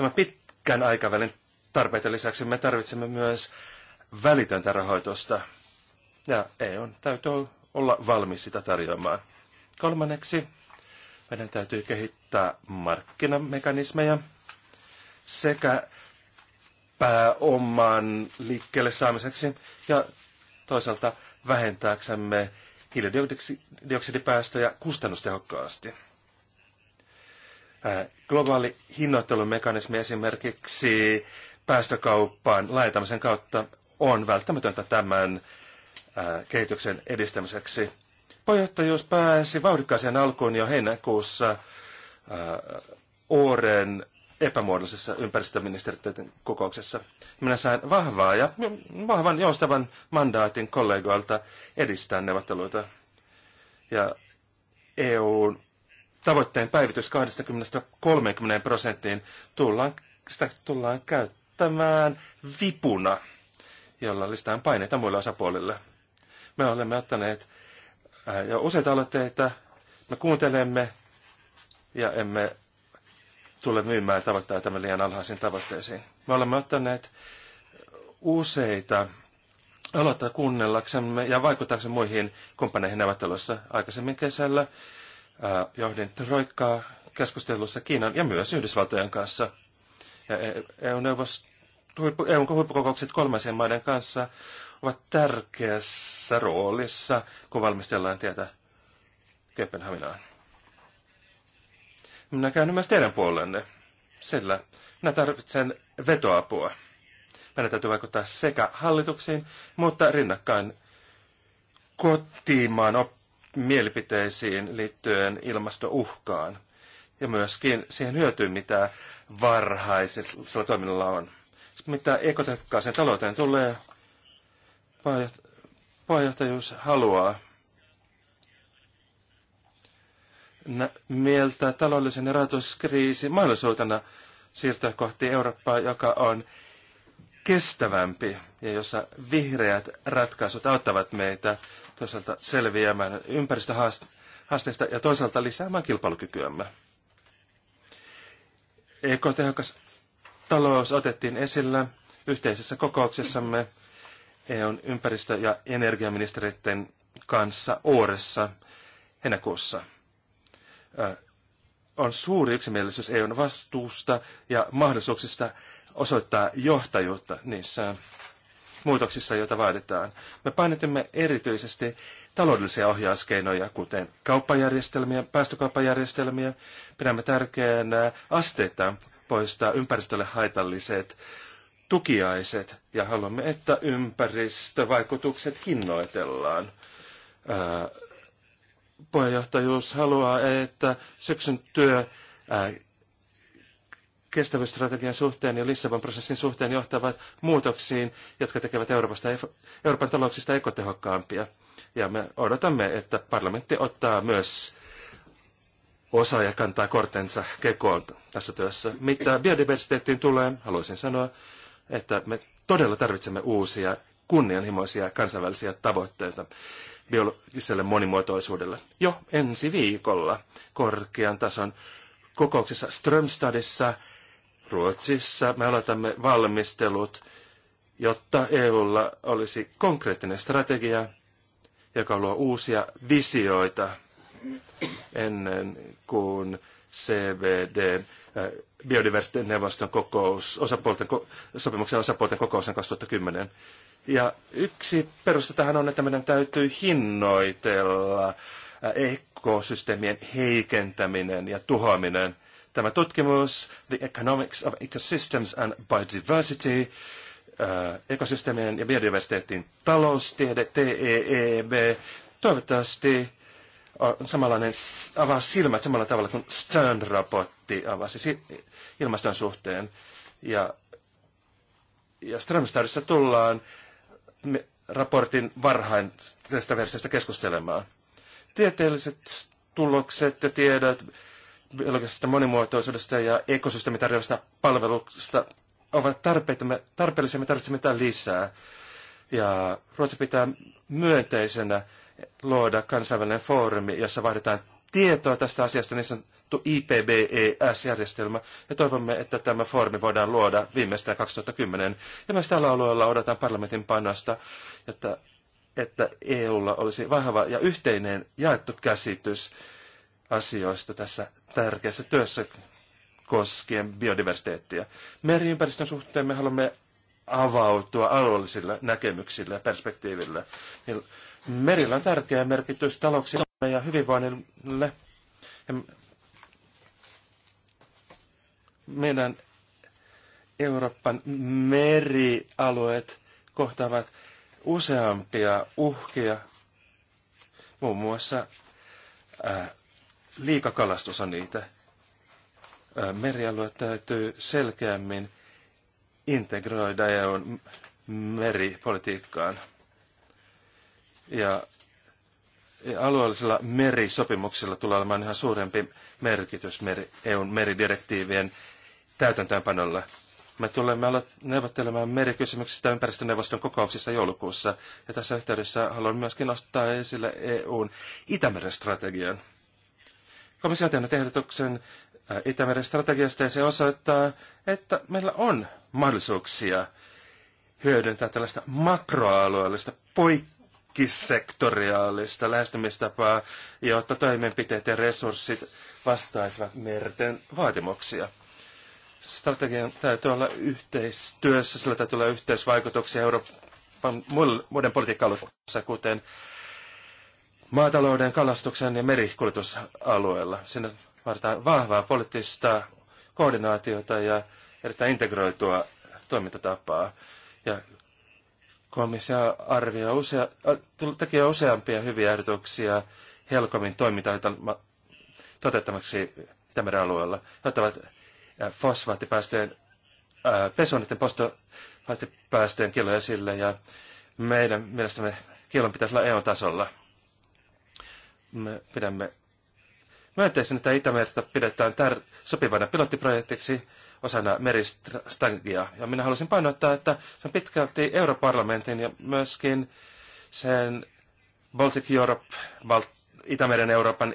Tämän pitkän aikavälin tarpeiden lisäksi me tarvitsemme myös välitöntä rahoitusta. Ja on e täytyy olla valmis sitä tarjoamaan. Kolmanneksi meidän täytyy kehittää markkinamekanismeja sekä pääoman liikkeelle saamiseksi ja toisaalta vähentääksemme hiilidioksidipäästöjä kustannustehokkaasti. Äh, globaali hinnoittelumekanismi esimerkiksi päästökauppaan laajentamisen kautta on välttämätöntä tämän äh, kehityksen edistämiseksi. Puheenjohtajuus pääsi vauhdikkaaseen alkuun jo heinäkuussa Ooren äh, epämuodollisessa ympäristöministeriöiden kokouksessa. Minä sain vahvaa ja vahvan joustavan mandaatin kollegoilta edistää neuvotteluita. Ja EUn tavoitteen päivitys 20-30 prosenttiin tullaan, sitä tullaan käyttämään vipuna, jolla listään paineita muille osapuolille. Me olemme ottaneet äh, jo useita aloitteita, me kuuntelemme ja emme tule myymään tavoitteitamme liian alhaisiin tavoitteisiin. Me olemme ottaneet useita aloittaa kuunnellaksemme ja vaikuttaaksemme muihin kumppaneihin neuvotteluissa. Aikaisemmin kesällä Äh, johdin troikkaa keskustelussa Kiinan ja myös Yhdysvaltojen kanssa. EU-neuvosto EUn huippukokoukset kolmansien maiden kanssa ovat tärkeässä roolissa, kun valmistellaan tietä Kööpenhaminaan. Minä käyn myös teidän puolenne, sillä minä tarvitsen vetoapua. Meidän täytyy vaikuttaa sekä hallituksiin, mutta rinnakkain kotimaan op- mielipiteisiin liittyen ilmastouhkaan ja myöskin siihen hyötyyn, mitä varhaisella toiminnalla on. Mitä ekotehokkaaseen talouteen tulee, puheenjohtajuus haluaa mieltä taloudellisen rahoituskriisin mahdollisuutena siirtyä kohti Eurooppaa, joka on kestävämpi ja jossa vihreät ratkaisut auttavat meitä toisaalta selviämään ympäristöhaasteista ja toisaalta lisäämään kilpailukykyämme. EK-tehokas talous otettiin esillä yhteisessä kokouksessamme EUn ympäristö- ja energiaministeriöiden kanssa Ooressa heinäkuussa. On suuri yksimielisyys EUn vastuusta ja mahdollisuuksista osoittaa johtajuutta niissä muutoksissa, joita vaaditaan. Me painotimme erityisesti taloudellisia ohjauskeinoja, kuten kauppajärjestelmiä, päästökauppajärjestelmiä. Pidämme tärkeänä asteita poistaa ympäristölle haitalliset tukiaiset ja haluamme, että ympäristövaikutukset hinnoitellaan. Ää, puheenjohtajuus haluaa, että syksyn työ ää, kestävyysstrategian suhteen ja Lissabon prosessin suhteen johtavat muutoksiin, jotka tekevät Euroopasta, Euroopan talouksista ekotehokkaampia. Ja me odotamme, että parlamentti ottaa myös osa ja kantaa kortensa kekoon tässä työssä. Mitä biodiversiteettiin tulee, haluaisin sanoa, että me todella tarvitsemme uusia kunnianhimoisia kansainvälisiä tavoitteita biologiselle monimuotoisuudelle. Jo ensi viikolla korkean tason kokouksessa Strömstadissa Ruotsissa me aloitamme valmistelut, jotta EUlla olisi konkreettinen strategia, joka luo uusia visioita ennen kuin CVD äh, biodiversiteetin neuvoston kokous, osapuolten, sopimuksen osapuolten kokous on 2010. Ja yksi perusta tähän on, että meidän täytyy hinnoitella äh, ekosysteemien heikentäminen ja tuhoaminen – Tämä tutkimus, The Economics of Ecosystems and Biodiversity, äh, ekosysteemien ja biodiversiteetin taloustiede, TEEB, toivottavasti samanlainen, avaa silmät samalla tavalla kuin Stern-raportti avasi ilmaston suhteen. Ja, ja Strömstadissa tullaan raportin varhain tästä versiosta keskustelemaan. Tieteelliset tulokset ja tiedot biologisesta monimuotoisuudesta ja ekosysteemitarjoavista tarjoavasta palvelusta ovat tarpeellisia, me tarvitsemme mitään lisää. Ja Ruotsi pitää myönteisenä luoda kansainvälinen foorumi, jossa vaaditaan tietoa tästä asiasta, niin sanottu IPBES-järjestelmä, ja toivomme, että tämä foorumi voidaan luoda viimeistään 2010. Ja myös tällä alueella odotan parlamentin panosta, jotta, että EUlla olisi vahva ja yhteinen jaettu käsitys asioista tässä tärkeässä työssä koskien biodiversiteettiä. Meriympäristön suhteen me haluamme avautua alueellisilla näkemyksillä ja perspektiivillä. Niin merillä on tärkeä merkitys talouksille ja hyvinvoinnille. Ja meidän Euroopan merialueet kohtaavat useampia uhkia, muun muassa äh, liikakalastosa niitä. Merialue täytyy selkeämmin integroida EUn meripolitiikkaan. Ja alueellisilla merisopimuksilla tulee olemaan ihan suurempi merkitys meri, EUn meridirektiivien täytäntöönpanolla. Me tulemme neuvottelemaan merikysymyksistä ympäristöneuvoston kokouksissa joulukuussa, ja tässä yhteydessä haluan myöskin nostaa esille EUn Itämeren strategian. Komissio on tehnyt ehdotuksen äh, Itämeren strategiasta ja se osoittaa, että meillä on mahdollisuuksia hyödyntää tällaista makroalueellista poikkisektoriaalista lähestymistapaa, jotta toimenpiteet ja resurssit vastaisivat merten vaatimuksia. Strategian täytyy olla yhteistyössä, sillä täytyy olla yhteisvaikutuksia Euroopan muiden politiikka kuten maatalouden, kalastuksen ja merikuljetusalueella. Siinä vaaditaan vahvaa poliittista koordinaatiota ja erittäin integroitua toimintatapaa. Ja komissio arvioi usea, äh, tekee useampia hyviä ehdotuksia Helcomin toimintaa toteuttamaksi Itämeren alueella. He ottavat äh, fosfaattipäästöjen, äh, pesonitten fosfaattipäästöjen kilo esille ja meidän mielestämme kilon pitäisi olla EU-tasolla – me pidämme myönteisen, että Itämerta pidetään tär- sopivana pilottiprojektiksi osana meristangia. Ja minä haluaisin painottaa, että se on pitkälti europarlamentin ja myöskin sen Baltic Europe, Bal- Itämeren Euroopan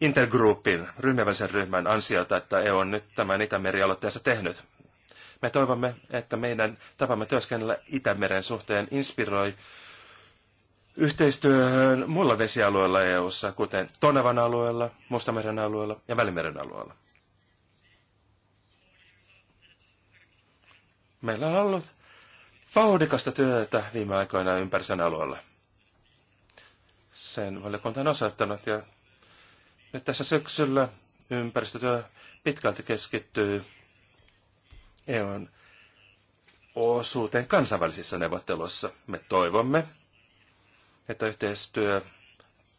intergroupin, ryhmävälisen ryhmän ansiota, että EU on nyt tämän itämeri aloitteessa tehnyt. Me toivomme, että meidän tapamme työskennellä Itämeren suhteen inspiroi yhteistyöhön muilla vesialueilla EU:ssa, kuten Tonavan alueella, Mustameren alueella ja Välimeren alueella. Meillä on ollut vauhdikasta työtä viime aikoina ympäristön alueella. Sen valiokunta on osoittanut ja nyt tässä syksyllä ympäristötyö pitkälti keskittyy EUn osuuteen kansainvälisissä neuvotteluissa. Me toivomme, että yhteistyö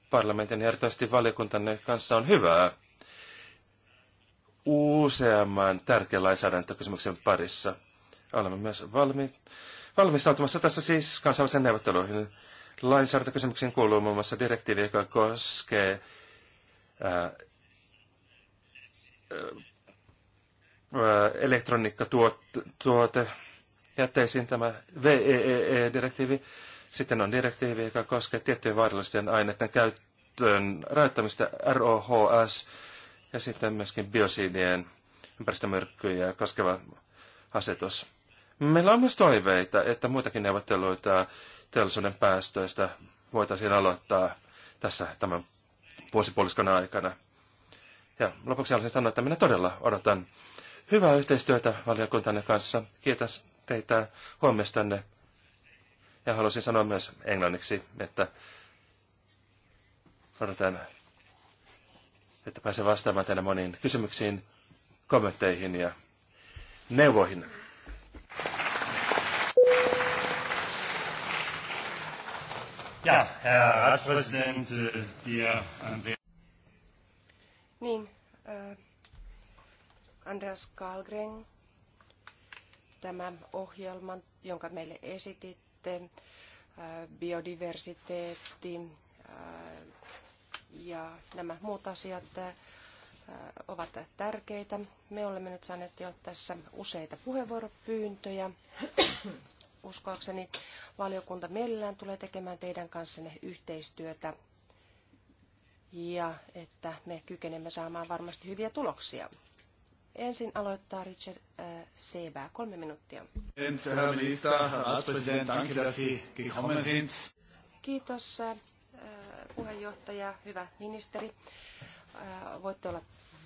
parlamentin ja erityisesti valiokuntanne kanssa on hyvää useamman tärkeän lainsäädäntökysymyksen parissa. Olemme myös valmi, valmistautumassa tässä siis kansainvälisiin neuvotteluihin. Lainsäädäntökysymyksiin kuuluu muun muassa direktiivi, joka koskee ää, ää, elektroniikkatuote, jätteisiin tämä VEE-direktiivi. -E -E, e sitten on direktiivi, joka koskee tiettyjen vaarallisten aineiden käyttöön rajoittamista ROHS ja sitten myöskin biosiidien ympäristömyrkkyjä koskeva asetus. Meillä on myös toiveita, että muitakin neuvotteluita teollisuuden päästöistä voitaisiin aloittaa tässä tämän vuosipuoliskon aikana. Ja lopuksi haluaisin sanoa, että minä todella odotan hyvää yhteistyötä valiokuntanne kanssa. Kiitos teitä huomestanne. Ja haluaisin sanoa myös englanniksi, että odotan, että pääsen vastaamaan tänne moniin kysymyksiin, kommentteihin ja neuvoihin. Ja, herr äh, Ratspräsident, dir, äh, äh, Niin, äh, Andreas Kalgren, tämä ohjelma, jonka meille esitit, biodiversiteetti ja nämä muut asiat ovat tärkeitä. Me olemme nyt saaneet jo tässä useita puheenvuoropyyntöjä. Uskoakseni valiokunta mielellään tulee tekemään teidän kanssanne yhteistyötä ja että me kykenemme saamaan varmasti hyviä tuloksia. Ensin aloittaa Richard äh, Seebää. Kolme minuuttia. Kiitos äh, puheenjohtaja, hyvä ministeri. Äh, voitte olla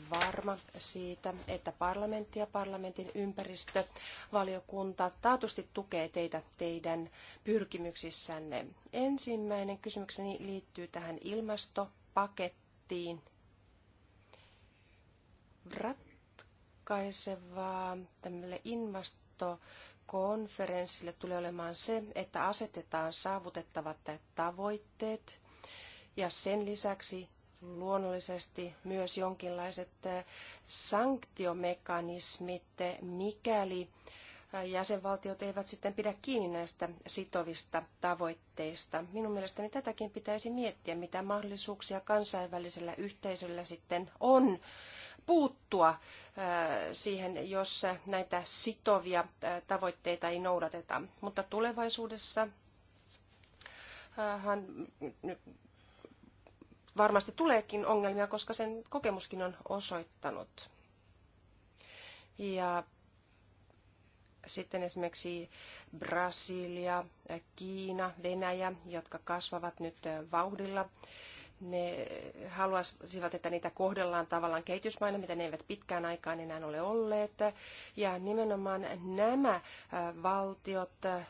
varma siitä, että parlamentti ja parlamentin ympäristövaliokunta taatusti tukee teitä teidän pyrkimyksissänne. Ensimmäinen kysymykseni liittyy tähän ilmastopakettiin. Rat ratkaisevaa tämmöille ilmastokonferenssille tulee olemaan se, että asetetaan saavutettavat tavoitteet ja sen lisäksi luonnollisesti myös jonkinlaiset sanktiomekanismit, mikäli jäsenvaltiot eivät sitten pidä kiinni näistä sitovista tavoitteista. Minun mielestäni tätäkin pitäisi miettiä, mitä mahdollisuuksia kansainvälisellä yhteisöllä sitten on puuttua äh, siihen, jos näitä sitovia äh, tavoitteita ei noudateta. Mutta tulevaisuudessa äh, varmasti tuleekin ongelmia, koska sen kokemuskin on osoittanut. Ja sitten esimerkiksi Brasilia, Kiina, Venäjä, jotka kasvavat nyt vauhdilla, ne haluaisivat, että niitä kohdellaan tavallaan kehitysmaina, mitä ne eivät pitkään aikaan enää ole olleet. Ja nimenomaan nämä äh, valtiot, äh,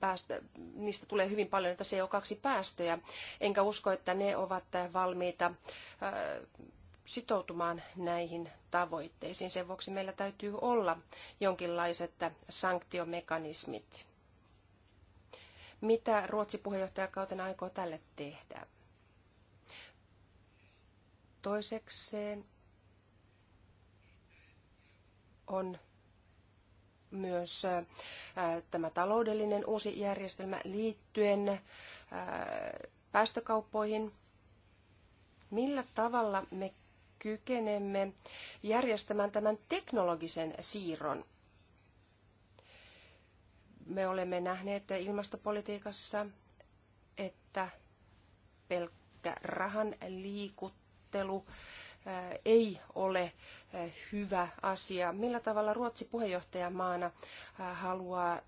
päästö, niistä tulee hyvin paljon näitä CO2-päästöjä, enkä usko, että ne ovat valmiita äh, sitoutumaan näihin tavoitteisiin. Sen vuoksi meillä täytyy olla jonkinlaiset sanktiomekanismit mitä Ruotsi puheenjohtajakautena aikoo tälle tehdä? Toisekseen on myös äh, tämä taloudellinen uusi järjestelmä liittyen äh, päästökauppoihin. Millä tavalla me kykenemme järjestämään tämän teknologisen siirron? Me olemme nähneet ilmastopolitiikassa, että pelkkä rahan liikuttelu äh, ei ole äh, hyvä asia. Millä tavalla Ruotsi puheenjohtajamaana äh, haluaa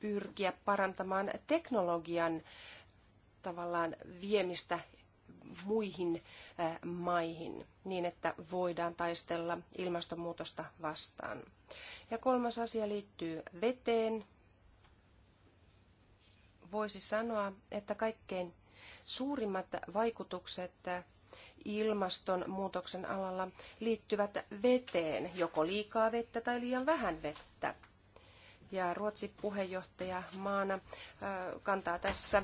pyrkiä parantamaan teknologian tavallaan viemistä muihin maihin niin, että voidaan taistella ilmastonmuutosta vastaan. Ja kolmas asia liittyy veteen. Voisi sanoa, että kaikkein suurimmat vaikutukset ilmastonmuutoksen alalla liittyvät veteen, joko liikaa vettä tai liian vähän vettä. Ja Ruotsi puheenjohtaja maana kantaa tässä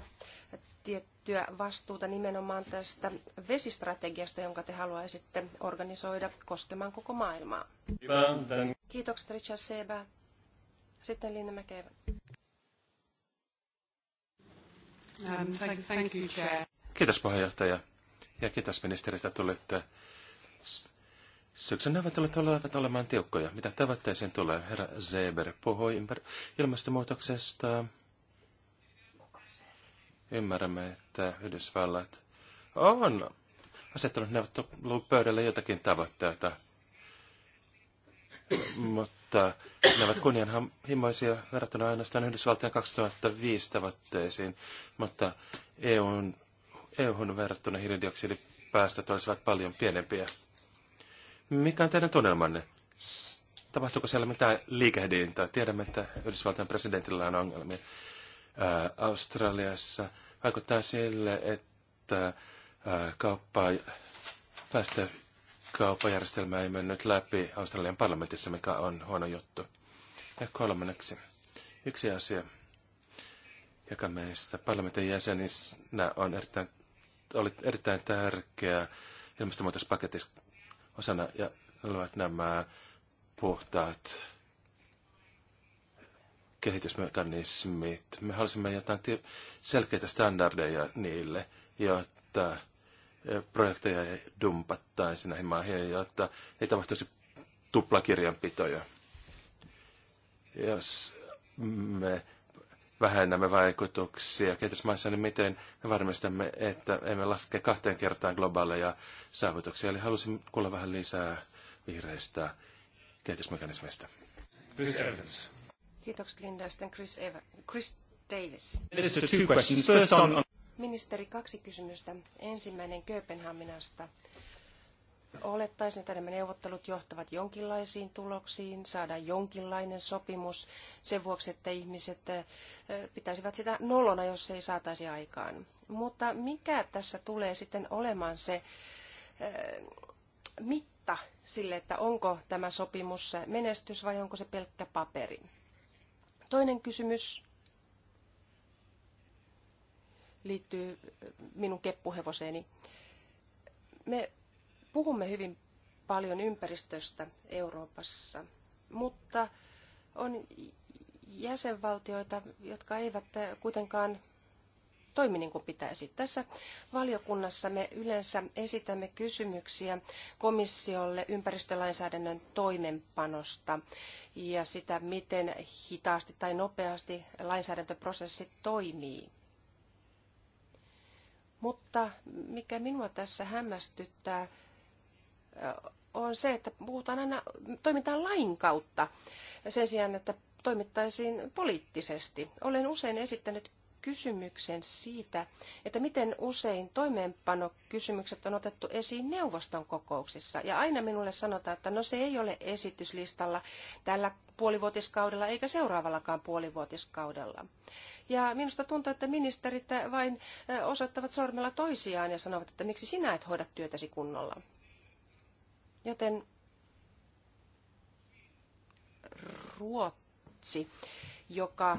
tiettyä liittyä vastuuta nimenomaan tästä vesistrategiasta, jonka te haluaisitte organisoida koskemaan koko maailmaa. Kiitokset Richard Seba. Sitten Linna Mäkevä. Um, kiitos puheenjohtaja ja kiitos ministeri, että tulitte. Syksyn neuvottelut tulevat olemaan tiukkoja. Mitä tavoitteisiin tulee? Herra Zeber puhui ilmastonmuutoksesta, Ymmärrämme, että Yhdysvallat on asettanut neuvottelupöydälle jotakin tavoitteita, mutta ne ovat kunnianhimoisia verrattuna ainoastaan Yhdysvaltain 2005 tavoitteisiin, mutta EUn, EUhun verrattuna hiilidioksidipäästöt olisivat paljon pienempiä. Mikä on teidän tunnelmanne? Tapahtuuko siellä mitään liikehdintää? Tiedämme, että Yhdysvaltain presidentillä on ongelmia. Australiassa. Vaikuttaa sille, että päästökauppajärjestelmä ei mennyt läpi Australian parlamentissa, mikä on huono juttu. Ja kolmanneksi, yksi asia, joka meistä parlamentin jäseninä on erittäin, oli erittäin tärkeä ilmastonmuutospaketissa osana, ja ovat nämä puhtaat kehitysmekanismit. Me halusimme jotain selkeitä standardeja niille, jotta e, projekteja ei dumpattaisi näihin maihin, jotta ei tapahtuisi tuplakirjanpitoja. Jos me vähennämme vaikutuksia kehitysmaissa, niin miten me varmistamme, että emme laske kahteen kertaan globaaleja saavutuksia. Eli halusin kuulla vähän lisää vihreistä kehitysmekanismeista. Chris Evans. Kiitokset Linda. Sitten Chris, Eva, Chris Davis. Ministeri, kaksi kysymystä. Ensimmäinen Kööpenhaminasta. Olettaisin, että nämä neuvottelut johtavat jonkinlaisiin tuloksiin, saada jonkinlainen sopimus sen vuoksi, että ihmiset pitäisivät sitä nolona, jos se ei saataisi aikaan. Mutta mikä tässä tulee sitten olemaan se mitta sille, että onko tämä sopimus menestys vai onko se pelkkä paperi? Toinen kysymys liittyy äh, minun keppuhevoseeni. Me puhumme hyvin paljon ympäristöstä Euroopassa, mutta on jäsenvaltioita, jotka eivät kuitenkaan toimi niin kuin pitäisi. Tässä valiokunnassa me yleensä esitämme kysymyksiä komissiolle ympäristölainsäädännön toimenpanosta ja sitä, miten hitaasti tai nopeasti lainsäädäntöprosessi toimii. Mutta mikä minua tässä hämmästyttää, on se, että puhutaan aina, toimitaan lain kautta sen sijaan, että toimittaisiin poliittisesti. Olen usein esittänyt kysymyksen siitä, että miten usein toimeenpanokysymykset on otettu esiin neuvoston kokouksissa. Ja aina minulle sanotaan, että no se ei ole esityslistalla tällä puolivuotiskaudella eikä seuraavallakaan puolivuotiskaudella. Ja minusta tuntuu, että ministerit vain osoittavat sormella toisiaan ja sanovat, että miksi sinä et hoida työtäsi kunnolla. Joten Ruotsi, joka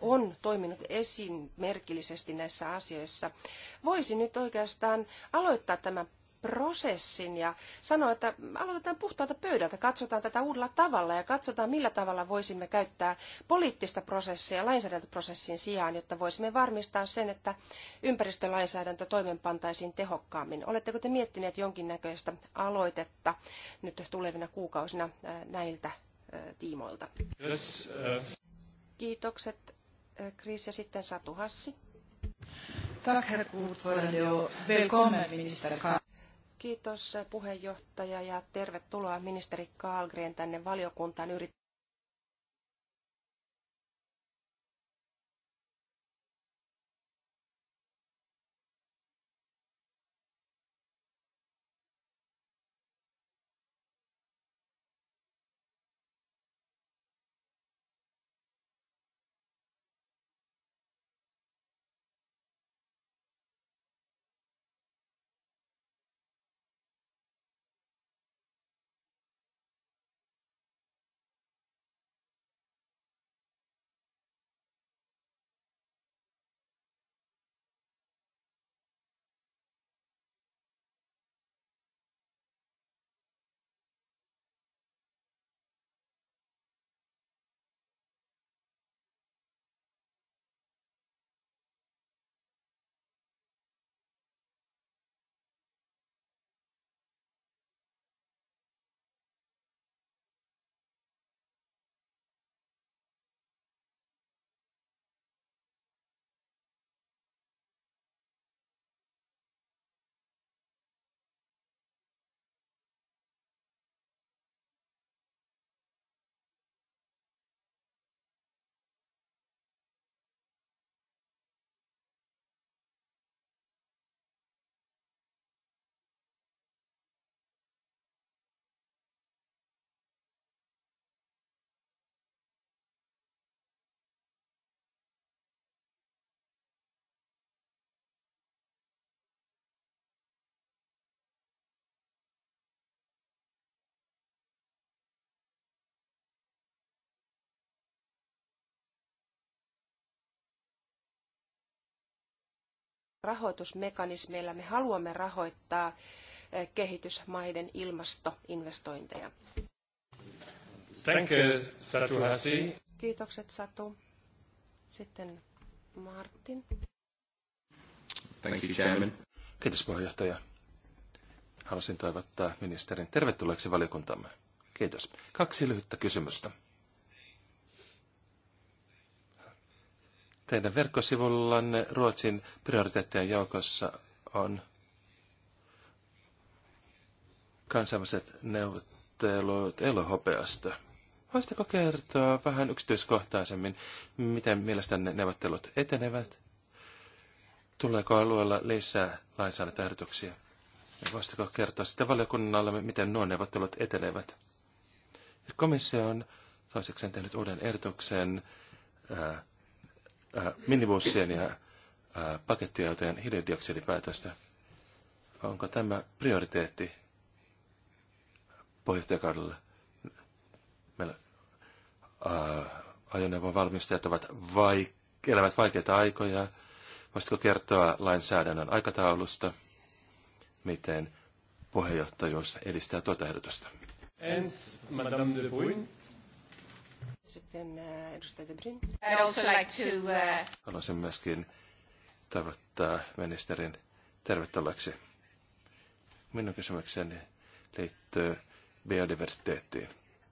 on toiminut esimerkillisesti näissä asioissa, voisi nyt oikeastaan aloittaa tämän prosessin ja sanoa, että aloitetaan puhtaalta pöydältä, katsotaan tätä uudella tavalla ja katsotaan millä tavalla voisimme käyttää poliittista prosessia lainsäädäntöprosessin sijaan, jotta voisimme varmistaa sen, että ympäristölainsäädäntö toimenpantaisiin tehokkaammin. Oletteko te miettineet jonkinnäköistä aloitetta nyt tulevina kuukausina näiltä tiimoilta? Yes, uh... Kiitokset eh, Chris ja sitten Satu Hassi. Tack, herr ordförande, och välkommen minister Kiitos eh, puheenjohtaja ja tervetuloa ministeri Kaalgren tänne valiokuntaan. Yrit rahoitusmekanismeilla me haluamme rahoittaa eh, kehitysmaiden ilmastoinvestointeja. Thank you, Satu Hassi. Kiitokset Satu. Sitten Martin. Thank you, Chairman. Kiitos puheenjohtaja. Haluaisin toivottaa ministerin tervetulleeksi valiokuntamme. Kiitos. Kaksi lyhyttä kysymystä. Teidän verkkosivullanne Ruotsin prioriteettien joukossa on kansainväliset neuvottelut elohopeasta. Voisitteko kertoa vähän yksityiskohtaisemmin, miten mielestänne neuvottelut etenevät? Tuleeko alueella lisää lainsäädäntöehdotuksia? Voisitteko kertoa sitten valiokunnalle, miten nuo neuvottelut etenevät? Komissio on toiseksi tehnyt uuden ehdotuksen Äh, minivuosien ja äh, pakettia, joten hiilidioksidipäätöstä. Onko tämä prioriteetti puheenjohtajakaudelle? Meillä äh, ajoneuvon valmistajat ovat vaik- elävät vaikeita aikoja. Voisitko kertoa lainsäädännön aikataulusta, miten puheenjohtajuus edistää tuota ehdotusta? Ens, Madame de Bruyne. Sitten äh, edustaja I'd also like to, uh... Haluaisin myöskin toivottaa ministerin tervetulleeksi. Minun kysymykseni liittyy biodiversiteettiin.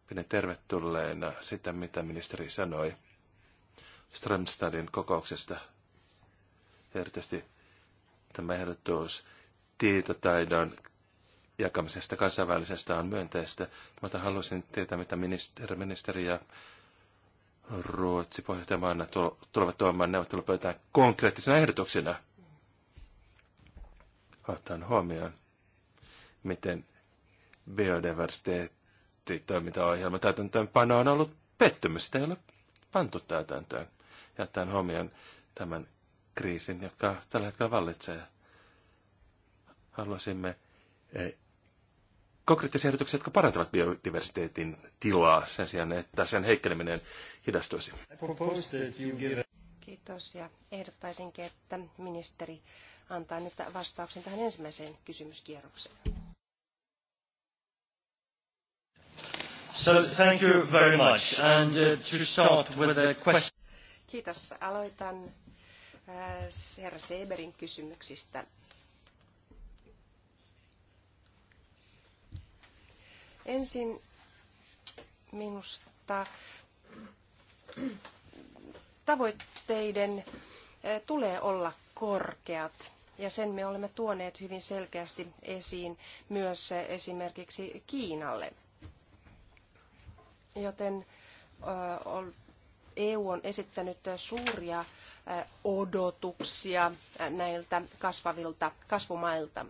Pidän tervetulleena sitä, mitä ministeri sanoi Strömstadin kokouksesta. Erityisesti tämä ehdotus tietotaidon jakamisesta kansainvälisestä on myönteistä, mutta haluaisin tietää, mitä ministeri, ministeri ja Ruotsi puheenjohtajamaana tulevat tuomaan neuvottelupöytään konkreettisena ehdotuksena. Otan huomioon, miten biodiversiteetti biodiversiteettitoimintaohjelma täytäntöönpano on ollut pettymys. Sitä ei ole pantu täytäntöön. Ja ottaen huomioon tämän kriisin, joka tällä hetkellä vallitsee. Haluaisimme eh, konkreettisia ehdotuksia, jotka parantavat biodiversiteetin tilaa sen sijaan, että sen heikkeneminen hidastuisi. Kiitos ja ehdottaisinkin, että ministeri antaa nyt vastauksen tähän ensimmäiseen kysymyskierrokseen. So thank you very much. And uh, to start with question. Kiitos. Aloitan äh, herra Seberin kysymyksistä Ensin minusta tavoitteiden eh, tulee olla korkeat. Ja sen me olemme tuoneet hyvin selkeästi esiin myös eh, esimerkiksi Kiinalle. Joten EU eh, e on esittänyt suuria odotuksia näiltä kasvavilta kasvumailta.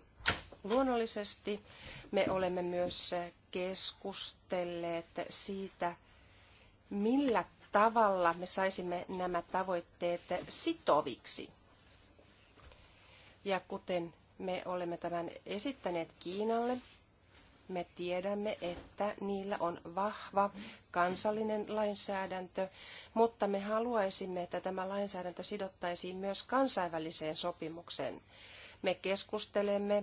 Luonnollisesti me olemme myös keskustelleet siitä, millä tavalla me saisimme nämä tavoitteet sitoviksi. Ja kuten me olemme tämän esittäneet Kiinalle, me tiedämme, että niillä on vahva kansallinen lainsäädäntö, mutta me haluaisimme, että tämä lainsäädäntö sidottaisiin myös kansainväliseen sopimukseen. Me keskustelemme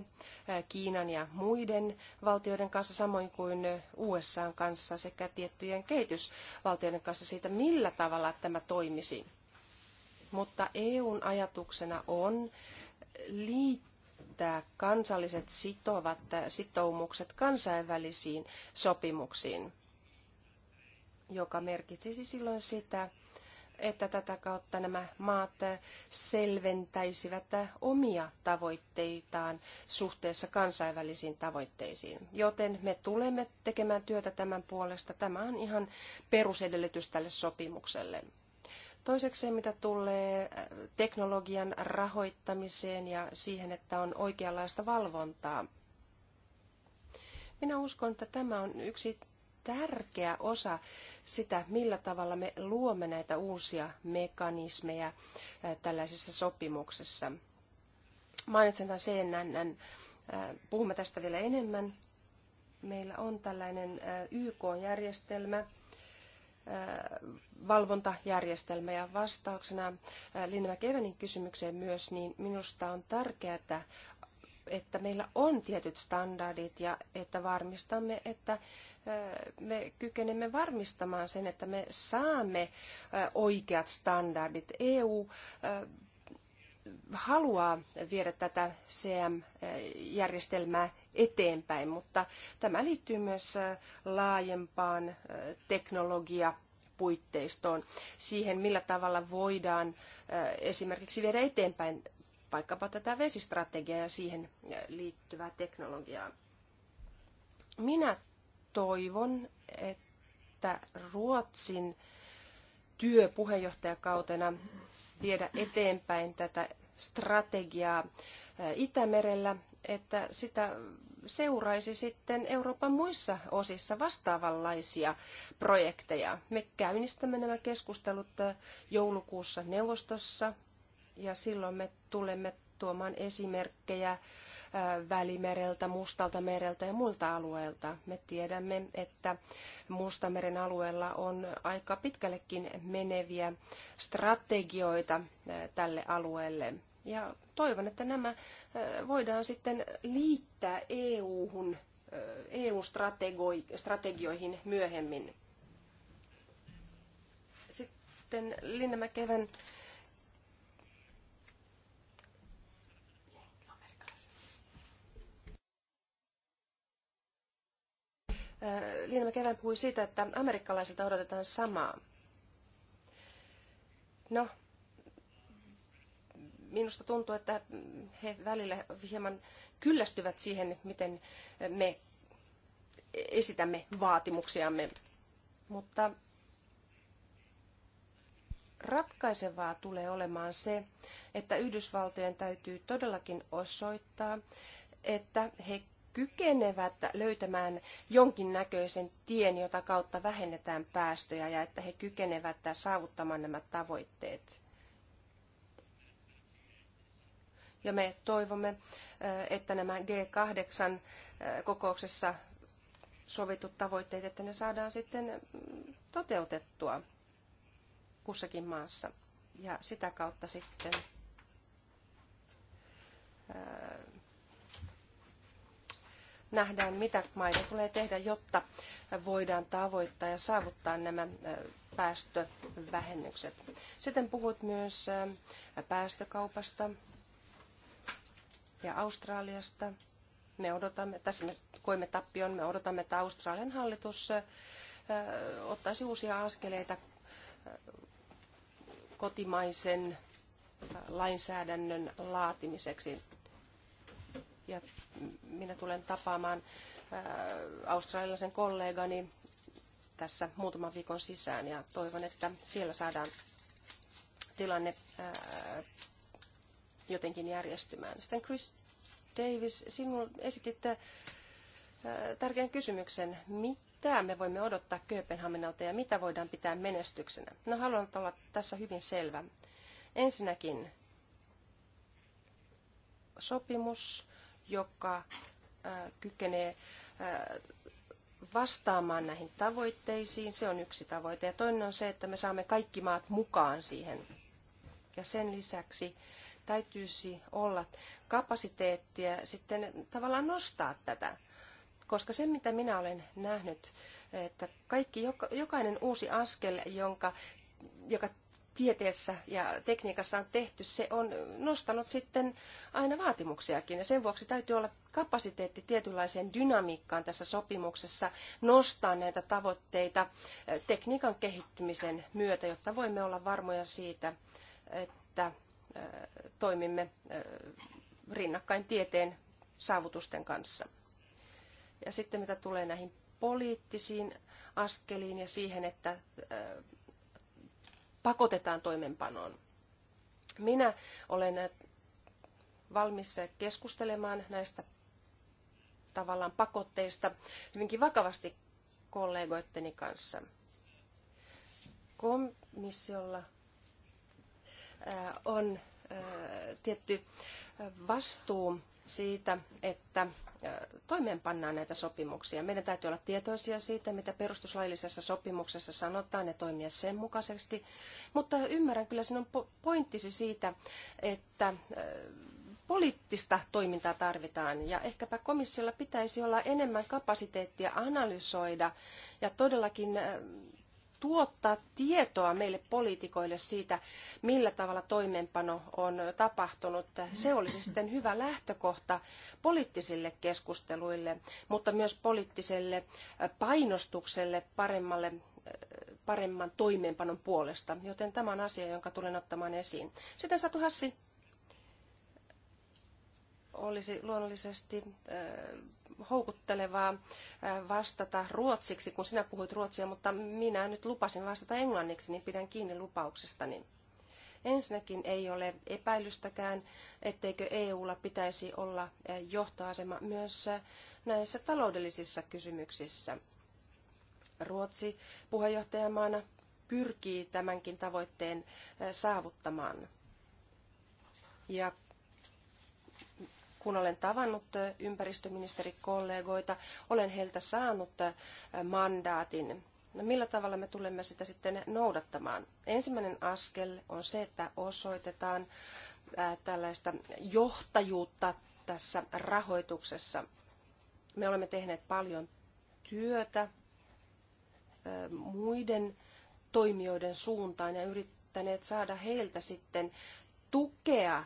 Kiinan ja muiden valtioiden kanssa, samoin kuin USAn kanssa sekä tiettyjen kehitysvaltioiden kanssa siitä, millä tavalla tämä toimisi. Mutta EUn ajatuksena on liittää kansalliset sitovat sitoumukset kansainvälisiin sopimuksiin, joka merkitsisi silloin sitä, että tätä kautta nämä maat selventäisivät omia tavoitteitaan suhteessa kansainvälisiin tavoitteisiin. Joten me tulemme tekemään työtä tämän puolesta. Tämä on ihan perusedellytys tälle sopimukselle. Toiseksi mitä tulee äh, teknologian rahoittamiseen ja siihen, että on oikeanlaista valvontaa. Minä uskon, että tämä on yksi tärkeä osa sitä, millä tavalla me luomme näitä uusia mekanismeja tällaisessa sopimuksessa. Mainitsen tämän CNN, puhumme tästä vielä enemmän. Meillä on tällainen YK-järjestelmä, valvontajärjestelmä. Ja vastauksena Linna Kevenin kysymykseen myös, niin minusta on tärkeää että meillä on tietyt standardit ja että varmistamme, että me kykenemme varmistamaan sen, että me saamme oikeat standardit. EU haluaa viedä tätä CM-järjestelmää eteenpäin, mutta tämä liittyy myös laajempaan teknologia puitteistoon, siihen millä tavalla voidaan esimerkiksi viedä eteenpäin vaikkapa tätä vesistrategiaa ja siihen liittyvää teknologiaa. Minä toivon, että Ruotsin työ puheenjohtajakautena viedä eteenpäin tätä strategiaa eh, Itämerellä, että sitä seuraisi sitten Euroopan muissa osissa vastaavanlaisia projekteja. Me käynnistämme nämä keskustelut eh, joulukuussa neuvostossa ja silloin me tulemme tuomaan esimerkkejä äh, Välimereltä, Mustalta mereltä ja muilta alueilta. Me tiedämme, että Mustameren alueella on aika pitkällekin meneviä strategioita äh, tälle alueelle. Ja toivon, että nämä äh, voidaan sitten liittää EU-hun, EU-strategioihin myöhemmin. Sitten Linnamäkevän Äh, Liina Mäkevän puhui siitä, että amerikkalaisilta odotetaan samaa. No, minusta tuntuu, että he välillä hieman kyllästyvät siihen, miten me esitämme vaatimuksiamme. Mutta ratkaisevaa tulee olemaan se, että Yhdysvaltojen täytyy todellakin osoittaa, että he kykenevät löytämään jonkinnäköisen tien, jota kautta vähennetään päästöjä ja että he kykenevät saavuttamaan nämä tavoitteet. Ja me toivomme, äh, että nämä G8 äh, kokouksessa sovitut tavoitteet, että ne saadaan sitten mm, toteutettua kussakin maassa. Ja sitä kautta sitten äh, nähdään, mitä maiden tulee tehdä, jotta voidaan tavoittaa ja saavuttaa nämä äh, päästövähennykset. Sitten puhut myös äh, päästökaupasta ja Australiasta. Me odotamme, tässä me koimme tappion, me odotamme, että Australian hallitus äh, ottaisi uusia askeleita kotimaisen lainsäädännön laatimiseksi ja minä tulen tapaamaan äh, australialaisen kollegani tässä muutaman viikon sisään ja toivon, että siellä saadaan tilanne äh, jotenkin järjestymään. Sitten Chris Davis, sinun esitit äh, tärkeän kysymyksen, mitä me voimme odottaa Kööpenhaminalta ja mitä voidaan pitää menestyksenä. No haluan olla tässä hyvin selvä. Ensinnäkin sopimus joka äh, kykenee äh, vastaamaan näihin tavoitteisiin. Se on yksi tavoite. Ja toinen on se, että me saamme kaikki maat mukaan siihen. Ja sen lisäksi täytyisi olla kapasiteettia sitten tavallaan nostaa tätä. Koska se, mitä minä olen nähnyt, että kaikki, jokainen uusi askel, jonka, joka tieteessä ja tekniikassa on tehty, se on nostanut sitten aina vaatimuksiakin. Ja sen vuoksi täytyy olla kapasiteetti tietynlaiseen dynamiikkaan tässä sopimuksessa nostaa näitä tavoitteita eh, tekniikan kehittymisen myötä, jotta voimme olla varmoja siitä, että eh, toimimme eh, rinnakkain tieteen saavutusten kanssa. Ja sitten mitä tulee näihin poliittisiin askeliin ja siihen, että pakotetaan toimenpanoon. Minä olen äh, valmis keskustelemaan näistä tavallaan pakotteista hyvinkin vakavasti kollegoitteni kanssa. Komissiolla äh, on äh, tietty vastuu siitä, että toimeenpannaan näitä sopimuksia. Meidän täytyy olla tietoisia siitä, mitä perustuslaillisessa sopimuksessa sanotaan ja toimia sen mukaisesti. Mutta ymmärrän kyllä sinun pointtisi siitä, että poliittista toimintaa tarvitaan ja ehkäpä komissiolla pitäisi olla enemmän kapasiteettia analysoida ja todellakin tuottaa tietoa meille poliitikoille siitä, millä tavalla toimeenpano on tapahtunut. Se olisi sitten hyvä lähtökohta poliittisille keskusteluille, mutta myös poliittiselle äh, painostukselle paremmalle äh, paremman toimeenpanon puolesta, joten tämä on asia, jonka tulen ottamaan esiin. Sitten Satu Hassi olisi luonnollisesti äh, houkuttelevaa vastata ruotsiksi, kun sinä puhuit ruotsia, mutta minä nyt lupasin vastata englanniksi, niin pidän kiinni lupauksestani. Ensinnäkin ei ole epäilystäkään, etteikö EUlla pitäisi olla johtoasema myös näissä taloudellisissa kysymyksissä. Ruotsi puheenjohtajamaana pyrkii tämänkin tavoitteen saavuttamaan. Ja kun olen tavannut ympäristöministerikollegoita, olen heiltä saanut mandaatin. No millä tavalla me tulemme sitä sitten noudattamaan? Ensimmäinen askel on se, että osoitetaan tällaista johtajuutta tässä rahoituksessa. Me olemme tehneet paljon työtä muiden toimijoiden suuntaan ja yrittäneet saada heiltä sitten tukea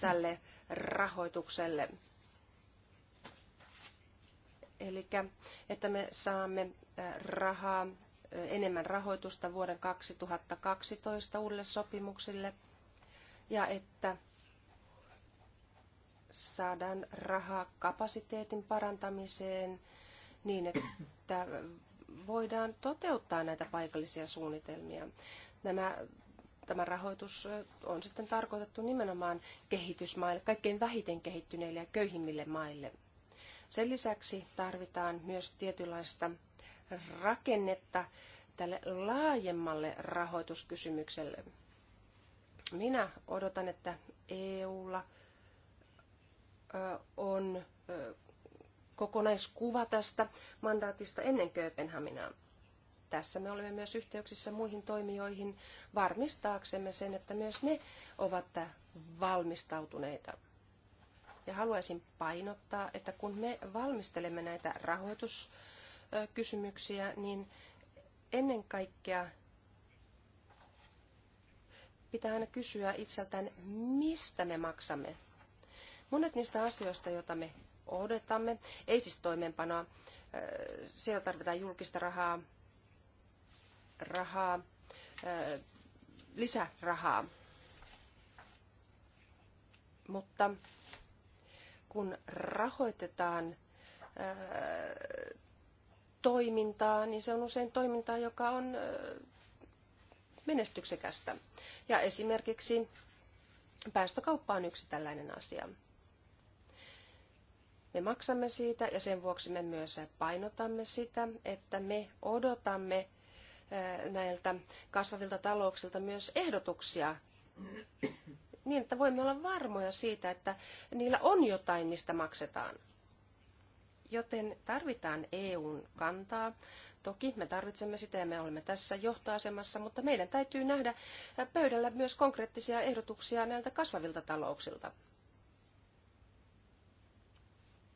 tälle rahoitukselle. Eli että me saamme rahaa, enemmän rahoitusta vuoden 2012 uudelle sopimuksille ja että saadaan rahaa kapasiteetin parantamiseen niin, että voidaan toteuttaa näitä paikallisia suunnitelmia. Nämä tämä rahoitus on sitten tarkoitettu nimenomaan kehitysmaille, kaikkein vähiten kehittyneille ja köyhimmille maille. Sen lisäksi tarvitaan myös tietynlaista rakennetta tälle laajemmalle rahoituskysymykselle. Minä odotan, että EUlla on kokonaiskuva tästä mandaatista ennen Kööpenhaminaa tässä me olemme myös yhteyksissä muihin toimijoihin varmistaaksemme sen, että myös ne ovat valmistautuneita. Ja haluaisin painottaa, että kun me valmistelemme näitä rahoituskysymyksiä, niin ennen kaikkea pitää aina kysyä itseltään, mistä me maksamme. Monet niistä asioista, joita me odotamme, ei siis toimeenpanoa, siellä tarvitaan julkista rahaa, rahaa, lisärahaa. Mutta kun rahoitetaan toimintaa, niin se on usein toimintaa, joka on menestyksekästä. Ja esimerkiksi päästökauppa on yksi tällainen asia. Me maksamme siitä ja sen vuoksi me myös painotamme sitä, että me odotamme näiltä kasvavilta talouksilta myös ehdotuksia niin, että voimme olla varmoja siitä, että niillä on jotain, mistä maksetaan. Joten tarvitaan EUn kantaa. Toki me tarvitsemme sitä ja me olemme tässä johtoasemassa, mutta meidän täytyy nähdä pöydällä myös konkreettisia ehdotuksia näiltä kasvavilta talouksilta.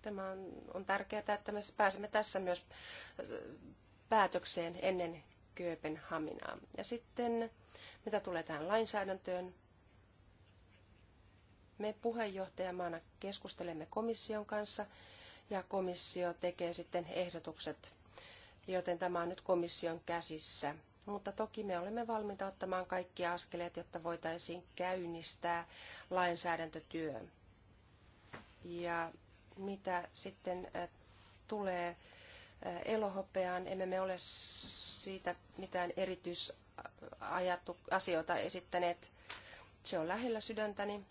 Tämä on, on tärkeää, että me pääsemme tässä myös päätökseen ennen Kööpenhaminaan. Ja sitten, mitä tulee tähän lainsäädäntöön, me puheenjohtajamaana keskustelemme komission kanssa ja komissio tekee sitten ehdotukset, joten tämä on nyt komission käsissä. Mutta toki me olemme valmiita ottamaan kaikki askeleet, jotta voitaisiin käynnistää lainsäädäntötyö. Ja mitä sitten äh, tulee äh, elohopeaan, emme me ole siitä mitään erityisasioita esittäneet. Se on lähellä sydäntäni.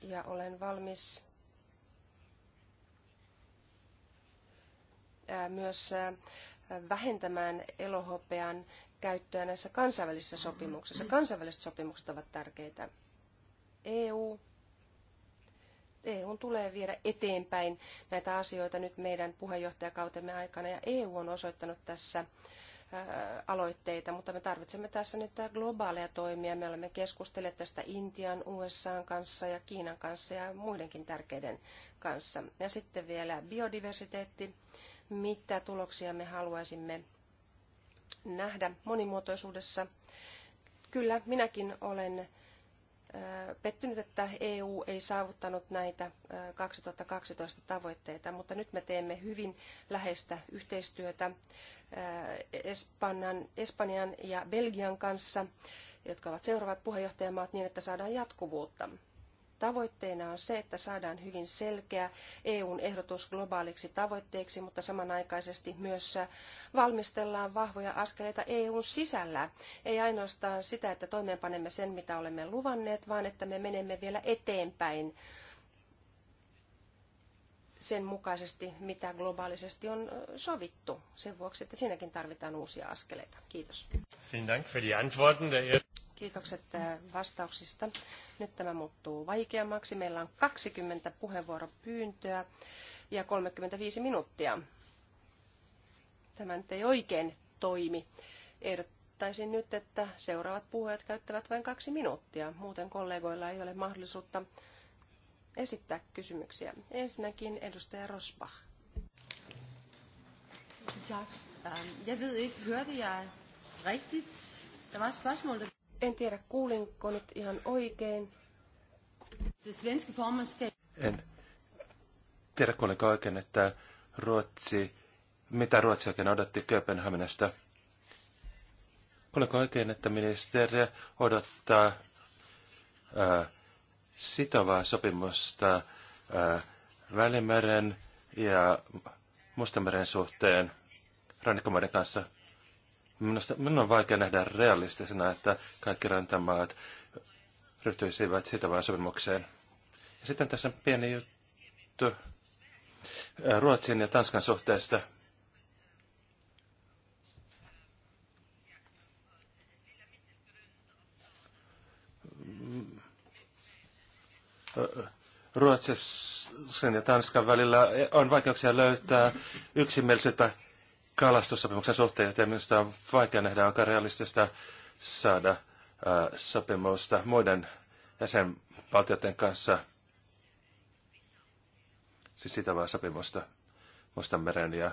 Ja olen valmis myös vähentämään elohopean käyttöä näissä kansainvälisissä sopimuksissa. Kansainväliset sopimukset ovat tärkeitä. EU EUn tulee viedä eteenpäin näitä asioita nyt meidän puheenjohtajakautemme aikana ja EU on osoittanut tässä aloitteita, mutta me tarvitsemme tässä nyt globaaleja toimia. Me olemme keskustelleet tästä Intian, USAn kanssa ja Kiinan kanssa ja muidenkin tärkeiden kanssa. Ja sitten vielä biodiversiteetti, mitä tuloksia me haluaisimme nähdä monimuotoisuudessa. Kyllä, minäkin olen pettynyt, että EU ei saavuttanut näitä 2012 tavoitteita, mutta nyt me teemme hyvin läheistä yhteistyötä Espanjan, Espanjan ja Belgian kanssa, jotka ovat seuraavat puheenjohtajamaat niin, että saadaan jatkuvuutta. Tavoitteena on se, että saadaan hyvin selkeä EUn ehdotus globaaliksi tavoitteeksi, mutta samanaikaisesti myös valmistellaan vahvoja askeleita EUn sisällä. Ei ainoastaan sitä, että toimeenpanemme sen, mitä olemme luvanneet, vaan että me menemme vielä eteenpäin sen mukaisesti, mitä globaalisesti on sovittu. Sen vuoksi, että siinäkin tarvitaan uusia askeleita. Kiitos. Kiitokset äh, vastauksista. Nyt tämä muuttuu vaikeammaksi. Meillä on 20 puheenvuoropyyntöä ja 35 minuuttia. Tämä nyt ei oikein toimi. Ehdottaisin nyt, että seuraavat puhujat käyttävät vain kaksi minuuttia. Muuten kollegoilla ei ole mahdollisuutta esittää kysymyksiä. Ensinnäkin edustaja Rosbach. Tak. Ähm, jeg ved ikke, hørte jeg rigtigt? Der var et spørgsmål, der en tiedä, kuulinko nyt ihan oikein. En tiedä, kuulinko oikein, että Ruotsi, mitä Ruotsi oikein odotti Kööpenhaminasta. Kuulinko oikein, että ministeri odottaa ää, sitovaa sopimusta ää, Välimeren ja Mustameren suhteen rannikkomaiden kanssa? Minusta, minun on vaikea nähdä realistisena, että kaikki rantamaat ryhtyisivät sitä vain sopimukseen. Ja sitten tässä on pieni juttu Ruotsin ja Tanskan suhteesta. Ruotsin ja Tanskan välillä on vaikeuksia löytää yksimielisyyttä kalastussopimuksen suhteen, joten minusta on vaikea nähdä, onko realistista saada äh, sopimusta muiden jäsenvaltioiden kanssa, siis sitä vaan sopimusta Mustanmeren ja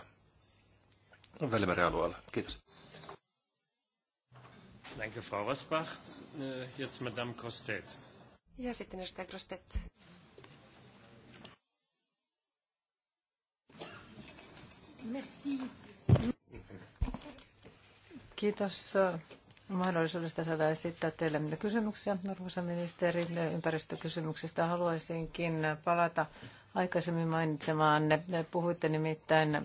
Välimeren alueella. Kiitos. Danke, Frau Rosbach. Äh, jetzt Madame Grostet. Ja sitten edustaja Grostet. Merci. Kiitos äh, mahdollisuudesta saada esittää teille kysymyksiä, arvoisa ministeri. Ympäristökysymyksistä haluaisinkin palata aikaisemmin mainitsemaanne. Puhuitte nimittäin äh,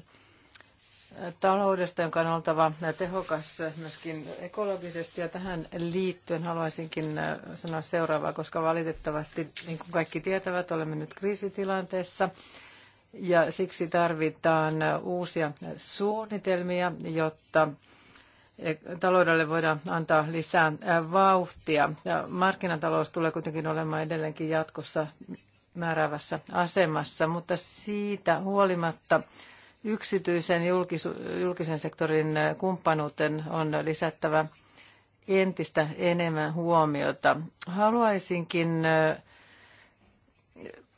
taloudesta, jonka on oltava tehokas myöskin ekologisesti. Ja tähän liittyen haluaisinkin äh, sanoa seuraavaa, koska valitettavasti, niin kuin kaikki tietävät, olemme nyt kriisitilanteessa ja siksi tarvitaan uusia suunnitelmia, jotta taloudelle voidaan antaa lisää vauhtia. Ja markkinatalous tulee kuitenkin olemaan edelleenkin jatkossa määräävässä asemassa, mutta siitä huolimatta yksityisen julkisen sektorin kumppanuuteen on lisättävä entistä enemmän huomiota. Haluaisinkin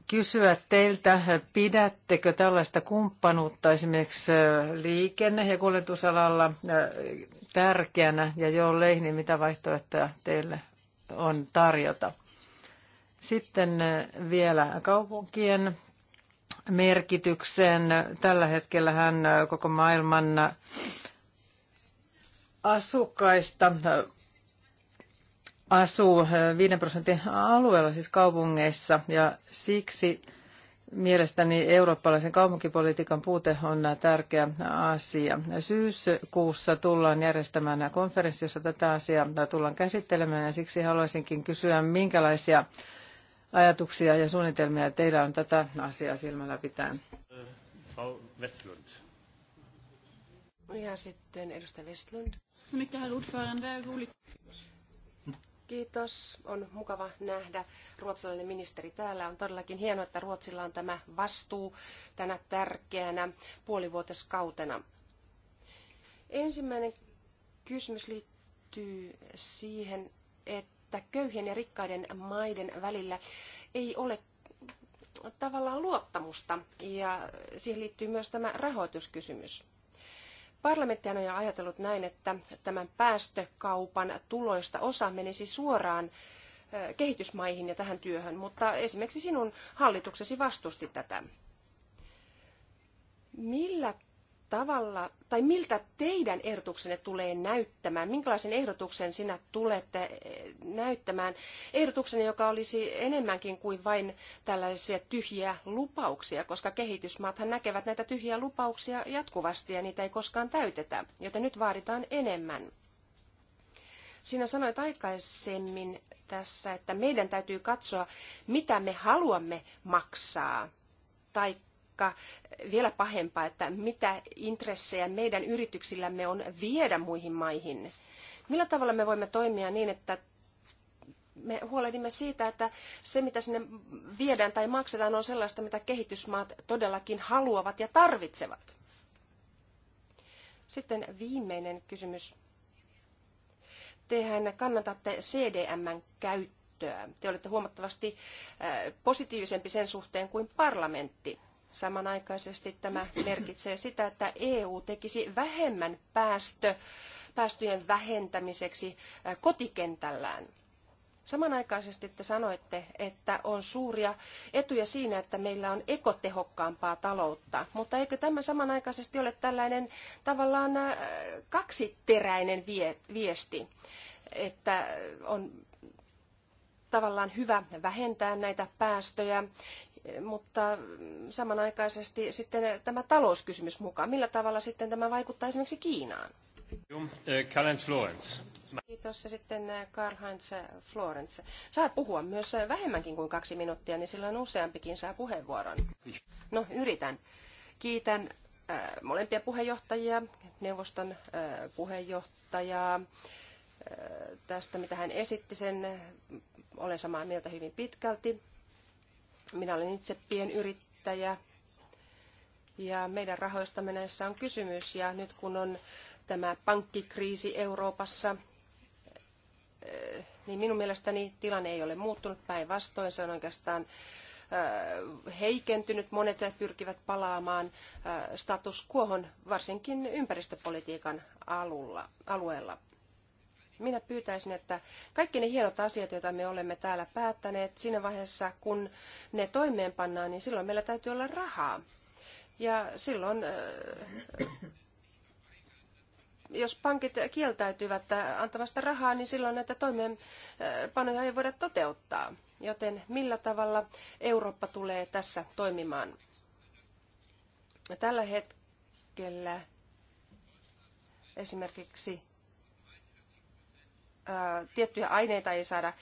kysyä teiltä, pidättekö tällaista kumppanuutta esimerkiksi äh, liikenne- ja kuljetusalalla äh, tärkeänä ja jo leihni, mitä vaihtoehtoja teille on tarjota? Sitten äh, vielä kaupunkien merkitykseen. Tällä hetkellä hän koko maailman asukkaista asuu 5 eh, prosentin alueella, siis kaupungeissa, ja siksi mielestäni eurooppalaisen kaupunkipolitiikan puute on tärkeä asia. Syyskuussa tullaan järjestämään konferenssi, jossa tätä asiaa tullaan käsittelemään, ja siksi haluaisinkin kysyä, minkälaisia ajatuksia ja suunnitelmia teillä on tätä asiaa silmällä pitäen. Frau Westlund. Ja sitten edustaja Westlund. Kiitos. Kiitos. On mukava nähdä ruotsalainen ministeri täällä. On todellakin hienoa, että Ruotsilla on tämä vastuu tänä tärkeänä puolivuoteskautena. Ensimmäinen kysymys liittyy siihen, että köyhien ja rikkaiden maiden välillä ei ole tavallaan luottamusta ja siihen liittyy myös tämä rahoituskysymys. Parlamentti on jo ajatellut näin, että tämän päästökaupan tuloista osa menisi suoraan kehitysmaihin ja tähän työhön, mutta esimerkiksi sinun hallituksesi vastusti tätä. Millä tavalla, tai miltä teidän ehdotuksenne tulee näyttämään? Minkälaisen ehdotuksen sinä tulette eh, näyttämään? ehdotuksen, joka olisi enemmänkin kuin vain tällaisia tyhjiä lupauksia, koska kehitysmaathan näkevät näitä tyhjiä lupauksia jatkuvasti ja niitä ei koskaan täytetä, joten nyt vaaditaan enemmän. Sinä sanoit aikaisemmin tässä, että meidän täytyy katsoa, mitä me haluamme maksaa, tai taikka vielä pahempaa, että mitä intressejä meidän yrityksillämme on viedä muihin maihin. Millä tavalla me voimme toimia niin, että me huolehdimme siitä, että se mitä sinne viedään tai maksetaan on sellaista, mitä kehitysmaat todellakin haluavat ja tarvitsevat. Sitten viimeinen kysymys. Tehän kannatatte CDMn käyttöä. Te olette huomattavasti äh, positiivisempi sen suhteen kuin parlamentti. Samanaikaisesti tämä merkitsee sitä, että EU tekisi vähemmän päästö, päästöjen vähentämiseksi kotikentällään. Samanaikaisesti te sanoitte, että on suuria etuja siinä, että meillä on ekotehokkaampaa taloutta, mutta eikö tämä samanaikaisesti ole tällainen tavallaan kaksiteräinen viesti, että on tavallaan hyvä vähentää näitä päästöjä mutta samanaikaisesti sitten tämä talouskysymys mukaan. Millä tavalla sitten tämä vaikuttaa esimerkiksi Kiinaan? Florence. Kiitos. Ja sitten eh, Karl-Heinz Florence. Saa puhua myös eh, vähemmänkin kuin kaksi minuuttia, niin silloin useampikin saa puheenvuoron. No, yritän. Kiitän eh, molempia puheenjohtajia, neuvoston puheenjohtajaa tästä, mitä hän esitti sen. Olen samaa mieltä hyvin pitkälti. Minä olen itse pienyrittäjä ja meidän rahoista näissä on kysymys. Ja nyt kun on tämä pankkikriisi Euroopassa, eh, niin minun mielestäni tilanne ei ole muuttunut päinvastoin. Se on oikeastaan eh, heikentynyt. Monet pyrkivät palaamaan eh, status quohon, varsinkin ympäristöpolitiikan alulla, alueella. Minä pyytäisin, että kaikki ne hienot asiat, joita me olemme täällä päättäneet, siinä vaiheessa kun ne toimeenpannaan, niin silloin meillä täytyy olla rahaa. Ja silloin, äh, jos pankit kieltäytyvät antamasta rahaa, niin silloin näitä toimeenpanoja ei voida toteuttaa. Joten millä tavalla Eurooppa tulee tässä toimimaan? Tällä hetkellä esimerkiksi tiettyjä aineita ei saada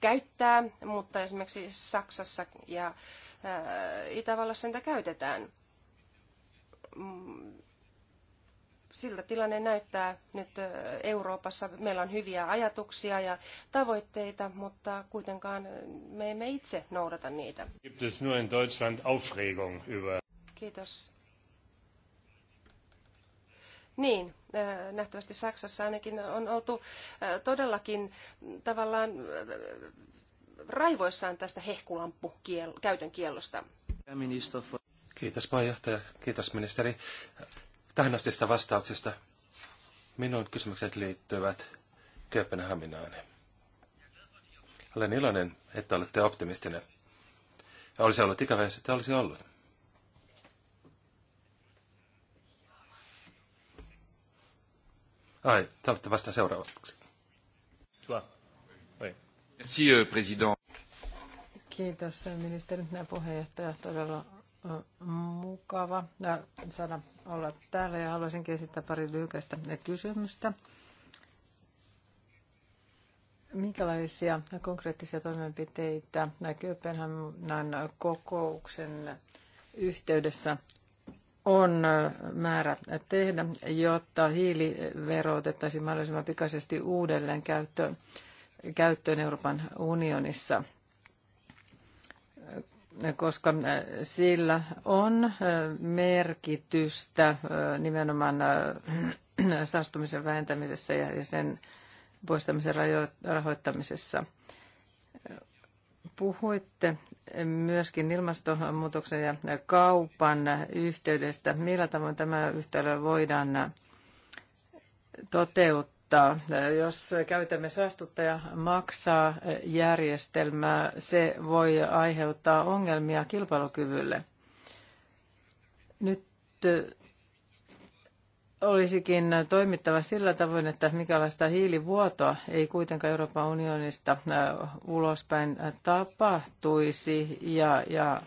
käyttää, mutta esimerkiksi Saksassa ja Itävallassa niitä käytetään. Mm, siltä tilanne näyttää nyt Euroopassa. Meillä on hyviä ajatuksia ja tavoitteita, mutta kuitenkaan me emme itse noudata niitä. Gibt es nur in Deutschland Aufregung über... Kiitos. Niin, äh, nähtävästi Saksassa ainakin on oltu äh, todellakin tavallaan äh, raivoissaan tästä hehkulamppukäytön kiellosta. Kiitos puheenjohtaja, kiitos ministeri tähän sitä vastauksesta. Minun kysymykset liittyvät Kööpenhaminaan. Olen iloinen, että olette optimistinen. Olisi ollut ikävä, että olisi ollut. Ai, te olette vasta seuraavaksi. Monsieur euh, Kiitos ministeri nämä puheenjohtaja. Todella mukava saada olla täällä ja haluaisin esittää pari lyhykäistä kysymystä. Minkälaisia konkreettisia toimenpiteitä Kööpenhaminan kokouksen yhteydessä on määrä tehdä, jotta hiilivero otettaisiin mahdollisimman pikaisesti uudelleen käyttöön, käyttöön Euroopan unionissa, koska sillä on merkitystä nimenomaan saastumisen vähentämisessä ja sen poistamisen rahoittamisessa. Puhuitte myöskin ilmastonmuutoksen ja kaupan yhteydestä. Millä tavoin tämä yhtälö voidaan toteuttaa? Jos käytämme saastuttaja maksaa järjestelmää, se voi aiheuttaa ongelmia kilpailukyvylle. Nyt olisikin toimittava sillä tavoin, että mikälaista hiilivuotoa ei kuitenkaan Euroopan unionista äh, ulospäin äh, tapahtuisi ja, ja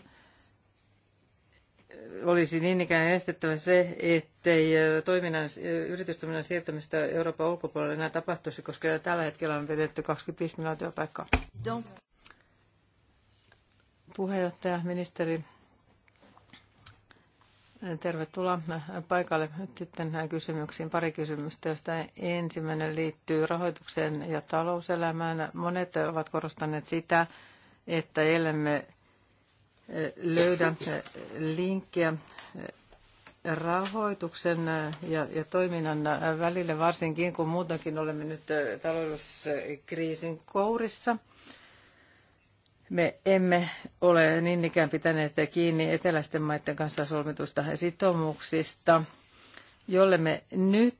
olisi niin ikään estettävä se, ettei äh, toiminnan, yritystoiminnan siirtämistä Euroopan ulkopuolelle enää tapahtuisi, koska tällä hetkellä on vedetty 25 miljoonaa työpaikkaa. Puheenjohtaja, ministeri, Tervetuloa paikalle nyt sitten näihin kysymyksiin. Pari kysymystä, joista ensimmäinen liittyy rahoitukseen ja talouselämään. Monet ovat korostaneet sitä, että ellemme eh, löydä eh, linkkiä eh, rahoituksen ja, ja toiminnan välille, varsinkin kun muutenkin olemme nyt talouskriisin kourissa – me emme ole niin ikään pitäneet kiinni eteläisten maiden kanssa solmitusta sitoumuksista. Jollemme nyt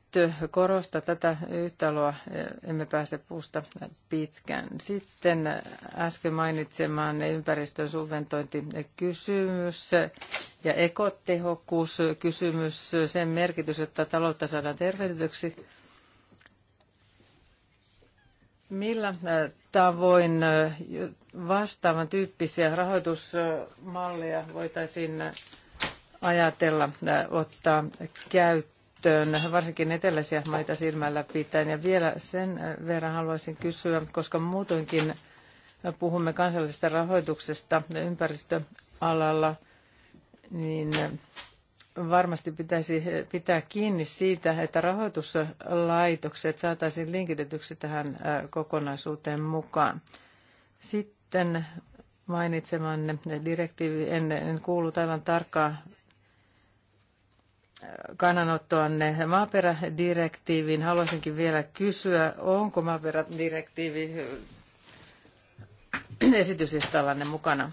korosta tätä yhtälöä, e, emme pääse puusta pitkään. Sitten äsken mainitsemaan ympäristön subventointikysymys ja ekotehokkuuskysymys, sen merkitys, että taloutta saadaan tervehdytyksi. Millä tavoin vastaavan tyyppisiä rahoitusmalleja voitaisiin ajatella ottaa käyttöön, varsinkin eteläisiä maita silmällä pitäen. Ja vielä sen verran haluaisin kysyä, koska muutoinkin puhumme kansallisesta rahoituksesta ympäristöalalla, niin varmasti pitäisi pitää kiinni siitä, että rahoituslaitokset saataisiin linkitetyksi tähän kokonaisuuteen mukaan. Sitten mainitsemanne direktiivi, en, en kuullut aivan tarkkaan kannanottoanne maaperädirektiiviin. Haluaisinkin vielä kysyä, onko maaperädirektiivi esityslistallanne mukana?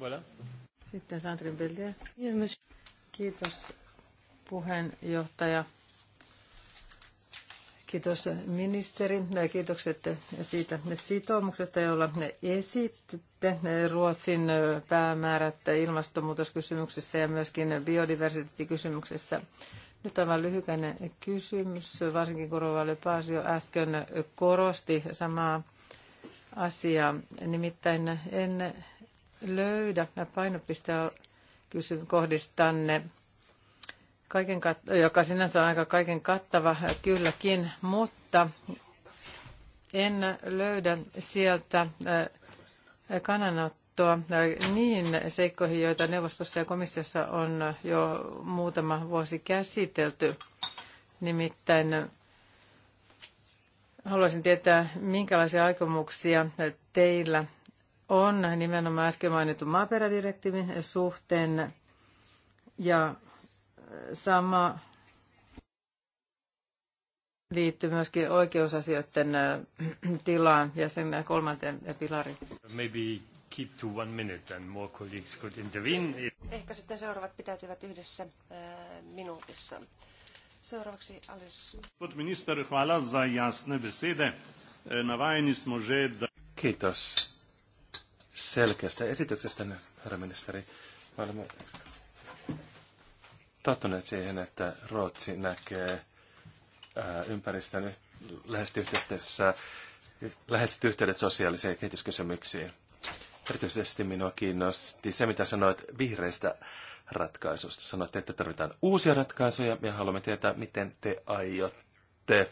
voilà. Sitten Sandrin Bellier. Kiitos puheenjohtaja. Kiitos ministeri. Kiitokset siitä sitoumuksesta, jolla esititte Ruotsin päämäärät ilmastonmuutoskysymyksessä ja myöskin biodiversiteettikysymyksessä. Nyt aivan lyhykäinen kysymys, varsinkin kun Rovalle Paasio äsken korosti samaa asiaa. Nimittäin en löydä kysyn kohdistanne, kaiken kat- joka sinänsä on aika kaiken kattava kylläkin, mutta en löydä sieltä kannanottoa niin seikkoihin, joita neuvostossa ja komissiossa on jo muutama vuosi käsitelty. Nimittäin haluaisin tietää, minkälaisia aikomuksia teillä on nimenomaan äsken mainitun maaperädirektiivin suhteen ja sama liittyy myöskin oikeusasioiden äh, tilaan ja sen kolmanteen pilariin. Maybe keep to one minute and more colleagues could intervene. Ehkä sitten seuraavat pitäytyvät yhdessä äh, minuutissa. Seuraavaksi Alice. Gospod minister, hvala za jasne besede. Navajeni smo že, da... Kiitos selkeästä esityksestä, herra ministeri. Me olemme tottuneet siihen, että Ruotsi näkee äh, ympäristön läheiset yhteydet sosiaalisiin kehityskysymyksiin. Erityisesti minua kiinnosti se, mitä sanoit vihreistä ratkaisusta. Sanoitte, että tarvitaan uusia ratkaisuja ja haluamme tietää, miten te aiotte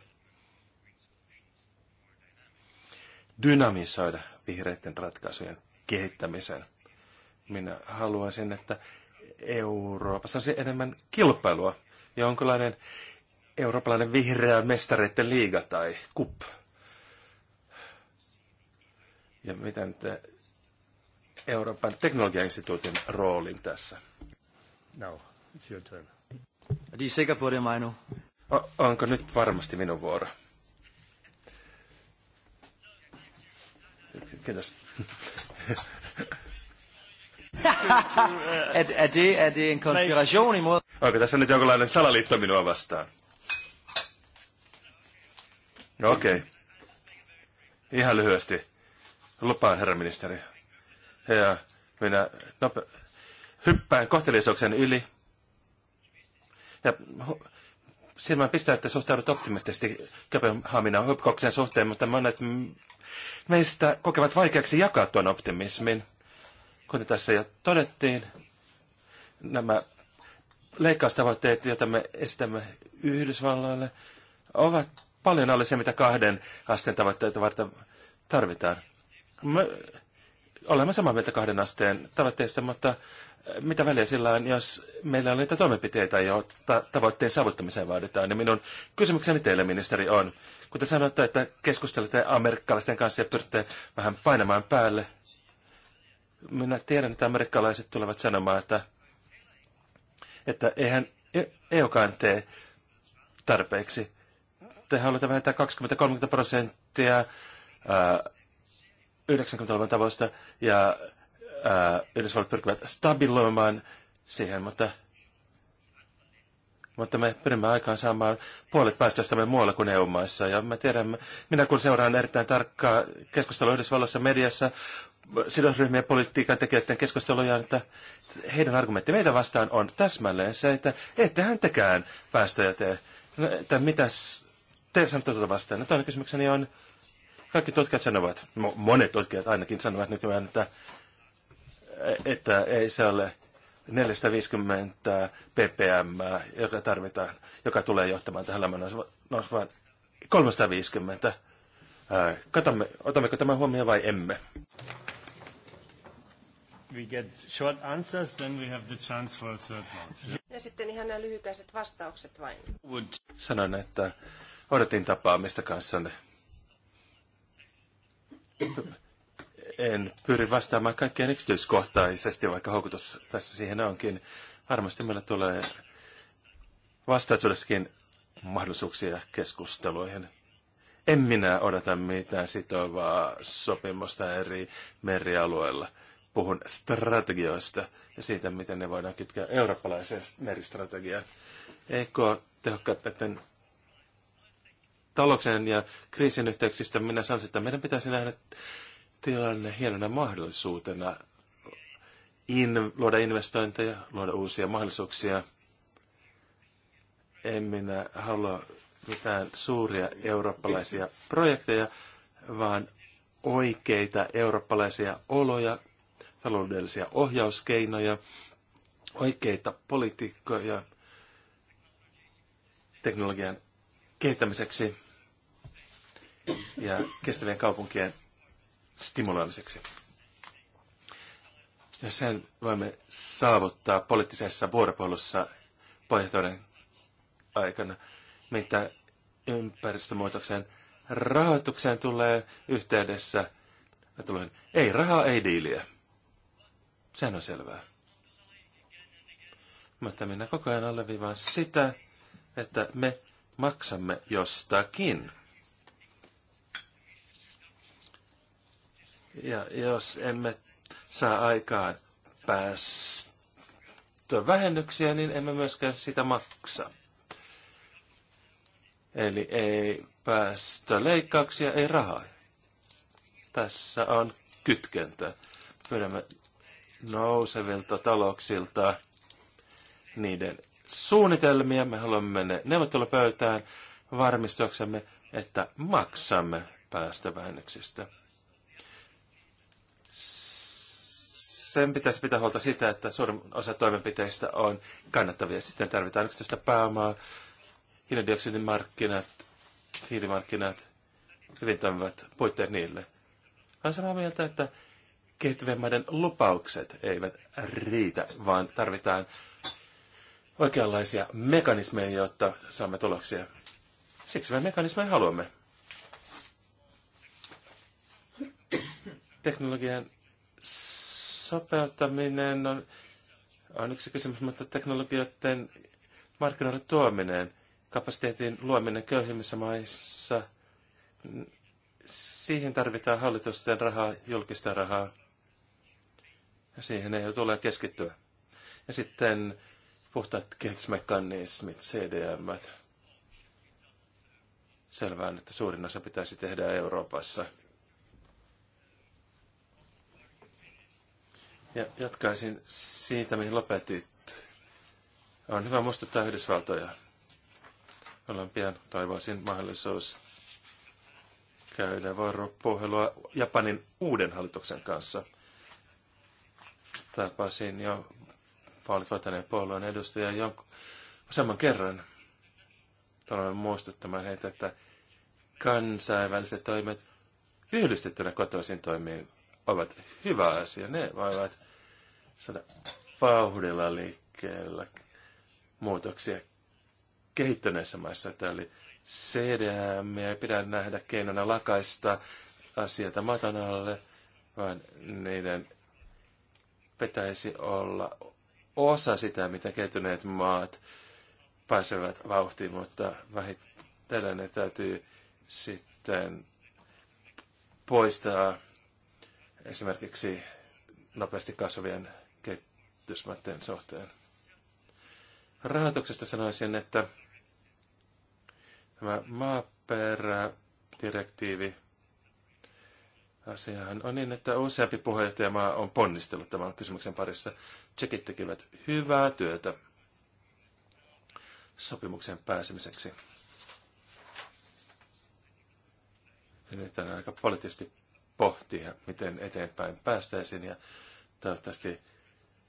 dynamisoida vihreiden ratkaisujen kehittämisen. Minä haluaisin, että Euroopassa olisi enemmän kilpailua, jonkinlainen eurooppalainen vihreä mestareiden liiga tai kup. Ja miten te Euroopan teknologiainstituutin roolin tässä? No, it's your turn. Onko nyt varmasti minun vuoro? Kiitos. er, er, det, er det Eddie, Eddie, konspirationi Onko tässä nyt jonkinlainen salaliitto minua vastaan? No okei. Okay. Ihan lyhyesti. Lupaan, herra ministeri. Ja minä nope- hyppään kohteliaisuuksien yli. Ja hu- silmään pistää, että suhtaudut optimistisesti Kööpenhaminan huippukoksen suhteen, mutta monet meistä kokevat vaikeaksi jakaa tuon optimismin. Kuten tässä jo todettiin, nämä leikkaustavoitteet, joita me esitämme Yhdysvalloille, ovat paljon alle se, mitä kahden asteen tavoitteita varten tarvitaan. Me olemme samaa mieltä kahden asteen tavoitteista, mutta mitä väliä sillä on, jos meillä on niitä toimenpiteitä, joita tavoitteen saavuttamiseen vaaditaan. Ja niin minun kysymykseni teille, ministeri, on, kun te sanotte, että keskustelette amerikkalaisten kanssa ja pyritte vähän painamaan päälle, minä tiedän, että amerikkalaiset tulevat sanomaan, että, että eihän EUkaan tee tarpeeksi. Te haluatte vähentää 20-30 prosenttia 90-luvun tavoista ja Äh, Yhdysvallat pyrkivät stabiloimaan siihen, mutta, mutta me pyrimme aikaan saamaan puolet päästöistämme muualla kuin EU-maissa. Ja me tiedämme, minä kun seuraan erittäin tarkkaa keskustelua Yhdysvalloissa mediassa, sidosryhmien politiikan tekijöiden keskusteluja, että heidän argumentti meitä vastaan on täsmälleen se, että ettehän tekään päästöjä tee. No, että mitäs te sanotte tuota vastaan? No, toinen kysymykseni on, kaikki tutkijat sanovat, monet tutkijat ainakin sanovat nykyään, että että ei se ole 450 ppm, joka tarvitaan, joka tulee johtamaan tähän lämmönnousua, vaan 350. Katamme, otammeko tämän huomioon vai emme? We get short answers, then we have the chance for a third round. Ja sitten ihan nämä lyhykäiset vastaukset vain. Would. Sanon, että odotin tapaamista kanssanne en pyri vastaamaan kaikkeen yksityiskohtaisesti, vaikka houkutus tässä siihen onkin. Varmasti meillä tulee vastaisuudessakin mahdollisuuksia keskusteluihin. En minä odota mitään sitovaa sopimusta eri merialueilla. Puhun strategioista ja siitä, miten ne voidaan kytkeä eurooppalaiseen meristrategiaan. Eikö tehokkaat näiden talouksen ja kriisin yhteyksistä minä sanoisin, että meidän pitäisi nähdä tilanne hienona mahdollisuutena in, luoda investointeja, luoda uusia mahdollisuuksia. En minä halua mitään suuria eurooppalaisia projekteja, vaan oikeita eurooppalaisia oloja, taloudellisia ohjauskeinoja, oikeita poliitikkoja teknologian kehittämiseksi ja kestävien kaupunkien stimuloimiseksi. Ja sen voimme saavuttaa poliittisessa vuoropuolussa pohjohtoiden aikana, mitä ympäristömuutoksen rahoitukseen tulee yhteydessä. Tulee, ei rahaa, ei diiliä. Sehän on selvää. Mutta minä koko ajan alleviivaan sitä, että me maksamme jostakin. Ja jos emme saa aikaan päästövähennyksiä, niin emme myöskään sitä maksa. Eli ei päästöleikkauksia, ei rahaa. Tässä on kytkentä. Pyydämme nousevilta talouksilta niiden suunnitelmia. Me haluamme mennä neuvottelupöytään varmistuaksemme, että maksamme päästövähennyksistä. sen pitäisi pitää huolta sitä, että suurin osa toimenpiteistä on kannattavia. Sitten tarvitaan yksityistä pääomaa, hiilidioksidimarkkinat, hiilimarkkinat, hyvin toimivat puitteet niille. Olen samaa mieltä, että kehittyvien maiden lupaukset eivät riitä, vaan tarvitaan oikeanlaisia mekanismeja, jotta saamme tuloksia. Siksi me mekanismeja haluamme. Teknologian sopeuttaminen on, on yksi kysymys, mutta teknologioiden markkinoille tuominen, kapasiteetin luominen köyhimmissä maissa, siihen tarvitaan hallitusten rahaa, julkista rahaa. Ja siihen ei tule keskittyä. Ja sitten puhtaat kehitysmekanismit, CDM. Selvää, että suurin osa pitäisi tehdä Euroopassa – Ja jatkaisin siitä, mihin lopetit. On hyvä muistuttaa Yhdysvaltoja. Ollaan pian taivaasin mahdollisuus käydä vuoropuhelua Japanin uuden hallituksen kanssa. Tapasin jo vaalit voittaneen puolueen edustajia jonkun useamman kerran. Tulemme muistuttamaan heitä, että kansainväliset toimet yhdistettynä kotoisin toimiin ovat hyvä asia. Ne voivat saada vauhdilla liikkeellä muutoksia kehittyneissä maissa. Eli CDM ei pidä nähdä keinona lakaista asioita matan alle, vaan niiden pitäisi olla osa sitä, mitä kehittyneet maat pääsevät vauhtiin, mutta vähitellen ne täytyy sitten poistaa esimerkiksi nopeasti kasvavien kehitysmaiden suhteen. Rahoituksesta sanoisin, että tämä maaperädirektiivi asiahan on niin, että useampi puheenjohtajamaa on ponnistellut tämän kysymyksen parissa. Tsekit tekivät hyvää työtä sopimuksen pääsemiseksi. Ja nyt on aika poliittisesti pohtia, miten eteenpäin päästäisiin ja toivottavasti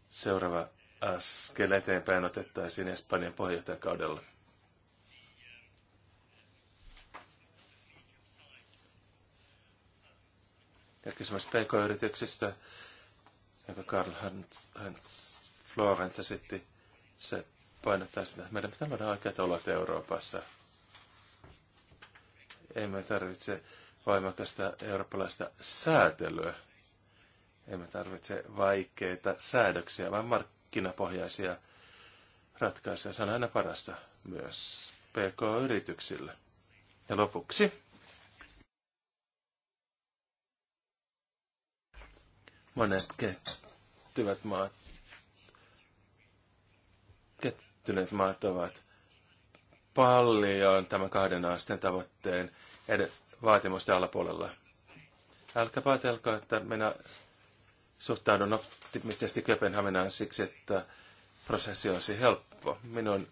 seuraava askel eteenpäin otettaisiin Espanjan puheenjohtajakaudella. Ja kysymys PK-yrityksistä, jonka Karl Hans, Hans Florence esitti, se painottaa sitä, että meidän pitää luoda oikeat olot Euroopassa. Ei me tarvitse voimakasta eurooppalaista säätelyä. Emme tarvitse vaikeita säädöksiä, vaan markkinapohjaisia ratkaisuja. Se on aina parasta myös PK-yrityksille. Ja lopuksi. Monet kettyvät maat, kettyneet maat ovat paljon tämän kahden asteen tavoitteen ed- vaatimusten puolella. Älkää ajatelko, että minä suhtaudun optimistisesti Kööpenhaminaan siksi, että prosessi olisi helppo. Minun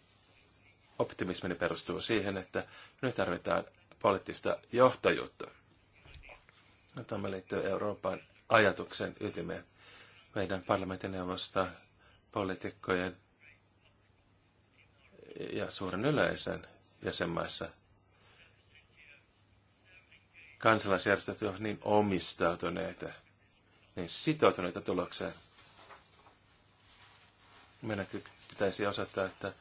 optimismini perustuu siihen, että nyt tarvitaan poliittista johtajuutta. Tämä liittyy Euroopan ajatuksen ytimeen. Meidän parlamentineuvosta, poliitikkojen ja suuren yleisen jäsenmaissa – kansalaisjärjestöt ovat niin omistautuneita, niin sitoutuneita tulokseen. Meidän pitäisi osoittaa, että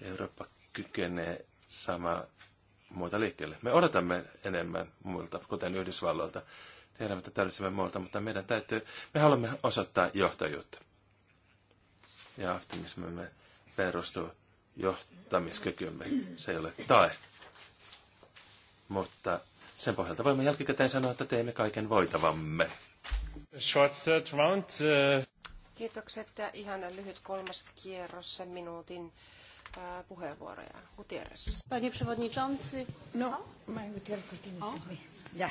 Eurooppa kykenee sama muuta liikkeelle. Me odotamme enemmän muilta, kuten Yhdysvalloilta. Tiedämme, että tarvitsemme muilta, mutta meidän täytyy, me haluamme osoittaa johtajuutta. Ja optimismimme perustuu johtamiskykymme. Se ei ole tae. Mutta sen pohjalta voimme jälkikäteen sanoa, että teemme kaiken voitavamme. Short third round. Uh... Kiitokset ja ihan lyhyt kolmas kierros sen minuutin uh, puheenvuoroja. Gutierrez. Panie przewodniczący. No, Panie Gutierrez, Ja.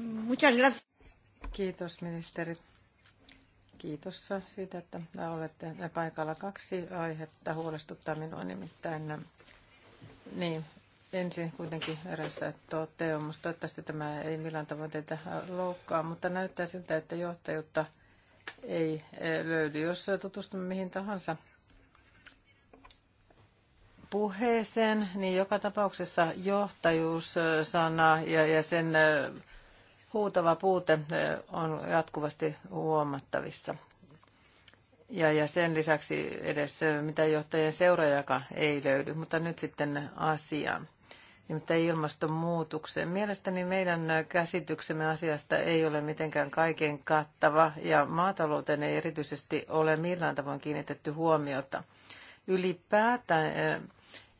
Muchas gracias. Kiitos ministeri. Kiitos siitä, että olette paikalla. Kaksi aihetta huolestuttaa minua nimittäin. Niin, ensin kuitenkin eräs toteamus. Toivottavasti tämä ei millään tavoin teitä loukkaa, mutta näyttää siltä, että johtajuutta ei eh, löydy. Jos tutustumme mihin tahansa puheeseen, niin joka tapauksessa johtajuussana ja, ja sen eh, huutava puute eh, on jatkuvasti huomattavissa. Ja, ja sen lisäksi edes mitä johtajien seuraajakaan ei löydy, mutta nyt sitten asiaan nimittäin ilmastonmuutokseen. Mielestäni meidän käsityksemme asiasta ei ole mitenkään kaiken kattava ja maatalouteen ei erityisesti ole millään tavoin kiinnitetty huomiota. Ylipäätään eh,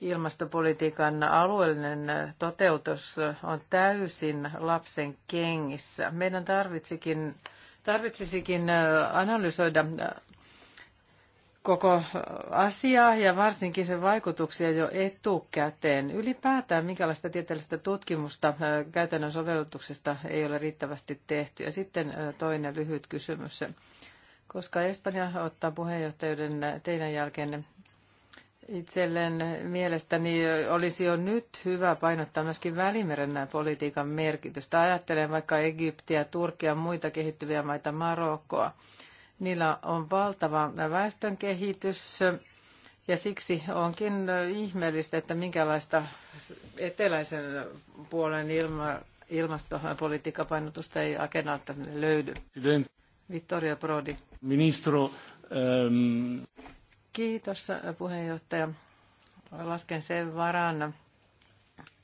ilmastopolitiikan alueellinen toteutus on täysin lapsen kengissä. Meidän tarvitsikin, tarvitsisikin eh, analysoida koko asiaa ja varsinkin sen vaikutuksia jo etukäteen. Ylipäätään minkälaista tieteellistä tutkimusta käytännön sovellutuksesta ei ole riittävästi tehty. Ja sitten toinen lyhyt kysymys. Koska Espanja ottaa puheenjohtajuuden teidän jälkeen itselleen mielestäni olisi jo nyt hyvä painottaa myöskin välimeren politiikan merkitystä. Ajattelen vaikka Egyptiä, Turkia, muita kehittyviä maita, Marokkoa. Niillä on valtava väestön kehitys ja siksi onkin ihmeellistä, että minkälaista eteläisen puolen ilma, ilmastopolitiikkapainotusta ei akenalta löydy. Vittoria Prodi. Ministro, ähm... Kiitos puheenjohtaja. Lasken sen varana,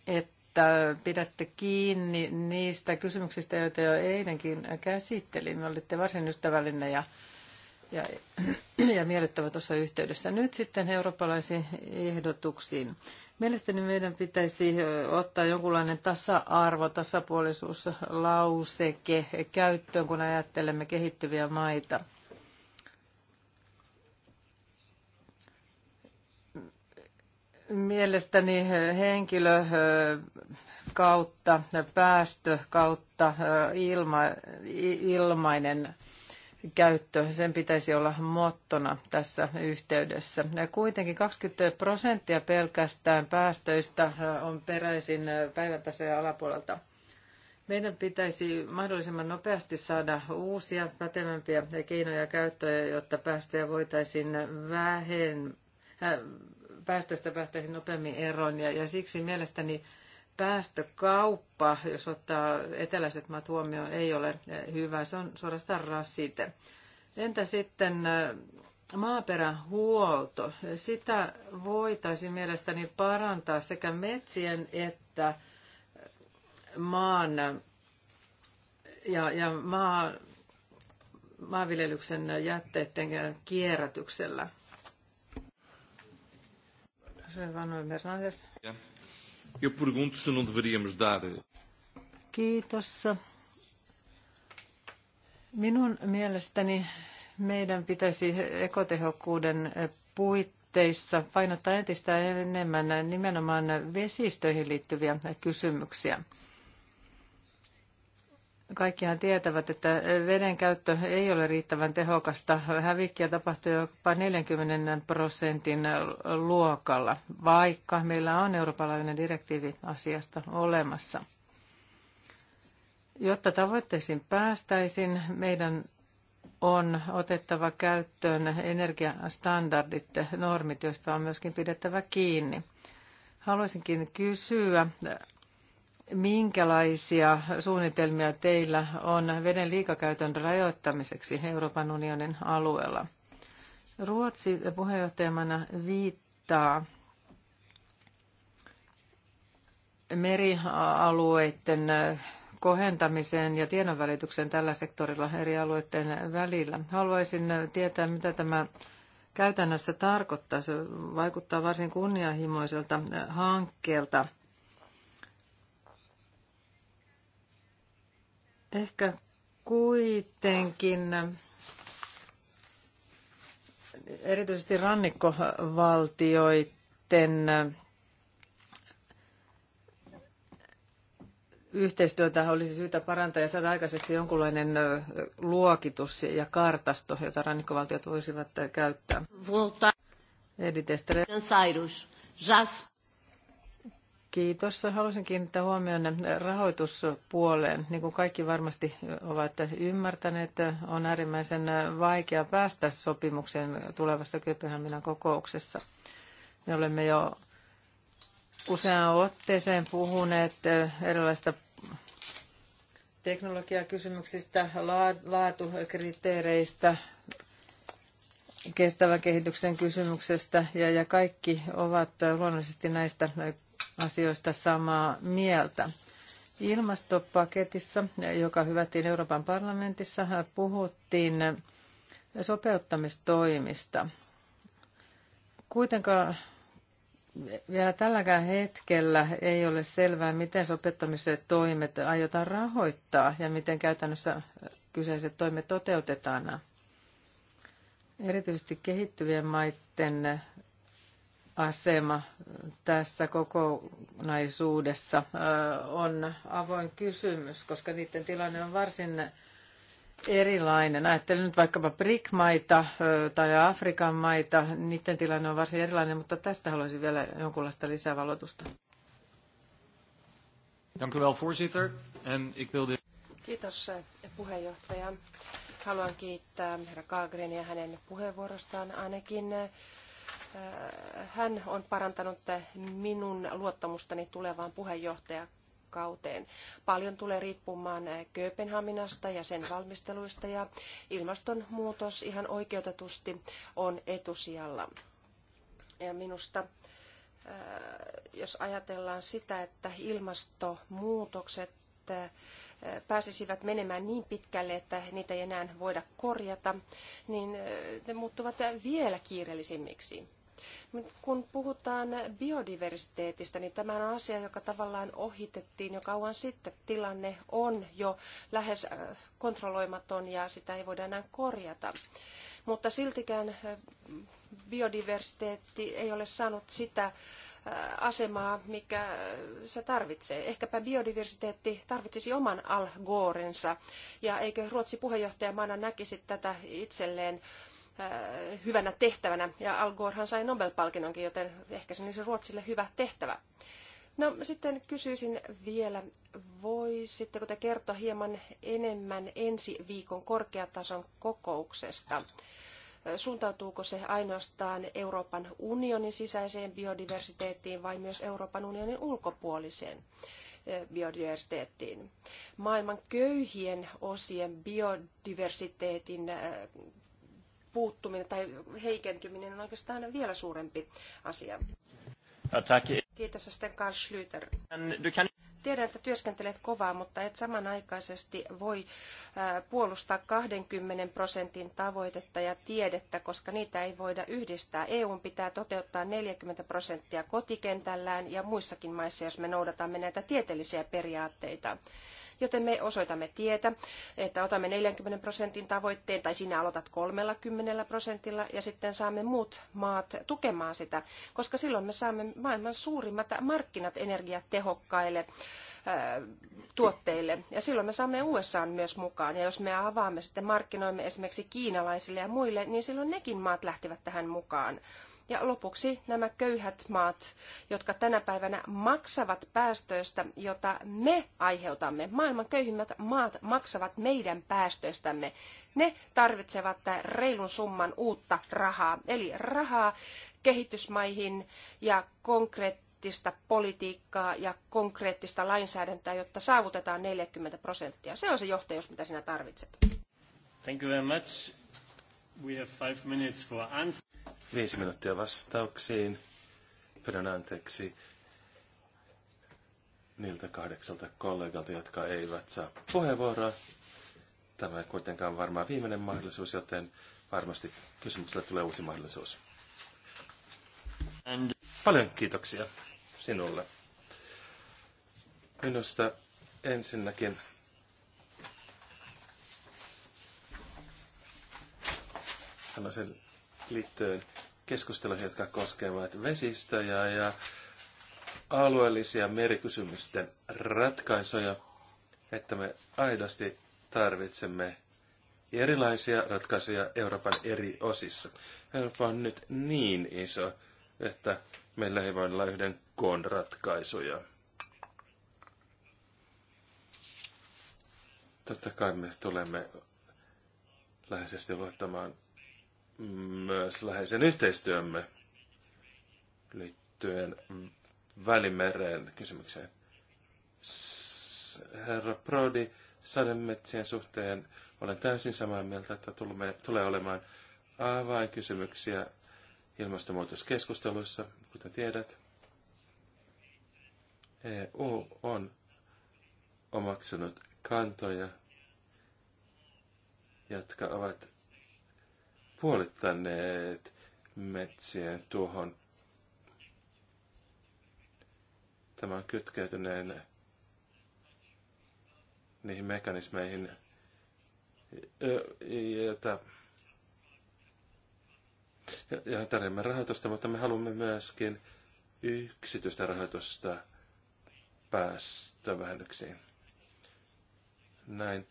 että että pidätte kiinni niistä kysymyksistä, joita jo eilenkin käsittelin. Olitte varsin ystävällinen ja, ja, ja miellyttävä tuossa yhteydessä. Nyt sitten eurooppalaisiin ehdotuksiin. Mielestäni meidän pitäisi ottaa jonkunlainen tasa-arvo, tasapuolisuuslauseke käyttöön, kun ajattelemme kehittyviä maita – Mielestäni eh, henkilö eh, kautta, eh, päästö kautta, ilma, ilmainen käyttö, sen pitäisi olla mottona tässä yhteydessä. Kuitenkin 20 prosenttia pelkästään päästöistä on peräisin päiväntaseen alapuolelta. Meidän pitäisi mahdollisimman nopeasti saada uusia, pätevämpiä keinoja käyttöön, jotta päästöjä voitaisiin vähentää päästöistä päästäisiin nopeammin eroon. Ja, ja siksi mielestäni päästökauppa, jos ottaa eteläiset maat huomioon, ei ole eh, hyvä. Se on suorastaan rasite. Entä sitten eh, huolto? Sitä voitaisiin mielestäni parantaa sekä metsien että eh, maan ja, ja maa, maanviljelyksen jätteiden kierrätyksellä. Manuel Eu pergunto se não deveríamos dar... Eh, Kiitos. Minun mielestäni meidän pitäisi ekotehokkuuden eh, puitteissa painottaa entistä enemmän nimenomaan vesistöihin liittyviä eh, kysymyksiä. Kaikkihan tietävät, että veden käyttö ei ole riittävän tehokasta. Hävikkiä tapahtuu jopa 40 prosentin luokalla, vaikka meillä on eurooppalainen direktiivi asiasta olemassa. Jotta tavoitteisiin päästäisiin, meidän on otettava käyttöön energiastandardit, normit, joista on myöskin pidettävä kiinni. Haluaisinkin kysyä, Minkälaisia suunnitelmia teillä on veden liikakäytön rajoittamiseksi Euroopan unionin alueella? Ruotsi puheenjohtajamana viittaa merialueiden kohentamiseen ja tiedonvälitykseen tällä sektorilla eri alueiden välillä. Haluaisin tietää, mitä tämä käytännössä tarkoittaa. Se vaikuttaa varsin kunnianhimoiselta hankkeelta – Ehkä kuitenkin erityisesti rannikkovaltioiden yhteistyötä olisi syytä parantaa ja saada aikaiseksi jonkunlainen luokitus ja kartasto, jota rannikkovaltiot voisivat käyttää. Volta. Eli Kiitos. Haluaisin kiinnittää huomioon rahoituspuoleen. Niin kuin kaikki varmasti ovat ymmärtäneet, on äärimmäisen vaikea päästä sopimukseen tulevassa Kööpenhaminan kokouksessa. Me olemme jo useaan otteeseen puhuneet erilaisista teknologiakysymyksistä, laatukriteereistä, kestävän kehityksen kysymyksestä ja, ja kaikki ovat luonnollisesti näistä asioista samaa mieltä. Ilmastopaketissa, joka hyvättiin Euroopan parlamentissa, puhuttiin sopeuttamistoimista. Kuitenkaan vielä tälläkään hetkellä ei ole selvää, miten sopeuttamistoimet aiotaan rahoittaa ja miten käytännössä kyseiset toimet toteutetaan. Erityisesti kehittyvien maiden asema tässä kokonaisuudessa on avoin kysymys, koska niiden tilanne on varsin erilainen. Ajattelen nyt vaikkapa BRIC-maita tai Afrikan maita, niiden tilanne on varsin erilainen, mutta tästä haluaisin vielä jonkunlaista lisävalotusta. Kiitos eh, puheenjohtaja. Haluan kiittää herra Kaagren ja hänen puheenvuorostaan ainakin hän on parantanut minun luottamustani tulevaan puheenjohtajakauteen. Paljon tulee riippumaan Kööpenhaminasta ja sen valmisteluista ja ilmastonmuutos ihan oikeutetusti on etusijalla. Ja minusta äh, jos ajatellaan sitä, että ilmastonmuutokset äh, pääsisivät menemään niin pitkälle, että niitä ei enää voida korjata, niin äh, ne muuttuvat vielä kiireellisimmiksi. Kun puhutaan biodiversiteetistä, niin tämä on asia, joka tavallaan ohitettiin jo kauan sitten. Tilanne on jo lähes äh, kontrolloimaton ja sitä ei voida enää korjata. Mutta siltikään äh, biodiversiteetti ei ole saanut sitä äh, asemaa, mikä se tarvitsee. Ehkäpä biodiversiteetti tarvitsisi oman Al Gorensa, ja eikö Ruotsi puheenjohtajamaana näkisi tätä itselleen Äh, hyvänä tehtävänä. Ja Al Gorehan sai Nobel-palkinnonkin, joten ehkä se olisi Ruotsille hyvä tehtävä. No sitten kysyisin vielä, voisitteko te kertoa hieman enemmän ensi viikon korkeatason kokouksesta? Äh, suuntautuuko se ainoastaan Euroopan unionin sisäiseen biodiversiteettiin vai myös Euroopan unionin ulkopuoliseen äh, biodiversiteettiin? Maailman köyhien osien biodiversiteetin puuttuminen tai heikentyminen on oikeastaan vielä suurempi asia. Kiitos sitten Karl Schlüter. Tiedän, että työskentelet kovaa, mutta et samanaikaisesti voi puolustaa 20 prosentin tavoitetta ja tiedettä, koska niitä ei voida yhdistää. EU pitää toteuttaa 40 prosenttia kotikentällään ja muissakin maissa, jos me noudatamme näitä tieteellisiä periaatteita joten me osoitamme tietä, että otamme 40 prosentin tavoitteen tai sinä aloitat 30 prosentilla ja sitten saamme muut maat tukemaan sitä, koska silloin me saamme maailman suurimmat markkinat energiatehokkaille tuotteille. Ja silloin me saamme USA myös mukaan. Ja jos me avaamme sitten markkinoimme esimerkiksi kiinalaisille ja muille, niin silloin nekin maat lähtevät tähän mukaan. Ja lopuksi nämä köyhät maat, jotka tänä päivänä maksavat päästöistä, jota me aiheutamme. Maailman köyhimmät maat maksavat meidän päästöistämme. Ne tarvitsevat reilun summan uutta rahaa, eli rahaa kehitysmaihin ja konkreettista politiikkaa ja konkreettista lainsäädäntöä, jotta saavutetaan 40 prosenttia. Se on se johtajuus, mitä sinä tarvitset. Thank you very much. We have five minutes for answer. Viisi minuuttia vastauksiin. Pyydän anteeksi niiltä kahdeksalta kollegalta, jotka eivät saa puheenvuoroa. Tämä ei kuitenkaan varmaan viimeinen mahdollisuus, joten varmasti kysymyksellä tulee uusi mahdollisuus. And... Paljon kiitoksia sinulle. Minusta ensinnäkin sanoisin liittyen keskusteluihin, jotka koskevat vesistöjä ja alueellisia merikysymysten ratkaisuja, että me aidosti tarvitsemme erilaisia ratkaisuja Euroopan eri osissa. Eurooppa on nyt niin iso, että meillä ei voi olla yhden koon ratkaisuja. Totta kai me tulemme läheisesti luottamaan myös läheisen yhteistyömme liittyen Välimereen kysymykseen. Herra Prodi, sademetsien suhteen olen täysin samaa mieltä, että tulee olemaan avainkysymyksiä ilmastonmuutoskeskusteluissa, kuten tiedät. EU on omaksunut kantoja, jotka ovat puolittaneet metsien tuohon tämän kytkeytyneen niihin mekanismeihin, joita ja tarjoamme rahoitusta, mutta me haluamme myöskin yksityistä rahoitusta päästövähennyksiin. Näin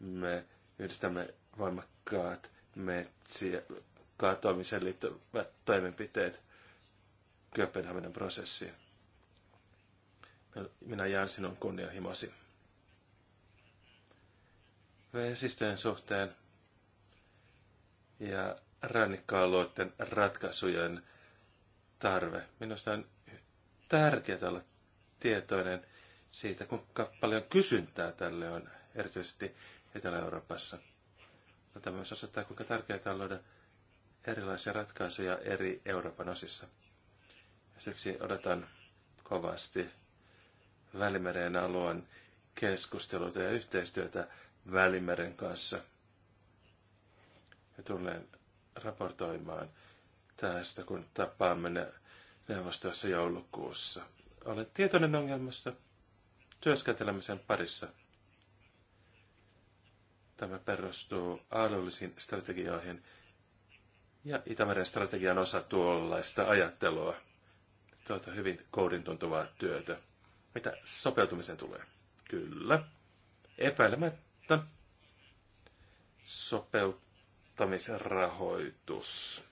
me yhdistämme voimakkaat metsiä katoamiseen liittyvät toimenpiteet Kööpenhaminan prosessiin. Minä jään sinun kunnianhimosi. Vesistöjen suhteen ja rannikkoalueiden ratkaisujen tarve. Minusta on tärkeää olla tietoinen siitä, kuinka paljon kysyntää tälle on, erityisesti Etelä-Euroopassa. Mutta myös osoittaa, kuinka tärkeää on löydä erilaisia ratkaisuja eri Euroopan osissa. Ja siksi odotan kovasti Välimeren alueen keskusteluita ja yhteistyötä Välimeren kanssa. Ja tulen raportoimaan tästä, kun tapaamme ne neuvostossa joulukuussa. Olen tietoinen ongelmasta työskentelemisen parissa – Tämä perustuu aadollisiin strategioihin ja Itämeren strategian osa tuollaista ajattelua. Tuota hyvin koodin tuntuvaa työtä. Mitä sopeutumiseen tulee? Kyllä. Epäilemättä sopeuttamisrahoitus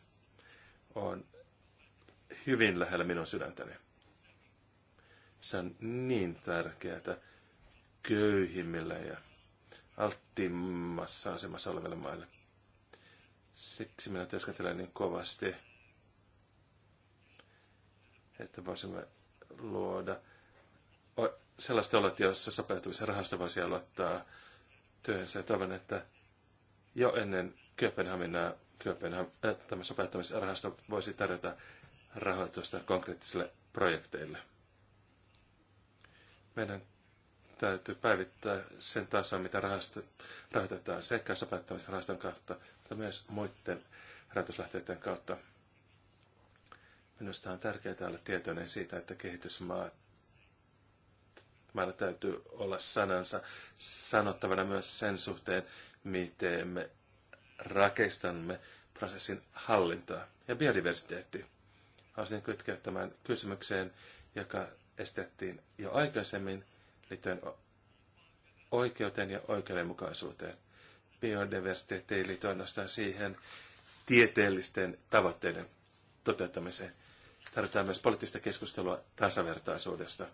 on hyvin lähellä minun sydäntäni. Se on niin tärkeää köyhimmille ja alttiimmassa asemassa oleville maille. Siksi minä työskentelen niin kovasti, että voisimme luoda sellaista olot, jossa sopeutumisen rahasta voisi aloittaa työhönsä. Ja toivon, että jo ennen Kööpenhaminaa Kööpenham, äh, tämä sopeuttamisrahasto voisi tarjota rahoitusta konkreettisille projekteille. Meidän täytyy päivittää sen tasan, mitä rahoitetaan sekä sopettavista rahaston kautta, mutta myös muiden rahoituslähteiden kautta. Minusta on tärkeää olla tietoinen siitä, että kehitysmaat Meillä täytyy olla sanansa sanottavana myös sen suhteen, miten me rakestamme prosessin hallintaa ja biodiversiteetti. Haluaisin kytkeä tämän kysymykseen, joka estettiin jo aikaisemmin, liittyen oikeuteen ja oikeudenmukaisuuteen. Biodiversiteetti ei ainoastaan siihen tieteellisten tavoitteiden toteuttamiseen. Tarvitaan myös poliittista keskustelua tasavertaisuudesta.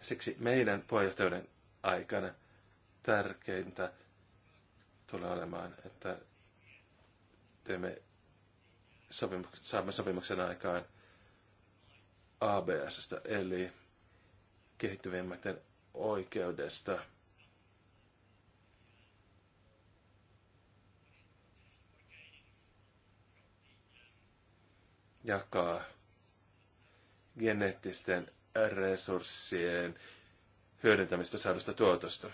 Siksi meidän puheenjohtajuuden aikana tärkeintä tulee olemaan, että teemme sopimuk- saamme sopimuksen aikaan ABSstä, eli kehittyvimmäten oikeudesta. jakaa geneettisten resurssien hyödyntämistä saadusta tuotosta.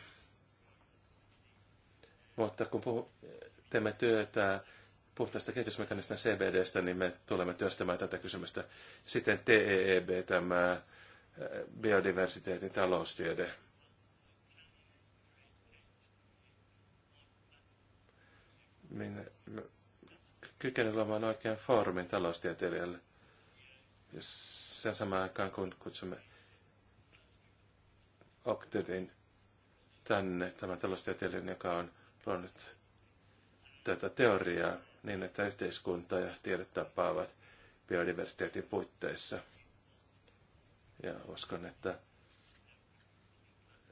Mutta kun puhu, teemme työtä puhtaasta kehitysmekanismista CBDstä, niin me tulemme työstämään tätä kysymystä. Sitten TEEB, tämä biodiversiteetin taloustiede. Minä kykenen luomaan oikean foorumin taloustieteilijälle. Ja sen samaan aikaan, kun kutsumme Octavin tänne, tämän taloustieteilijän, joka on luonut tätä teoriaa niin, että yhteiskunta ja tiede tapaavat biodiversiteetin puitteissa – ja uskon, että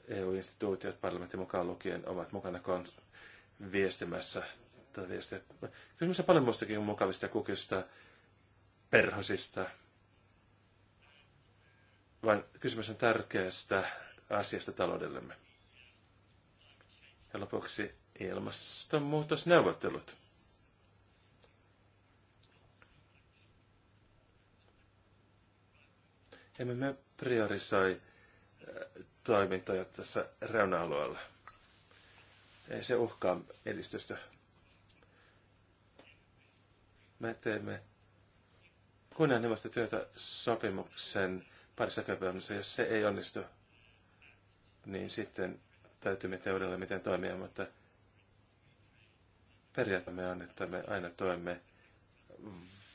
EU-instituutiot, parlamentti mukaan lukien, ovat mukana kans viestimässä tätä Kysymys on paljon muistakin mukavista kukista, perhosista. Vaan kysymys on tärkeästä asiasta taloudellemme. Ja lopuksi ilmastonmuutosneuvottelut. emme me priorisoi äh, toimintoja tässä reuna-alueella. Ei se uhkaa edistystä. Me teemme kunnianhimoista työtä sopimuksen parissa köpäämisessä. Jos se ei onnistu, niin sitten täytyy miettiä uudelleen, miten toimia, mutta periaatteemme on, että me aina toimme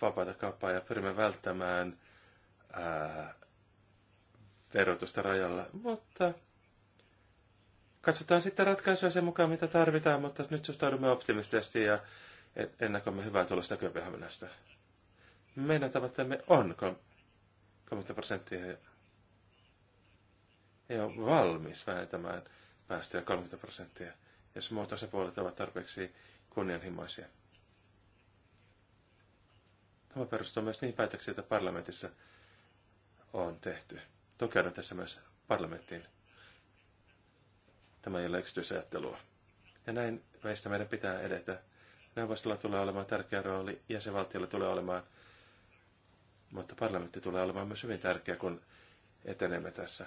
vapaata kauppaa ja pyrimme välttämään ää, verotusta rajalla. Mutta katsotaan sitten ratkaisuja sen mukaan, mitä tarvitaan, mutta nyt suhtaudumme optimistisesti ja ennakoimme hyvää tulosta Kööpenhaminasta. Meidän tavoitteemme on 30 prosenttia ja ei ole valmis vähentämään päästöjä 30 prosenttia, jos muut osapuolet ovat tarpeeksi kunnianhimoisia. Tämä perustuu myös niihin päätöksiin, joita parlamentissa on tehty tukeudu tässä myös parlamenttiin. Tämä ei ole yksityisajattelua. Ja näin meistä meidän pitää edetä. Neuvostolla tulee olemaan tärkeä rooli, jäsenvaltiolla tulee olemaan, mutta parlamentti tulee olemaan myös hyvin tärkeä, kun etenemme tässä.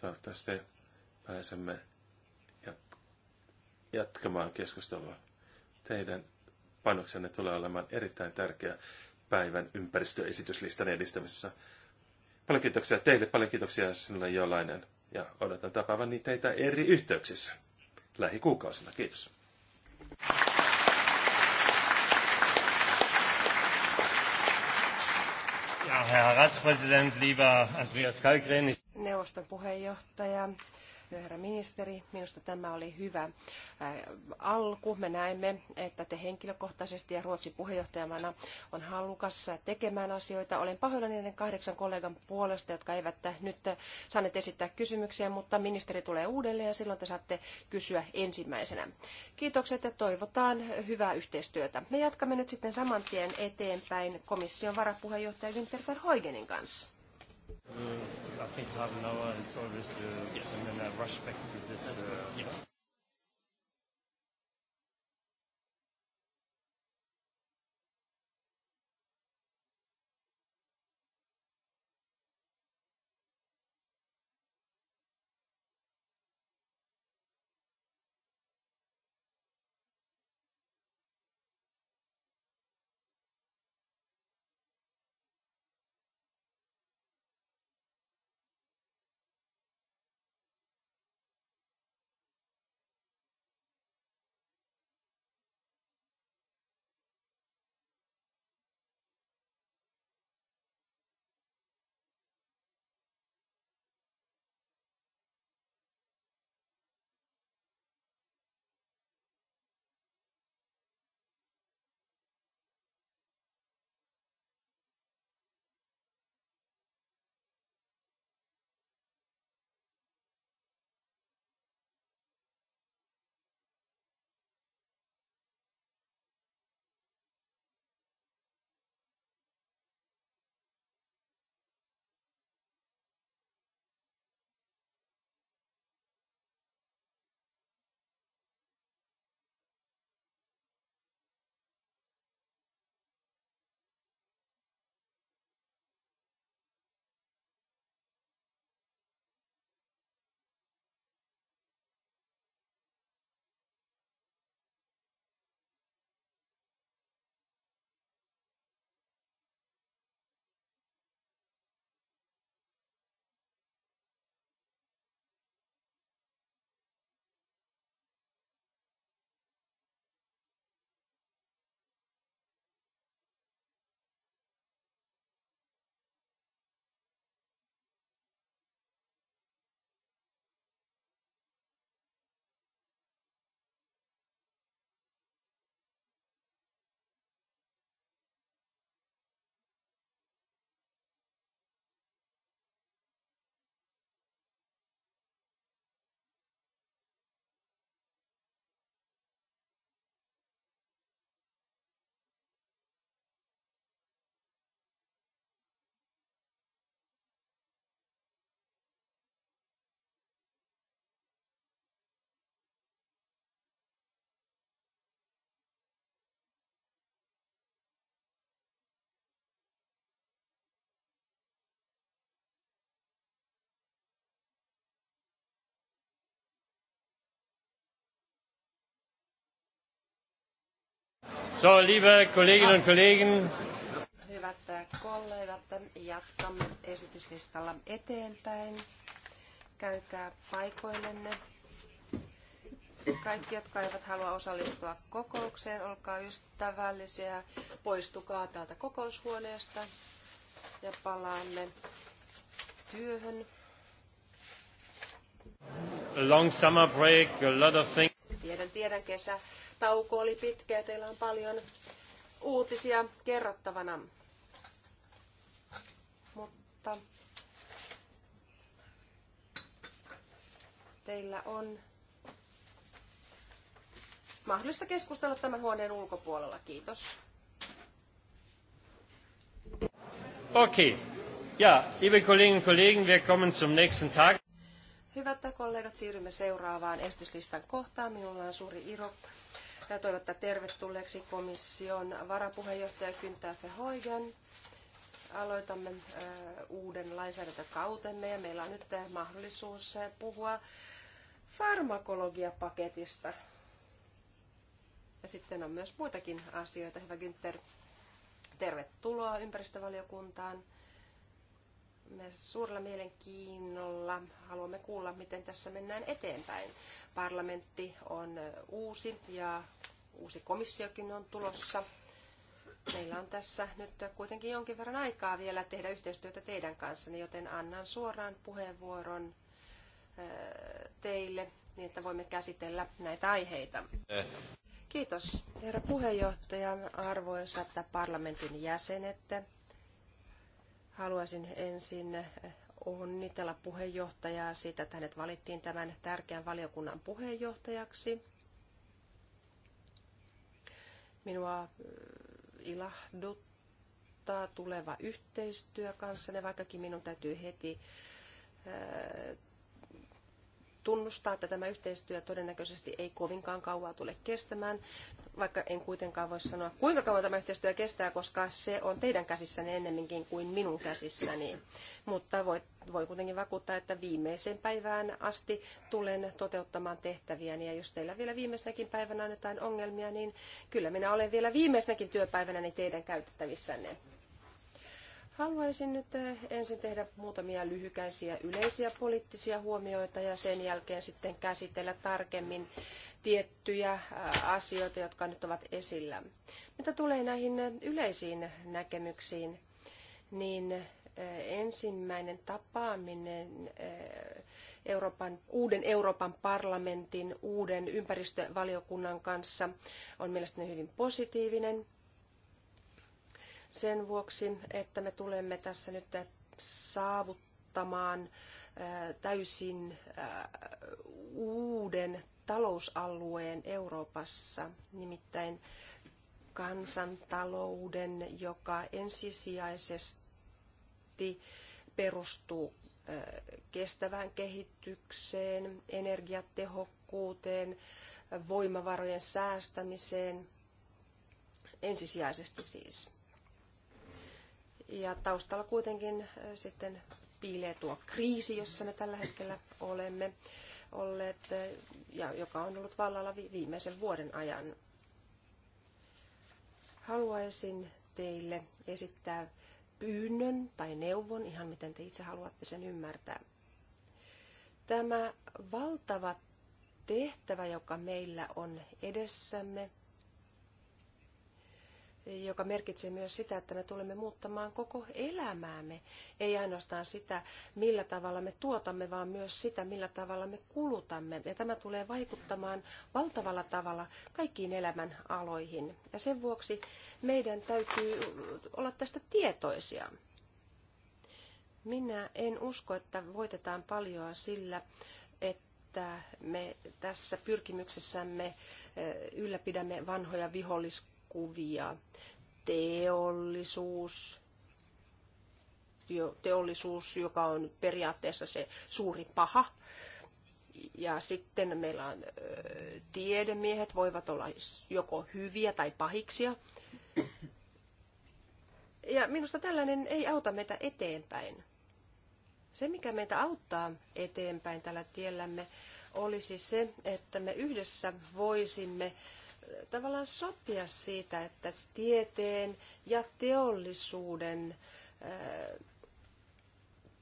Toivottavasti pääsemme jatkamaan keskustelua. Teidän panoksenne tulee olemaan erittäin tärkeä päivän ympäristöesityslistan edistämisessä. Paljon kiitoksia teille, paljon kiitoksia sinulle jollainen. Ja odotan tapaavan teitä eri yhteyksissä lähikuukausina. Kiitos. Ja, Herr Ratspräsident, lieber Andreas Kalkren. Neuvoston puheenjohtaja, herra ministeri. Minusta tämä oli hyvä äh, alku. Me näemme, että te henkilökohtaisesti ja Ruotsi puheenjohtajamana on halukas tekemään asioita. Olen pahoillani niiden kahdeksan kollegan puolesta, jotka eivät nyt saaneet esittää kysymyksiä, mutta ministeri tulee uudelleen ja silloin te saatte kysyä ensimmäisenä. Kiitokset ja toivotaan hyvää yhteistyötä. Me jatkamme nyt sitten saman tien eteenpäin komission varapuheenjohtaja Winter Verhoigenin kanssa. Mm, I think half an hour, it's always, uh, yes. and then I rush back to this. Uh, yes. So, liebe Kolleginnen und Kollegen. Hyvät äh, kollegat, jatkamme esityslistalla eteenpäin. Käykää paikoillenne. Kaikki, jotka eivät halua osallistua kokoukseen, olkaa ystävällisiä. Poistukaa täältä kokoushuoneesta ja palaamme työhön. A long summer break, a lot of things. Tiedän, tiedän, kesä tauko oli pitkä ja teillä on paljon uutisia kerrottavana. Mutta teillä on mahdollista keskustella tämän huoneen ulkopuolella. Kiitos. Okei. Okay. Ja, liebe Kolleginnen und Kollegen, wir kommen zum nächsten Tag. Hyvät kollegat, siirrymme seuraavaan estyslistan kohtaan. Minulla on suuri iro ja toivottaa tervetulleeksi komission varapuheenjohtaja Günther Verheugen. Aloitamme äh, uuden lainsäädäntökautemme ja meillä on nyt äh, mahdollisuus äh, puhua farmakologiapaketista. Ja sitten on myös muitakin asioita. Hyvä Günther, tervetuloa ympäristövaliokuntaan. Me suurella mielenkiinnolla haluamme kuulla, miten tässä mennään eteenpäin. Parlamentti on uusi ja uusi komissiokin on tulossa. Meillä on tässä nyt kuitenkin jonkin verran aikaa vielä tehdä yhteistyötä teidän kanssanne, joten annan suoraan puheenvuoron teille, niin että voimme käsitellä näitä aiheita. Kiitos, herra puheenjohtaja, arvoisat parlamentin jäsenet. Haluaisin ensin onnitella puheenjohtajaa siitä, että hänet valittiin tämän tärkeän valiokunnan puheenjohtajaksi. Minua äh, ilahduttaa tuleva yhteistyö kanssanne, vaikkakin minun täytyy heti äh, tunnustaa, että tämä yhteistyö todennäköisesti ei kovinkaan kauaa tule kestämään, vaikka en kuitenkaan voi sanoa, kuinka kauan tämä yhteistyö kestää, koska se on teidän käsissänne ennemminkin kuin minun käsissäni. Mutta voi, voi kuitenkin vakuuttaa, että viimeiseen päivään asti tulen toteuttamaan tehtäviäni. Ja jos teillä vielä viimeisenäkin päivänä on jotain ongelmia, niin kyllä minä olen vielä viimeisenäkin työpäivänäni teidän käytettävissänne. Haluaisin nyt eh, ensin tehdä muutamia lyhykäisiä yleisiä poliittisia huomioita ja sen jälkeen sitten käsitellä tarkemmin tiettyjä eh, asioita, jotka nyt ovat esillä. Mitä tulee näihin eh, yleisiin näkemyksiin, niin ensimmäinen tapaaminen Euroopan, uuden Euroopan parlamentin, uuden ympäristövaliokunnan kanssa on mielestäni hyvin positiivinen sen vuoksi, että me tulemme tässä nyt saavuttamaan täysin uuden talousalueen Euroopassa, nimittäin kansantalouden, joka ensisijaisesti perustuu kestävään kehitykseen, energiatehokkuuteen, voimavarojen säästämiseen, ensisijaisesti siis. Ja taustalla kuitenkin äh, sitten piilee tuo kriisi, jossa me tällä hetkellä olemme olleet äh, ja joka on ollut vallalla viimeisen vuoden ajan. Haluaisin teille esittää pyynnön tai neuvon, ihan miten te itse haluatte sen ymmärtää. Tämä valtava tehtävä, joka meillä on edessämme, joka merkitsee myös sitä, että me tulemme muuttamaan koko elämäämme. Ei ainoastaan sitä, millä tavalla me tuotamme, vaan myös sitä, millä tavalla me kulutamme. Ja tämä tulee vaikuttamaan valtavalla tavalla kaikkiin elämän aloihin. Ja sen vuoksi meidän täytyy olla tästä tietoisia. Minä en usko, että voitetaan paljoa sillä, että me tässä pyrkimyksessämme ylläpidämme vanhoja vihollis kuvia. Teollisuus, teollisuus, joka on periaatteessa se suuri paha. Ja sitten meillä on tiedemiehet, voivat olla joko hyviä tai pahiksia. Ja minusta tällainen ei auta meitä eteenpäin. Se, mikä meitä auttaa eteenpäin tällä tiellämme, olisi se, että me yhdessä voisimme tavallaan sopia siitä, että tieteen ja teollisuuden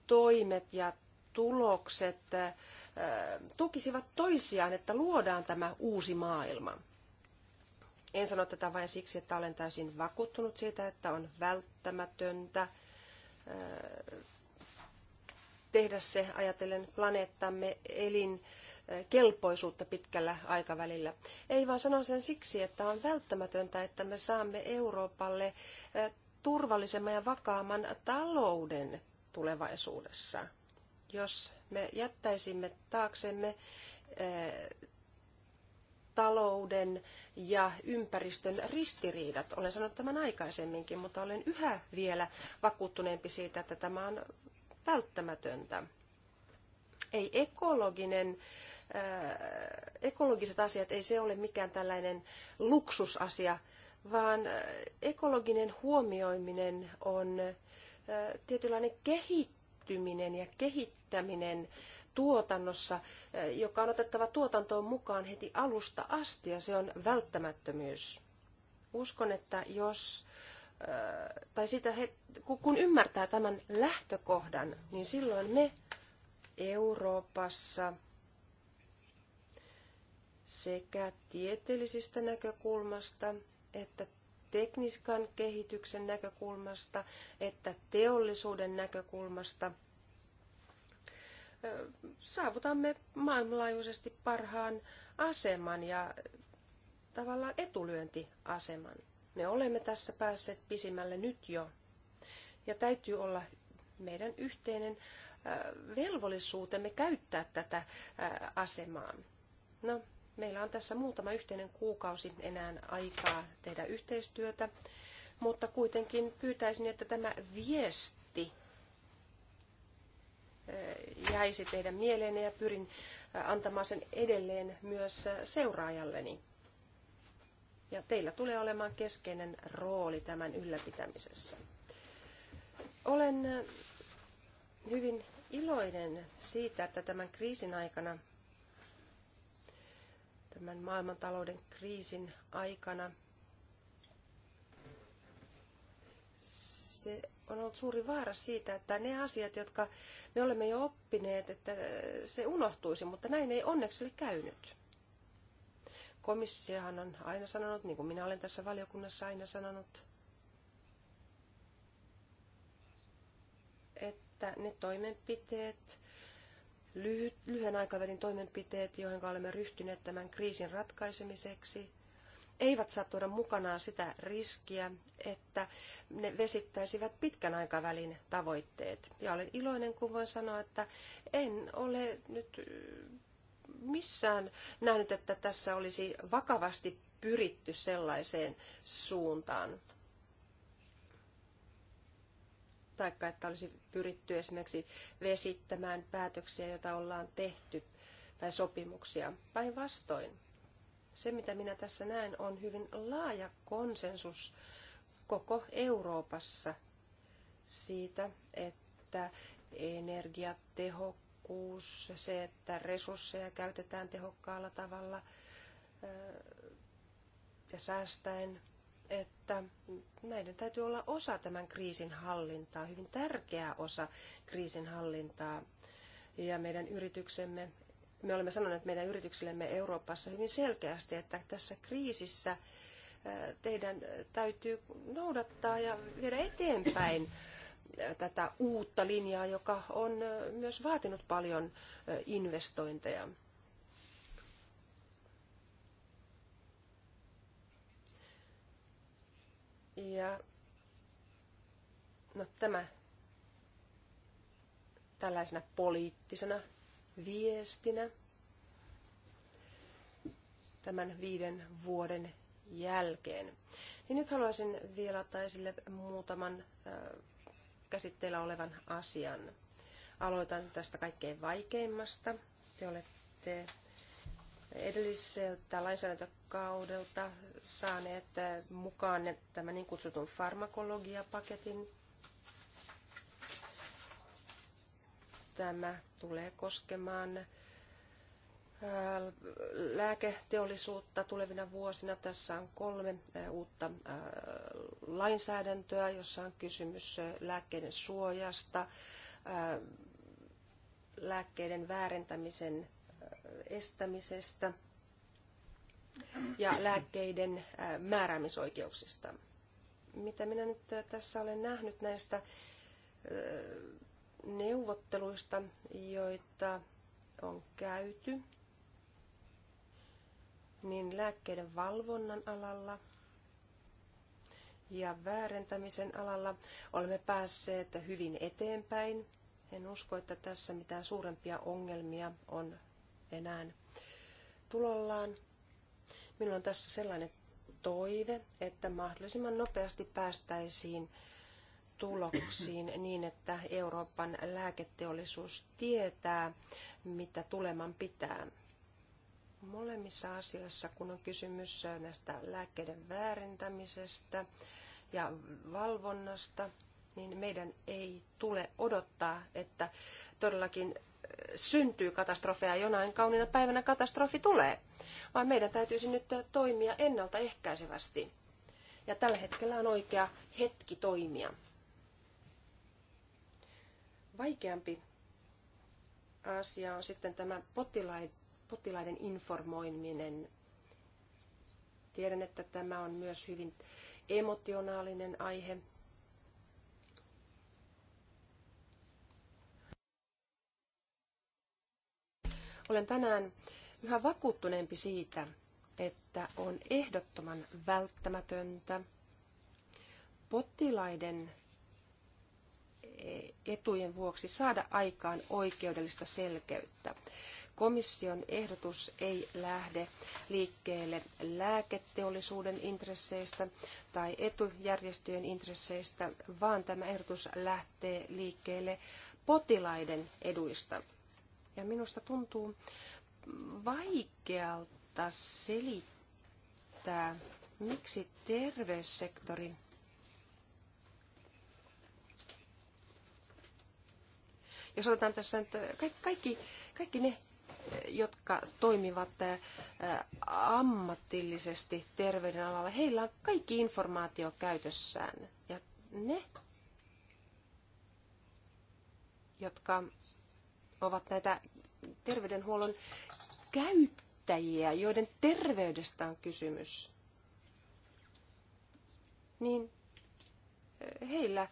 toimet ja tulokset tukisivat toisiaan, että luodaan tämä uusi maailma. En sano tätä vain siksi, että olen täysin vakuuttunut siitä, että on välttämätöntä tehdä se ajatellen planeettamme elin kelpoisuutta pitkällä aikavälillä. Ei vaan sanon sen siksi, että on välttämätöntä, että me saamme Euroopalle turvallisemman ja vakaamman talouden tulevaisuudessa. Jos me jättäisimme taaksemme talouden ja ympäristön ristiriidat. Olen sanonut tämän aikaisemminkin, mutta olen yhä vielä vakuuttuneempi siitä, että tämä on välttämätöntä. Ei ekologinen ekologiset asiat, ei se ole mikään tällainen luksusasia, vaan ekologinen huomioiminen on tietynlainen kehittyminen ja kehittäminen tuotannossa, joka on otettava tuotantoon mukaan heti alusta asti ja se on välttämättömyys. Uskon, että jos tai sitä, kun ymmärtää tämän lähtökohdan, niin silloin me Euroopassa sekä tieteellisestä näkökulmasta että tekniskan kehityksen näkökulmasta että teollisuuden näkökulmasta saavutamme maailmanlaajuisesti parhaan aseman ja tavallaan etulyöntiaseman. Me olemme tässä päässeet pisimmälle nyt jo. Ja täytyy olla meidän yhteinen velvollisuutemme käyttää tätä asemaa. No, Meillä on tässä muutama yhteinen kuukausi enää aikaa tehdä yhteistyötä, mutta kuitenkin pyytäisin, että tämä viesti eh, jäisi teidän mieleenne ja pyrin eh, antamaan sen edelleen myös seuraajalleni. Ja teillä tulee olemaan keskeinen rooli tämän ylläpitämisessä. Olen eh, hyvin iloinen siitä, että tämän kriisin aikana – tämän maailmantalouden kriisin aikana. Se on ollut suuri vaara siitä, että ne asiat, jotka me olemme jo oppineet, että se unohtuisi, mutta näin ei onneksi ole käynyt. Komissiohan on aina sanonut, niin kuin minä olen tässä valiokunnassa aina sanonut, että ne toimenpiteet, lyhyt, lyhyen aikavälin toimenpiteet, joihin olemme ryhtyneet tämän kriisin ratkaisemiseksi, eivät saa tuoda mukanaan sitä riskiä, että ne vesittäisivät pitkän aikavälin tavoitteet. Ja olen iloinen, kun voin sanoa, että en ole nyt missään nähnyt, että tässä olisi vakavasti pyritty sellaiseen suuntaan tai että olisi pyritty esimerkiksi vesittämään päätöksiä, joita ollaan tehty, tai sopimuksia. Päinvastoin, se mitä minä tässä näen on hyvin laaja konsensus koko Euroopassa siitä, että energiatehokkuus, se, että resursseja käytetään tehokkaalla tavalla ja säästäen että näiden täytyy olla osa tämän kriisin hallintaa, hyvin tärkeä osa kriisin hallintaa. Ja meidän yrityksemme, me olemme sanoneet meidän yrityksillemme Euroopassa hyvin selkeästi, että tässä kriisissä teidän täytyy noudattaa ja viedä eteenpäin tätä uutta linjaa, joka on myös vaatinut paljon investointeja. Ja no tämä tällaisena poliittisena viestinä tämän viiden vuoden jälkeen. Niin nyt haluaisin vielä ottaa esille muutaman käsitteillä olevan asian. Aloitan tästä kaikkein vaikeimmasta. Te olette edelliseltä lainsäädäntökaudelta saaneet eh, mukaan tämän niin kutsutun farmakologiapaketin. Tämä tulee koskemaan eh, lääketeollisuutta tulevina vuosina. Tässä on kolme eh, uutta lainsäädäntöä, jossa on kysymys lääkkeiden suojasta, lääkkeiden väärentämisen estämisestä – ja lääkkeiden määräämisoikeuksista. Mitä minä nyt tässä olen nähnyt näistä neuvotteluista, joita on käyty, niin lääkkeiden valvonnan alalla ja väärentämisen alalla olemme päässeet hyvin eteenpäin. En usko, että tässä mitään suurempia ongelmia on enää tulollaan. Minulla on tässä sellainen toive, että mahdollisimman nopeasti päästäisiin tuloksiin niin, että Euroopan lääketeollisuus tietää, mitä tuleman pitää. Molemmissa asioissa, kun on kysymys näistä lääkkeiden väärentämisestä ja valvonnasta, niin meidän ei tule odottaa, että todellakin syntyy katastrofeja, jonain kauniina päivänä katastrofi tulee, vaan meidän täytyisi nyt toimia ennaltaehkäisevästi. Ja tällä hetkellä on oikea hetki toimia. Vaikeampi asia on sitten tämä potilaiden informoiminen. Tiedän, että tämä on myös hyvin emotionaalinen aihe, Olen tänään yhä vakuuttuneempi siitä, että on ehdottoman välttämätöntä potilaiden eh, etujen vuoksi saada aikaan oikeudellista selkeyttä. Komission ehdotus ei lähde liikkeelle lääketeollisuuden intresseistä tai etujärjestöjen intresseistä, vaan tämä ehdotus lähtee liikkeelle potilaiden eduista. Ja minusta tuntuu vaikealta selittää, miksi terveyssektori Jos otetaan tässä nyt äh, kaikki, kaikki, ne äh, jotka toimivat äh, ammatillisesti terveydenalalla, heillä on kaikki informaatio käytössään. Ja ne, jotka ovat näitä terveydenhuollon käyttäjiä, joiden terveydestä on kysymys, niin eh, heillä eh,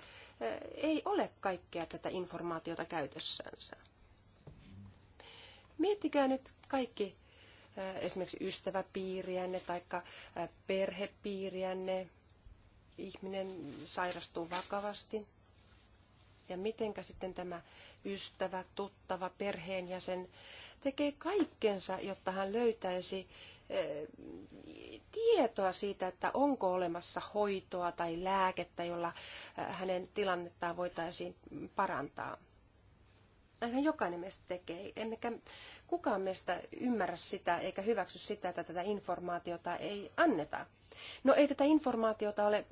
ei ole kaikkea tätä informaatiota käytössänsä. Miettikää nyt kaikki eh, esimerkiksi ystäväpiiriänne tai perhepiiriänne. Ihminen sairastuu vakavasti. Ja mitenkä sitten tämä ystävä, tuttava, perheenjäsen tekee kaikkensa, jotta hän löytäisi eh, tietoa siitä, että onko olemassa hoitoa tai lääkettä, jolla eh, hänen tilannettaan voitaisiin parantaa. Näinhän jokainen meistä tekee. Emmekä kukaan meistä ymmärrä sitä eikä hyväksy sitä, että tätä informaatiota ei anneta. No ei tätä informaatiota ole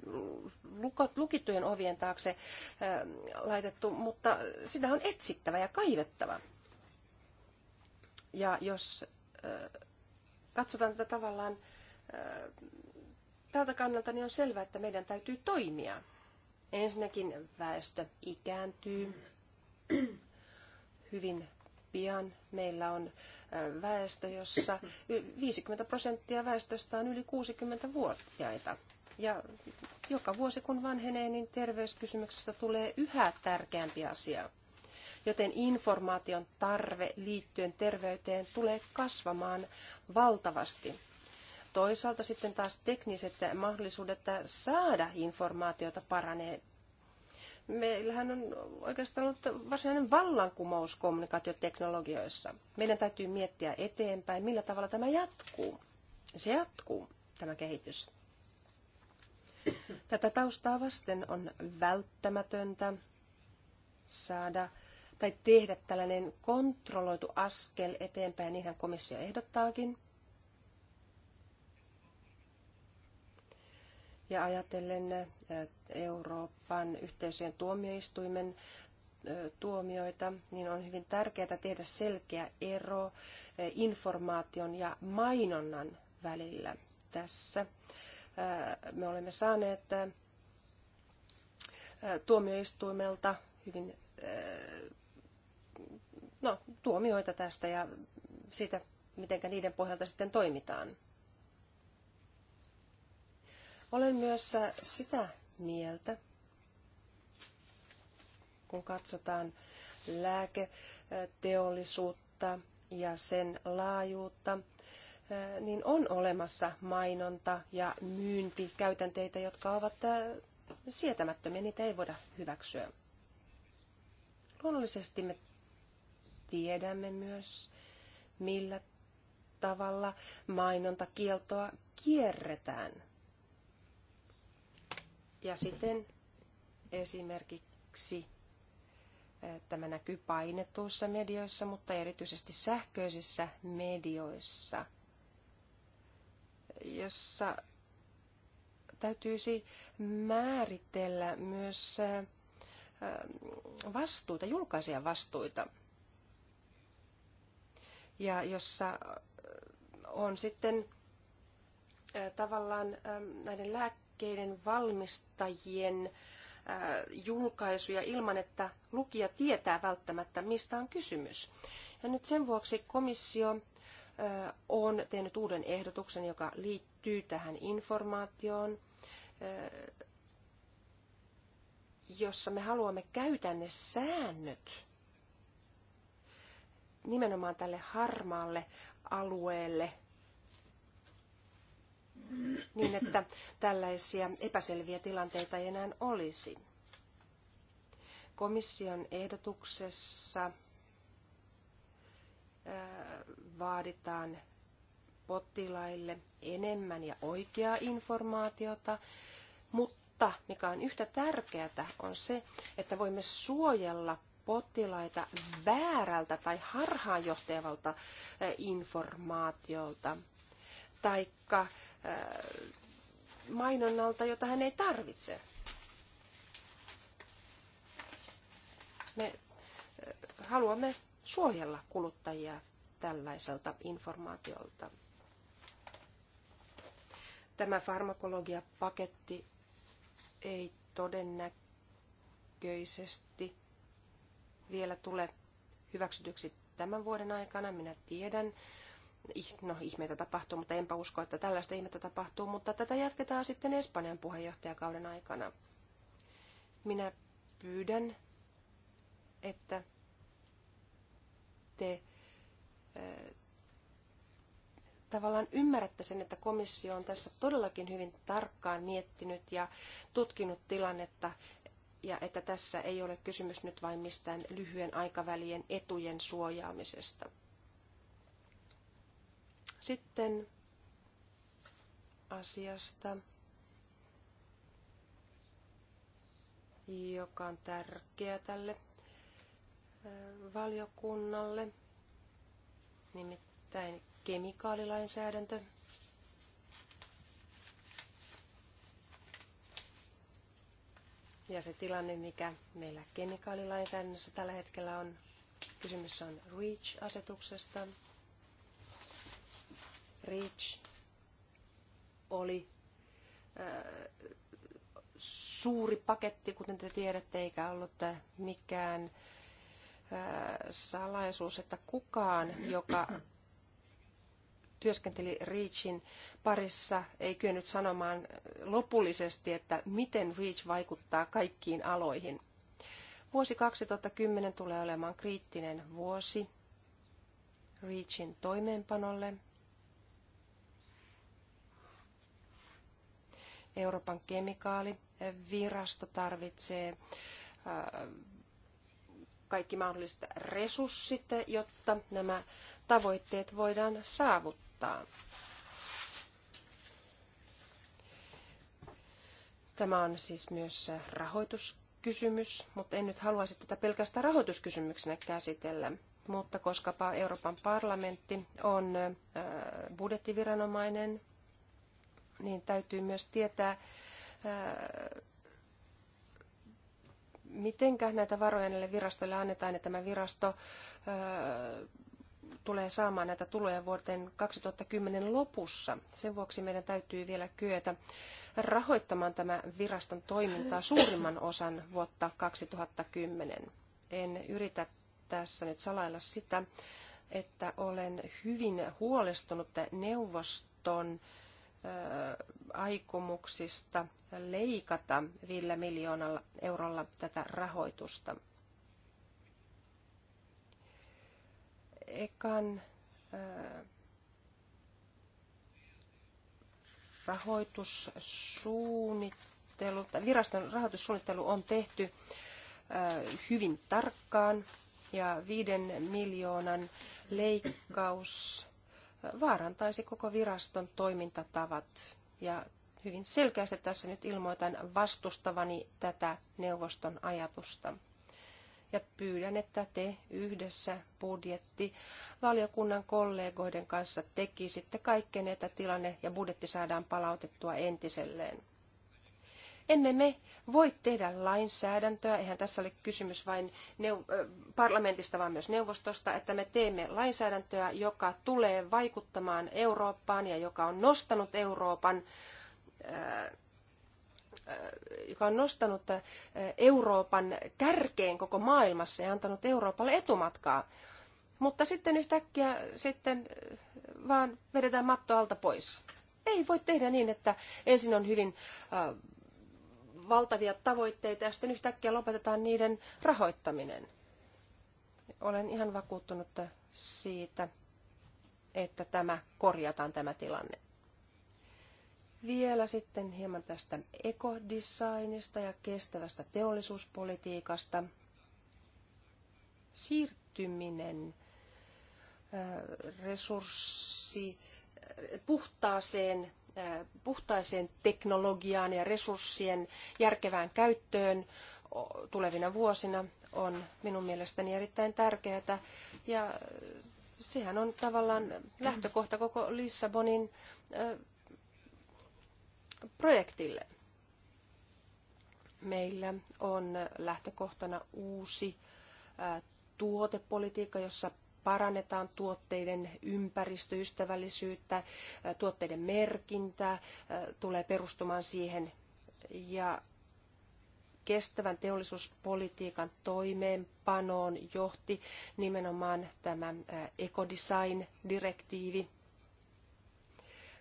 lukittujen ovien taakse äh, laitettu, mutta sitä on etsittävä ja kaivettava. Ja jos äh, katsotaan tätä tavallaan äh, tältä kannalta, niin on selvää, että meidän täytyy toimia. Ensinnäkin väestö ikääntyy hyvin pian meillä on väestö, jossa 50 prosenttia väestöstä on yli 60-vuotiaita. Ja joka vuosi kun vanhenee, niin terveyskysymyksestä tulee yhä tärkeämpi asia. Joten informaation tarve liittyen terveyteen tulee kasvamaan valtavasti. Toisaalta sitten taas tekniset mahdollisuudet saada informaatiota paranee meillähän on oikeastaan ollut varsinainen vallankumous kommunikaatioteknologioissa. Meidän täytyy miettiä eteenpäin, millä tavalla tämä jatkuu. Se jatkuu, tämä kehitys. Tätä taustaa vasten on välttämätöntä saada tai tehdä tällainen kontrolloitu askel eteenpäin, niinhän komissio ehdottaakin – ja ajatellen äh, Euroopan yhteisöjen tuomioistuimen äh, tuomioita, niin on hyvin tärkeää tehdä selkeä ero äh, informaation ja mainonnan välillä. Tässä me olemme saaneet tuomioistuimelta hyvin no, tuomioita tästä ja siitä, miten niiden pohjalta sitten toimitaan. Olen myös äh, sitä mieltä, kun katsotaan lääketeollisuutta ja sen laajuutta, äh, niin on olemassa mainonta ja myyntikäytänteitä, jotka ovat äh, sietämättömiä, niitä ei voida hyväksyä. Luonnollisesti me tiedämme myös, millä tavalla mainontakieltoa kierretään – ja siten esimerkiksi eh, tämä näkyy painetuissa medioissa, mutta erityisesti sähköisissä medioissa, jossa täytyisi määritellä myös eh, vastuuta, julkaisia vastuita. Ja jossa eh, on sitten tavallaan näiden lääk- lääkkeiden valmistajien julkaisuja ilman, että lukija tietää välttämättä, mistä on kysymys. Ja nyt sen vuoksi komissio on tehnyt uuden ehdotuksen, joka liittyy tähän informaatioon, jossa me haluamme käytänne säännöt nimenomaan tälle harmaalle alueelle niin, että tällaisia epäselviä tilanteita ei enää olisi. Komission ehdotuksessa vaaditaan potilaille enemmän ja oikeaa informaatiota, mutta mikä on yhtä tärkeää on se, että voimme suojella potilaita väärältä tai harhaanjohtavalta informaatiolta taikka Äh, mainonnalta, jota hän ei tarvitse. Me äh, haluamme suojella kuluttajia tällaiselta informaatiolta. Tämä farmakologiapaketti ei todennäköisesti vielä tule hyväksytyksi tämän vuoden aikana. Minä tiedän, no, ihmeitä tapahtuu, mutta enpä usko, että tällaista ihmettä tapahtuu, mutta tätä jatketaan sitten Espanjan puheenjohtajakauden aikana. Minä pyydän, että te tavallaan ymmärrätte sen, että komissio on tässä todellakin hyvin tarkkaan miettinyt ja tutkinut tilannetta ja että tässä ei ole kysymys nyt vain mistään lyhyen aikavälien etujen suojaamisesta. Sitten asiasta, joka on tärkeä tälle valiokunnalle, nimittäin kemikaalilainsäädäntö. Ja se tilanne, mikä meillä kemikaalilainsäädännössä tällä hetkellä on, kysymys on REACH-asetuksesta, Rich oli suuri paketti, kuten te tiedätte, eikä ollut mikään salaisuus, että kukaan, joka työskenteli Reachin parissa, ei kyennyt sanomaan lopullisesti, että miten Reach vaikuttaa kaikkiin aloihin. Vuosi 2010 tulee olemaan kriittinen vuosi Reachin toimeenpanolle – Euroopan kemikaalivirasto tarvitsee äh, kaikki mahdolliset resurssit, jotta nämä tavoitteet voidaan saavuttaa. Tämä on siis myös rahoituskysymys, mutta en nyt haluaisi tätä pelkästään rahoituskysymyksenä käsitellä. Mutta koska Euroopan parlamentti on äh, budjettiviranomainen, niin täytyy myös tietää, miten näitä varoja näille virastoille annetaan, että tämä virasto tulee saamaan näitä tuloja vuoteen 2010 lopussa. Sen vuoksi meidän täytyy vielä kyetä rahoittamaan tämä viraston toimintaa suurimman osan vuotta 2010. En yritä tässä nyt salailla sitä, että olen hyvin huolestunut neuvoston äh, aikomuksista leikata viillä miljoonalla eurolla tätä rahoitusta. Ekan rahoitussuunnittelu, tai viraston rahoitussuunnittelu on tehty hyvin tarkkaan ja viiden miljoonan leikkaus vaarantaisi koko viraston toimintatavat. Ja hyvin selkeästi tässä nyt ilmoitan vastustavani tätä neuvoston ajatusta. Ja pyydän, että te yhdessä budjetti valiokunnan kollegoiden kanssa tekisitte kaikkeen, että tilanne ja budjetti saadaan palautettua entiselleen. Emme me voi tehdä lainsäädäntöä, eihän tässä ole kysymys vain parlamentista, vaan myös neuvostosta, että me teemme lainsäädäntöä, joka tulee vaikuttamaan Eurooppaan ja joka on nostanut Euroopan joka on nostanut Euroopan kärkeen koko maailmassa ja antanut Euroopalle etumatkaa. Mutta sitten yhtäkkiä sitten vaan vedetään matto alta pois. Ei voi tehdä niin, että ensin on hyvin valtavia tavoitteita ja sitten yhtäkkiä lopetetaan niiden rahoittaminen. Olen ihan vakuuttunut siitä, että tämä korjataan tämä tilanne. Vielä sitten hieman tästä ekodesignista ja kestävästä teollisuuspolitiikasta. Siirtyminen äh, resurssi äh, puhtaaseen puhtaaseen teknologiaan ja resurssien järkevään käyttöön tulevina vuosina on minun mielestäni erittäin tärkeää. Ja sehän on tavallaan lähtökohta koko Lissabonin projektille. Meillä on lähtökohtana uusi tuotepolitiikka, jossa parannetaan tuotteiden ympäristöystävällisyyttä, tuotteiden merkintää tulee perustumaan siihen ja kestävän teollisuuspolitiikan toimeenpanoon johti nimenomaan tämä ekodesign-direktiivi,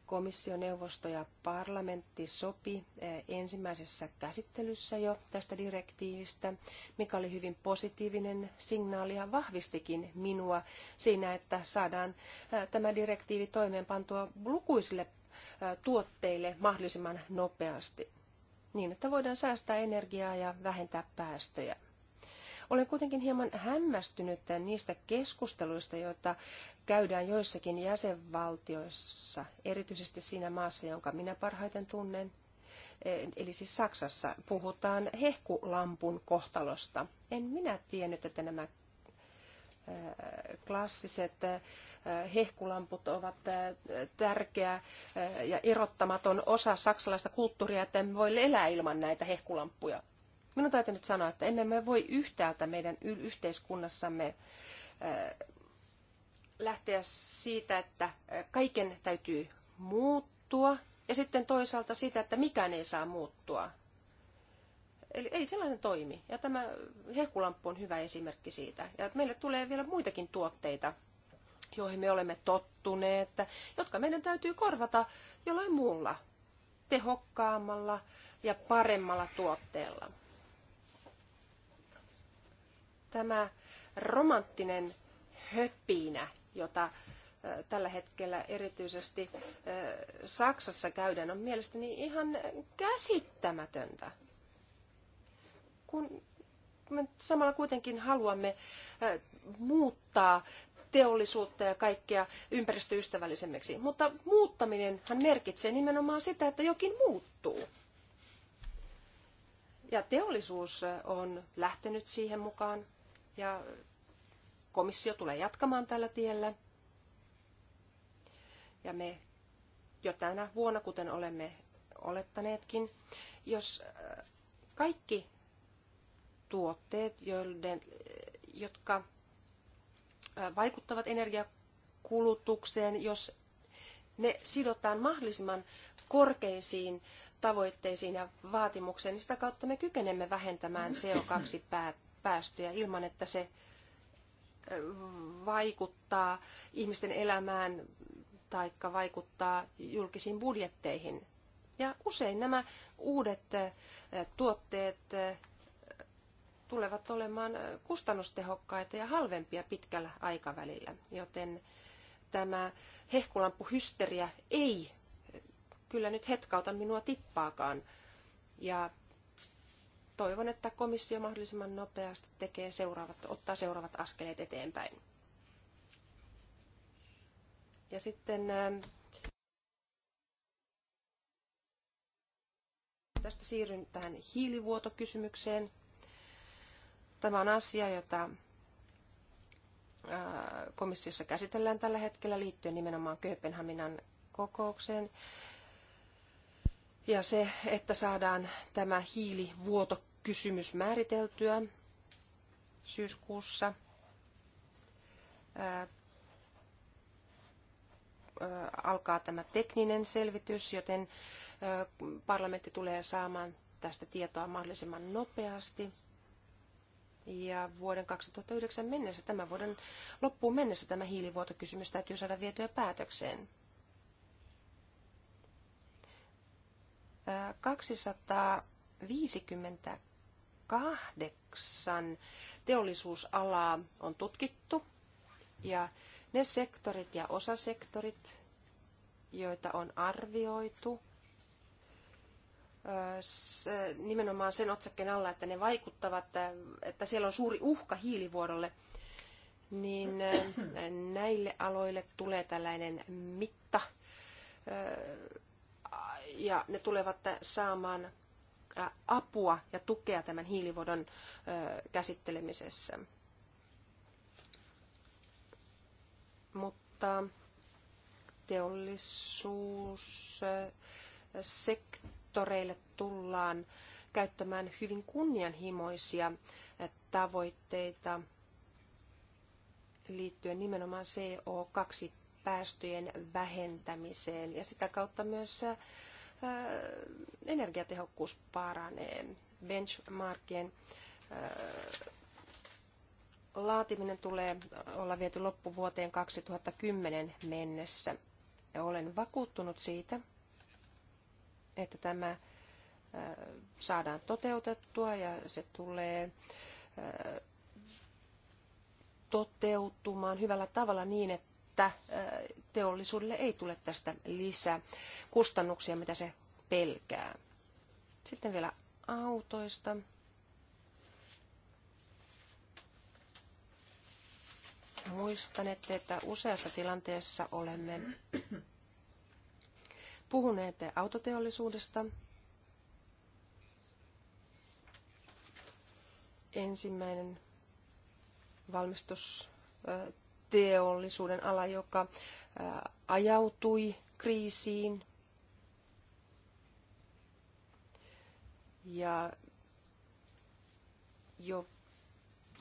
Komissio, neuvosto ja parlamentti sopi eh, ensimmäisessä käsittelyssä jo tästä direktiivistä, mikä oli hyvin positiivinen signaali ja vahvistikin minua siinä, että saadaan eh, tämä direktiivi toimeenpantua lukuisille eh, tuotteille mahdollisimman nopeasti, niin että voidaan säästää energiaa ja vähentää päästöjä. Olen kuitenkin hieman hämmästynyt niistä keskusteluista, joita käydään joissakin jäsenvaltioissa, erityisesti siinä maassa, jonka minä parhaiten tunnen, e, eli siis Saksassa, puhutaan hehkulampun kohtalosta. En minä tiennyt, että nämä e, klassiset e, hehkulamput ovat tärkeä ja erottamaton osa saksalaista kulttuuria, että emme voi elää ilman näitä hehkulampuja. Minun täytyy nyt sanoa, että emme me voi yhtäältä meidän yhteiskunnassamme lähteä siitä, että kaiken täytyy muuttua, ja sitten toisaalta sitä, että mikään ei saa muuttua. Eli ei sellainen toimi. Ja tämä hehkulamppu on hyvä esimerkki siitä. Ja meille tulee vielä muitakin tuotteita, joihin me olemme tottuneet, jotka meidän täytyy korvata jollain muulla, tehokkaammalla ja paremmalla tuotteella tämä romanttinen höpinä, jota tällä hetkellä erityisesti Saksassa käydään, on mielestäni ihan käsittämätöntä. Kun me samalla kuitenkin haluamme muuttaa teollisuutta ja kaikkea ympäristöystävällisemmiksi. Mutta muuttaminenhan merkitsee nimenomaan sitä, että jokin muuttuu. Ja teollisuus on lähtenyt siihen mukaan ja komissio tulee jatkamaan tällä tiellä. Ja me jo tänä vuonna, kuten olemme olettaneetkin, jos äh, kaikki tuotteet, joiden, jotka äh, vaikuttavat energiakulutukseen, jos ne sidotaan mahdollisimman korkeisiin tavoitteisiin ja vaatimuksiin, niin sitä kautta me kykenemme vähentämään CO2 päästöjä ilman, että se vaikuttaa ihmisten elämään tai vaikuttaa julkisiin budjetteihin. Ja usein nämä uudet tuotteet tulevat olemaan kustannustehokkaita ja halvempia pitkällä aikavälillä, joten tämä hehkulampuhysteria ei kyllä nyt hetkauta minua tippaakaan. Ja toivon, että komissio mahdollisimman nopeasti tekee seuraavat, ottaa seuraavat askeleet eteenpäin. Ja sitten ähm, tästä siirryn tähän hiilivuotokysymykseen. Tämä on asia, jota äh, komissiossa käsitellään tällä hetkellä liittyen nimenomaan Kööpenhaminan kokoukseen. Ja se, että saadaan tämä hiilivuoto kysymys määriteltyä syyskuussa alkaa tämä tekninen selvitys, joten parlamentti tulee saamaan tästä tietoa mahdollisimman nopeasti. Ja vuoden 2009 mennessä, tämän vuoden loppuun mennessä tämä hiilivuotokysymys täytyy saada vietyä päätökseen. 250 kahdeksan teollisuusalaa on tutkittu ja ne sektorit ja osasektorit, joita on arvioitu, nimenomaan sen otsakkeen alla, että ne vaikuttavat, että siellä on suuri uhka hiilivuodolle, niin näille aloille tulee tällainen mitta ja ne tulevat saamaan apua ja tukea tämän hiilivuodon käsittelemisessä. Mutta teollisuussektoreille tullaan käyttämään hyvin kunnianhimoisia tavoitteita liittyen nimenomaan CO2-päästöjen vähentämiseen ja sitä kautta myös energiatehokkuus paranee. Benchmarkien laatiminen tulee olla viety loppuvuoteen 2010 mennessä. Ja olen vakuuttunut siitä, että tämä saadaan toteutettua ja se tulee toteutumaan hyvällä tavalla niin, että että teollisuudelle ei tule tästä lisää kustannuksia, mitä se pelkää. Sitten vielä autoista. Muistanette, että useassa tilanteessa olemme puhuneet autoteollisuudesta. Ensimmäinen valmistus teollisuuden ala, joka ajautui kriisiin. Ja jo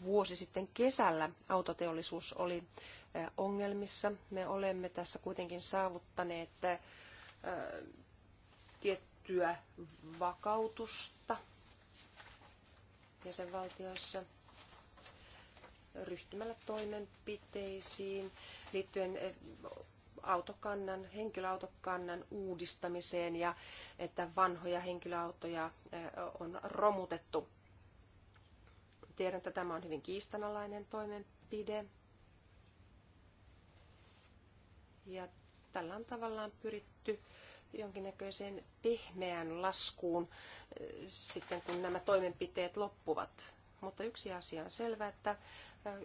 vuosi sitten kesällä autoteollisuus oli ongelmissa. Me olemme tässä kuitenkin saavuttaneet tiettyä vakautusta jäsenvaltioissa – ryhtymällä toimenpiteisiin liittyen eh, autokannan, henkilöautokannan uudistamiseen ja että vanhoja henkilöautoja eh, on romutettu. Tiedän, että tämä on hyvin kiistanalainen toimenpide. Ja tällä on tavallaan pyritty jonkinnäköiseen pehmeään laskuun eh, sitten, kun nämä toimenpiteet loppuvat. Mutta yksi asia on selvä, että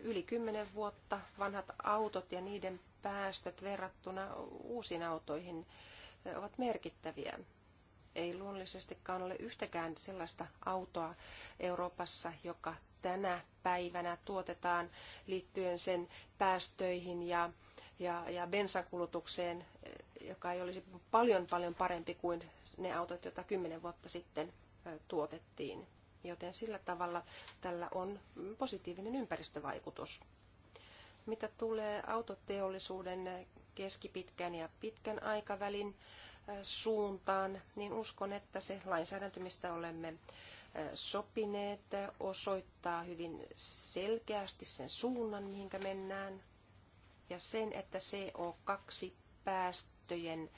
yli kymmenen vuotta vanhat autot ja niiden päästöt verrattuna uusiin autoihin ovat merkittäviä. Ei luonnollisestikaan ole yhtäkään sellaista autoa Euroopassa, joka tänä päivänä tuotetaan liittyen sen päästöihin ja, ja, ja bensankulutukseen, joka ei olisi paljon paljon parempi kuin ne autot, joita kymmenen vuotta sitten tuotettiin joten sillä tavalla tällä on positiivinen ympäristövaikutus. Mitä tulee autoteollisuuden keskipitkän ja pitkän aikavälin äh, suuntaan, niin uskon, että se lainsäädäntö, mistä olemme äh, sopineet, osoittaa hyvin selkeästi sen suunnan, mihinkä mennään, ja sen, että CO2-päästöjen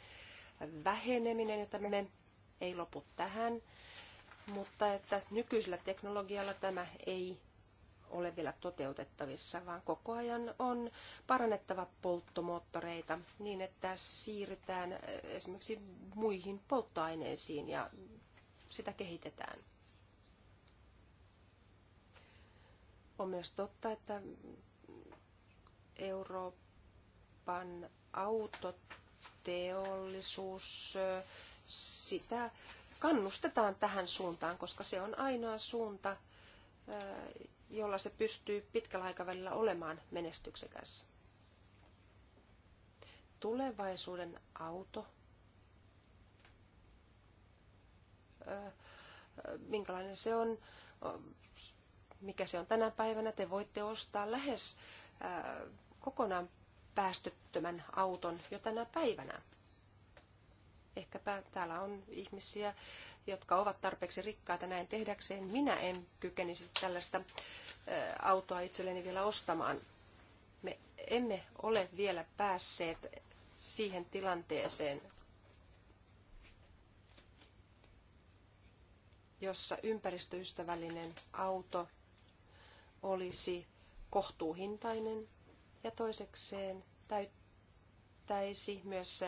väheneminen, jota me ei lopu tähän, mutta että nykyisellä teknologialla tämä ei ole vielä toteutettavissa, vaan koko ajan on parannettava polttomoottoreita niin, että siirrytään äh, esimerkiksi muihin polttoaineisiin ja sitä kehitetään. On myös totta, että Euroopan autoteollisuus, äh, sitä kannustetaan tähän suuntaan, koska se on ainoa suunta, jolla se pystyy pitkällä aikavälillä olemaan menestyksekäs. Tulevaisuuden auto. Minkälainen se on, mikä se on tänä päivänä. Te voitte ostaa lähes kokonaan päästöttömän auton jo tänä päivänä ehkäpä täällä on ihmisiä, jotka ovat tarpeeksi rikkaita näin tehdäkseen. Minä en kykenisi tällaista autoa itselleni vielä ostamaan. Me emme ole vielä päässeet siihen tilanteeseen, jossa ympäristöystävällinen auto olisi kohtuuhintainen ja toisekseen täyttää täyttäisi myös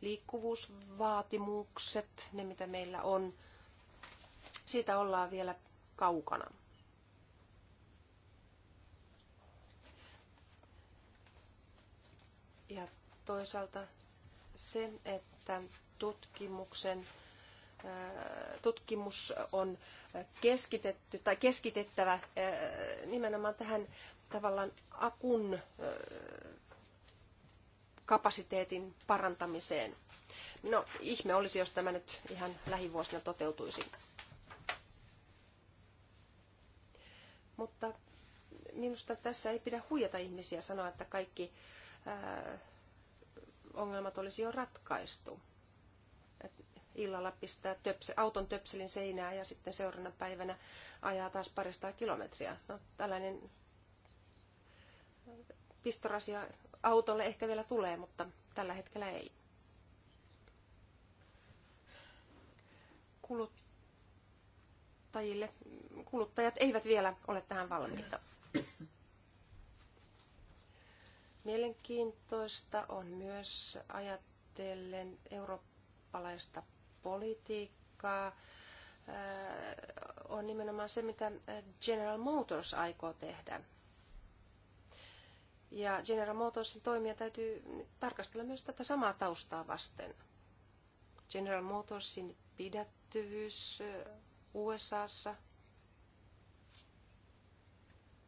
liikkuvuusvaatimukset, ne mitä meillä on. Siitä ollaan vielä kaukana. Ja toisaalta se, että tutkimuksen tutkimus on keskitetty tai keskitettävä nimenomaan tähän tavallaan akun kapasiteetin parantamiseen. No, ihme olisi, jos tämä nyt ihan lähivuosina toteutuisi. Mutta minusta tässä ei pidä huijata ihmisiä sanoa, että kaikki ää, ongelmat olisi jo ratkaistu. Et illalla pistää töpse, auton töpselin seinää ja sitten seuraavana päivänä ajaa taas parista kilometriä. No, tällainen pistorasia autolle ehkä vielä tulee, mutta tällä hetkellä ei. Kuluttajille, kuluttajat eivät vielä ole tähän valmiita. Mielenkiintoista on myös ajatellen eurooppalaista politiikkaa. On nimenomaan se, mitä General Motors aikoo tehdä. Ja General Motorsin toimia täytyy tarkastella myös tätä samaa taustaa vasten. General Motorsin pidättyvyys USAssa,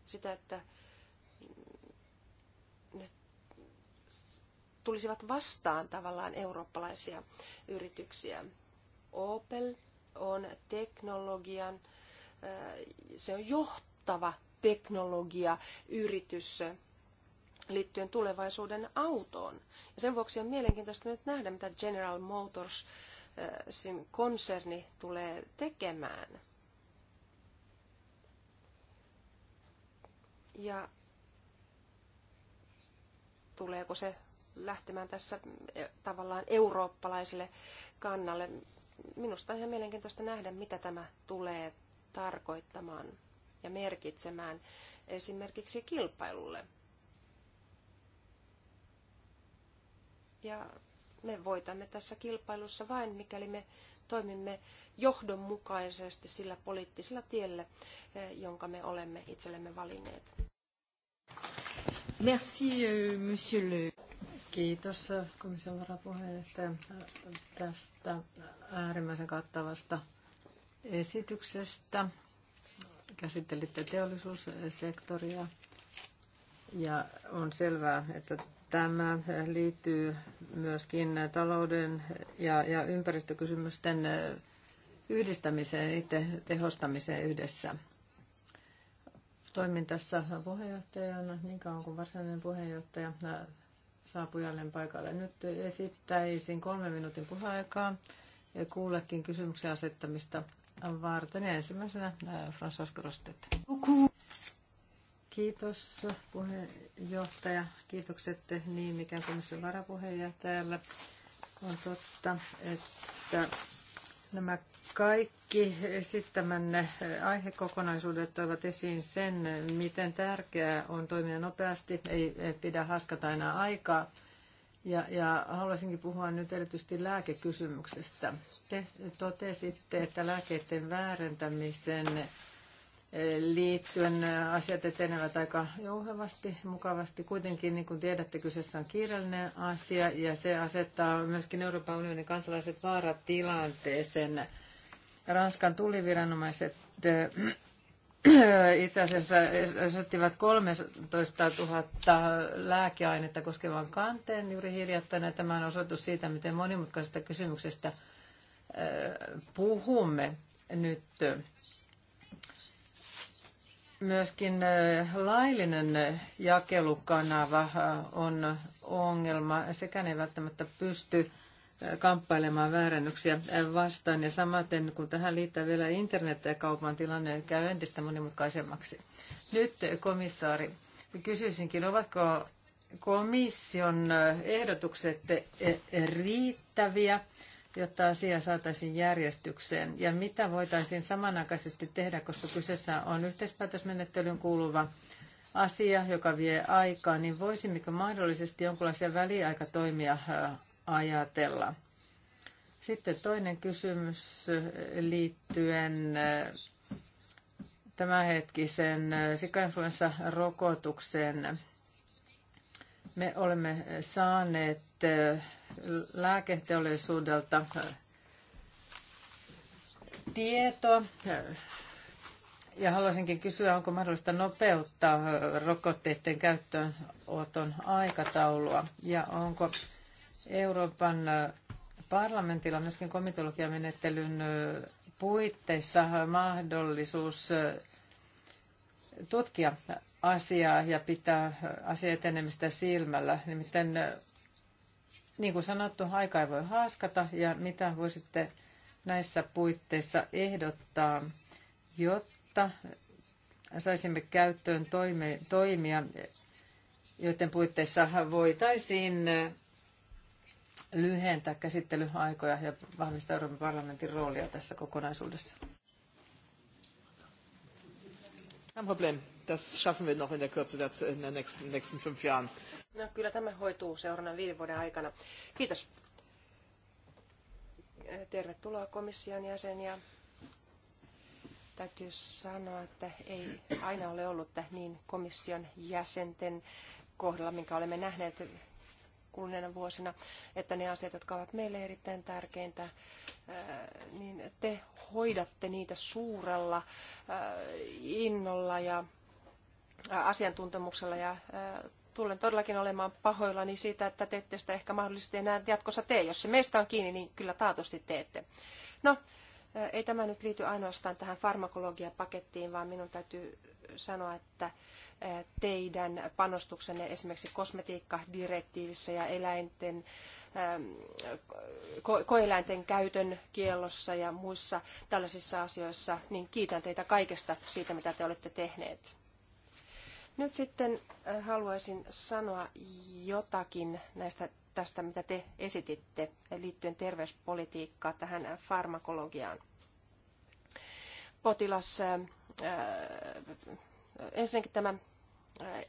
sitä, että mm, ne tulisivat vastaan tavallaan eurooppalaisia yrityksiä. Opel on teknologian, se on johtava teknologiayritys liittyen tulevaisuuden autoon. Ja sen vuoksi on mielenkiintoista nyt nähdä, mitä General Motors eh, sin konserni tulee tekemään. Ja tuleeko se lähtemään tässä eh, tavallaan eurooppalaisille kannalle. Minusta on ihan mielenkiintoista nähdä, mitä tämä tulee tarkoittamaan ja merkitsemään esimerkiksi kilpailulle Ja me voitamme tässä kilpailussa vain, mikäli me toimimme johdonmukaisesti sillä poliittisella tiellä, eh, jonka me olemme itsellemme valinneet. Merci, eh, monsieur le... Kiitos eh, komission varapuheenjohtaja tästä äärimmäisen kattavasta esityksestä. Käsittelitte teollisuussektoria ja on selvää, että Tämä liittyy myöskin talouden ja, ja ympäristökysymysten yhdistämiseen, itse tehostamiseen yhdessä. Toimin tässä puheenjohtajana niin kauan kuin varsinainen puheenjohtaja saapuu jälleen paikalle. Nyt esittäisin kolmen minuutin puheaikaa ja kuullekin kysymyksen asettamista varten. Ja ensimmäisenä äh, François Grostet. Kiitos puheenjohtaja. Kiitokset niin ikään komission varapuheenjohtajalle. On totta, että nämä kaikki esittämänne aihekokonaisuudet toivat esiin sen, miten tärkeää on toimia nopeasti, ei pidä haskata enää aikaa. Ja, ja haluaisinkin puhua nyt erityisesti lääkekysymyksestä. Te totesitte, että lääkkeiden väärentämisen liittyen asiat etenevät aika jouhevasti, mukavasti. Kuitenkin, niin kuin tiedätte, kyseessä on kiireellinen asia ja se asettaa myöskin Euroopan unionin kansalaiset vaaratilanteeseen. Ranskan tuliviranomaiset itse asiassa asettivat 13 000 lääkeainetta koskevan kanteen juuri hiljattain. Tämä on osoitus siitä, miten monimutkaisesta kysymyksestä puhumme nyt. Myöskin laillinen jakelukanava on ongelma. Sekään ei välttämättä pysty kamppailemaan väärännyksiä vastaan. Ja samaten, kun tähän liittää vielä kaupan tilanne, käy entistä monimutkaisemmaksi. Nyt komissaari, kysyisinkin, ovatko komission ehdotukset riittäviä? jotta asia saataisiin järjestykseen? Ja mitä voitaisiin samanaikaisesti tehdä, koska kyseessä on yhteispäätösmenettelyyn kuuluva asia, joka vie aikaa, niin voisimmeko mahdollisesti jonkinlaisia väliaikatoimia ajatella? Sitten toinen kysymys liittyen tämänhetkisen sikainfluenssarokotukseen. Me olemme saaneet lääketeollisuudelta tietoa. Ja haluaisinkin kysyä, onko mahdollista nopeuttaa rokotteiden käyttöönoton aikataulua ja onko Euroopan parlamentilla myöskin komitologiamenettelyn puitteissa mahdollisuus tutkia asiaa ja pitää asia etenemistä silmällä. Nimittäin niin kuin sanottu, aika ei voi haaskata ja mitä voisitte näissä puitteissa ehdottaa, jotta saisimme käyttöön toime, toimia, joiden puitteissa voitaisiin lyhentää käsittelyaikoja ja vahvistaa Euroopan parlamentin roolia tässä kokonaisuudessa. Kein Problem, das schaffen wir noch in der Kürze der nächsten, nächsten fünf Jahren. No, kyllä tämä hoituu seuraavan viiden vuoden aikana. Kiitos. Tervetuloa komission jäseniä. Täytyy sanoa, että ei aina ole ollut niin komission jäsenten kohdalla, minkä olemme nähneet kuluneena vuosina, että ne asiat, jotka ovat meille erittäin tärkeintä, niin te hoidatte niitä suurella innolla ja asiantuntemuksella ja tulen todellakin olemaan pahoillani siitä, että te ette sitä ehkä mahdollisesti enää jatkossa tee. Jos se meistä on kiinni, niin kyllä taatusti teette. No, eh, ei tämä nyt liity ainoastaan tähän farmakologiapakettiin, vaan minun täytyy sanoa, että eh, teidän panostuksenne esimerkiksi kosmetiikkadirektiivissä ja eläinten, ehm, koeläinten käytön kiellossa ja muissa tällaisissa asioissa, niin kiitän teitä kaikesta siitä, mitä te olette tehneet. Nyt sitten äh, haluaisin sanoa jotakin näistä tästä, mitä te esititte liittyen terveyspolitiikkaa tähän farmakologiaan. Potilas, ää, äh, äh, ensinnäkin tämä ää,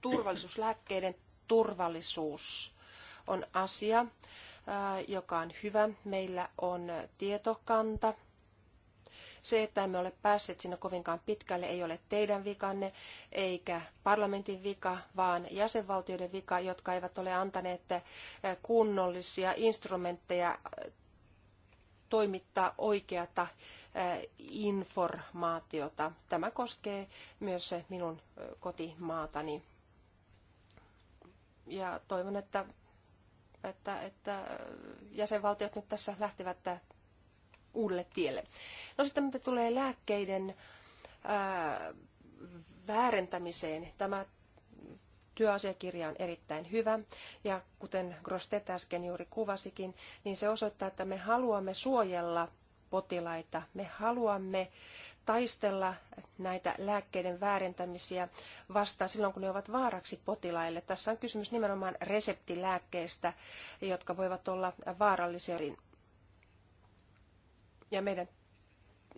turvallisuus, lääkkeiden turvallisuus on asia, ää, joka on hyvä. Meillä on tietokanta se, että emme ole päässeet sinne kovinkaan pitkälle, ei ole teidän vikanne eikä parlamentin vika, vaan jäsenvaltioiden vika, jotka eivät ole antaneet eh, kunnollisia instrumentteja eh, toimittaa oikeata eh, informaatiota. Tämä koskee myös minun kotimaatani. Ja toivon, että, että, että jäsenvaltiot nyt tässä lähtevät uudelle tielle. No sitten mitä tulee lääkkeiden ää, väärentämiseen, tämä työasiakirja on erittäin hyvä ja kuten Grostet äsken juuri kuvasikin, niin se osoittaa, että me haluamme suojella potilaita. Me haluamme taistella näitä lääkkeiden väärentämisiä vastaan silloin, kun ne ovat vaaraksi potilaille. Tässä on kysymys nimenomaan reseptilääkkeistä, jotka voivat olla vaarallisia. Ja meidän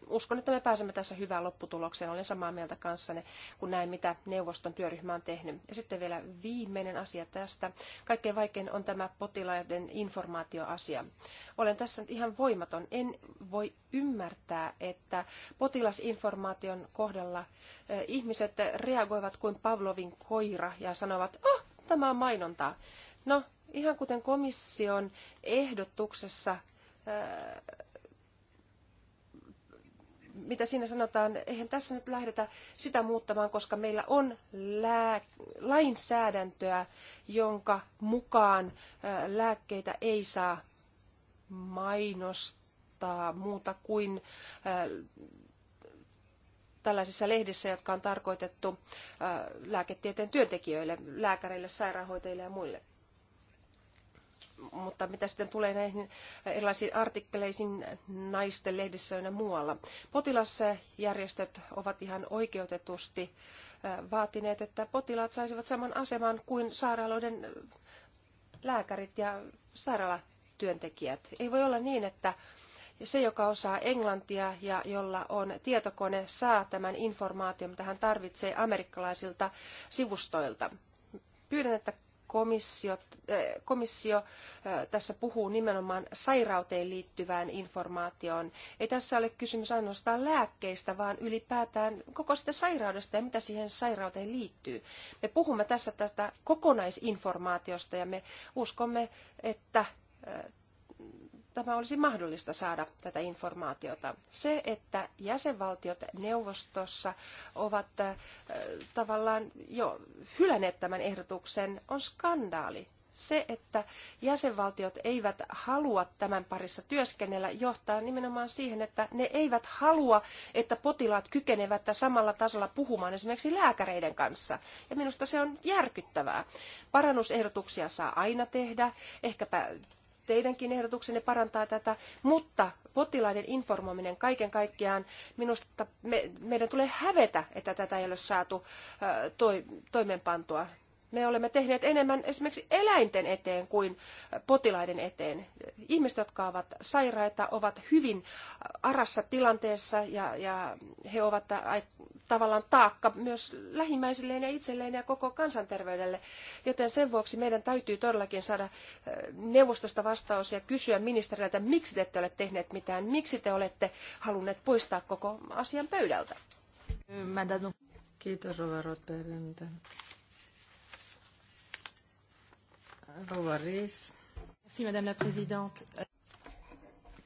uskon, että me pääsemme tässä hyvään lopputulokseen. Olen samaa mieltä kanssanne, kun näin mitä neuvoston työryhmä on tehnyt. Ja sitten vielä viimeinen asia tästä. Kaikkein vaikein on tämä potilaiden informaatioasia. Olen tässä nyt ihan voimaton. En voi ymmärtää, että potilasinformaation kohdalla eh, ihmiset reagoivat kuin Pavlovin koira ja sanovat, oh, tämä on mainontaa. No, ihan kuten komission ehdotuksessa eh, mitä siinä sanotaan, eihän tässä nyt lähdetä sitä muuttamaan, koska meillä on lää, lainsäädäntöä, jonka mukaan lääkkeitä ei saa mainostaa muuta kuin tällaisissa lehdissä, jotka on tarkoitettu lääketieteen työntekijöille, lääkäreille, sairaanhoitajille ja muille mutta mitä sitten tulee näihin erilaisiin artikkeleisiin naisten lehdissä ja muualla. Potilasjärjestöt ovat ihan oikeutetusti vaatineet, että potilaat saisivat saman aseman kuin sairaaloiden lääkärit ja sairaalatyöntekijät. Ei voi olla niin, että se, joka osaa englantia ja jolla on tietokone, saa tämän informaation, mitä hän tarvitsee amerikkalaisilta sivustoilta. Pyydän, että komissio, eh, komissio eh, tässä puhuu nimenomaan sairauteen liittyvään informaatioon. Ei tässä ole kysymys ainoastaan lääkkeistä, vaan ylipäätään koko sitä sairaudesta ja mitä siihen sairauteen liittyy. Me puhumme tässä tästä kokonaisinformaatiosta ja me uskomme, että eh, tämä olisi mahdollista saada tätä informaatiota. Se, että jäsenvaltiot neuvostossa ovat äh, tavallaan jo hylänneet tämän ehdotuksen, on skandaali. Se, että jäsenvaltiot eivät halua tämän parissa työskennellä, johtaa nimenomaan siihen, että ne eivät halua, että potilaat kykenevät samalla tasolla puhumaan esimerkiksi lääkäreiden kanssa. Ja minusta se on järkyttävää. Parannusehdotuksia saa aina tehdä, ehkäpä teidänkin ehdotuksenne parantaa tätä, mutta potilaiden informoiminen kaiken kaikkiaan, minusta me, meidän tulee hävetä, että tätä ei ole saatu toi, toimeenpantua me olemme tehneet enemmän esimerkiksi eläinten eteen kuin potilaiden eteen. Ihmiset, jotka ovat sairaita, ovat hyvin arassa tilanteessa ja, ja he ovat tavallaan taakka myös lähimmäisilleen ja itselleen ja koko kansanterveydelle. Joten sen vuoksi meidän täytyy todellakin saada neuvostosta vastaus ja kysyä ministeriltä, miksi te ette ole tehneet mitään, miksi te olette halunneet poistaa koko asian pöydältä. Kiitos Rova Rotberg. Rouva Riis. Madame la Présidente.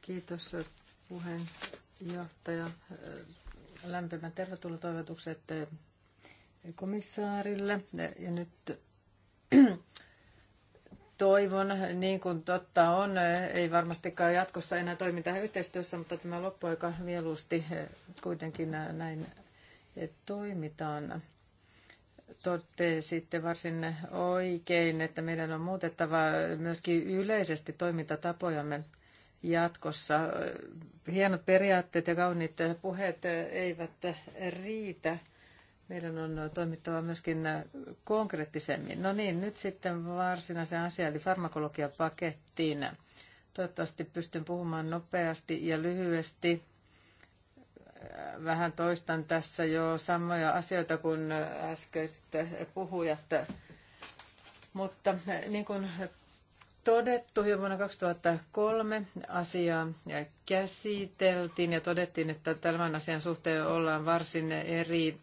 Kiitos puheenjohtaja. Lämpimät tervetuloa toivotukset komissaarille. Ja nyt toivon, niin kuin totta on, ei varmastikaan jatkossa enää toimi tähän yhteistyössä, mutta tämä loppuaika mieluusti kuitenkin näin toimitaan totesitte varsin oikein, että meidän on muutettava myöskin yleisesti toimintatapojamme jatkossa. Hienot periaatteet ja kauniit puheet eivät riitä. Meidän on toimittava myöskin konkreettisemmin. No niin, nyt sitten varsinaisen asia, eli farmakologiapakettiin. Toivottavasti pystyn puhumaan nopeasti ja lyhyesti vähän toistan tässä jo samoja asioita kuin äskeiset puhujat. Mutta eh, niin kuin todettu jo vuonna 2003 asiaa käsiteltiin ja todettiin, että tämän asian suhteen ollaan varsin eri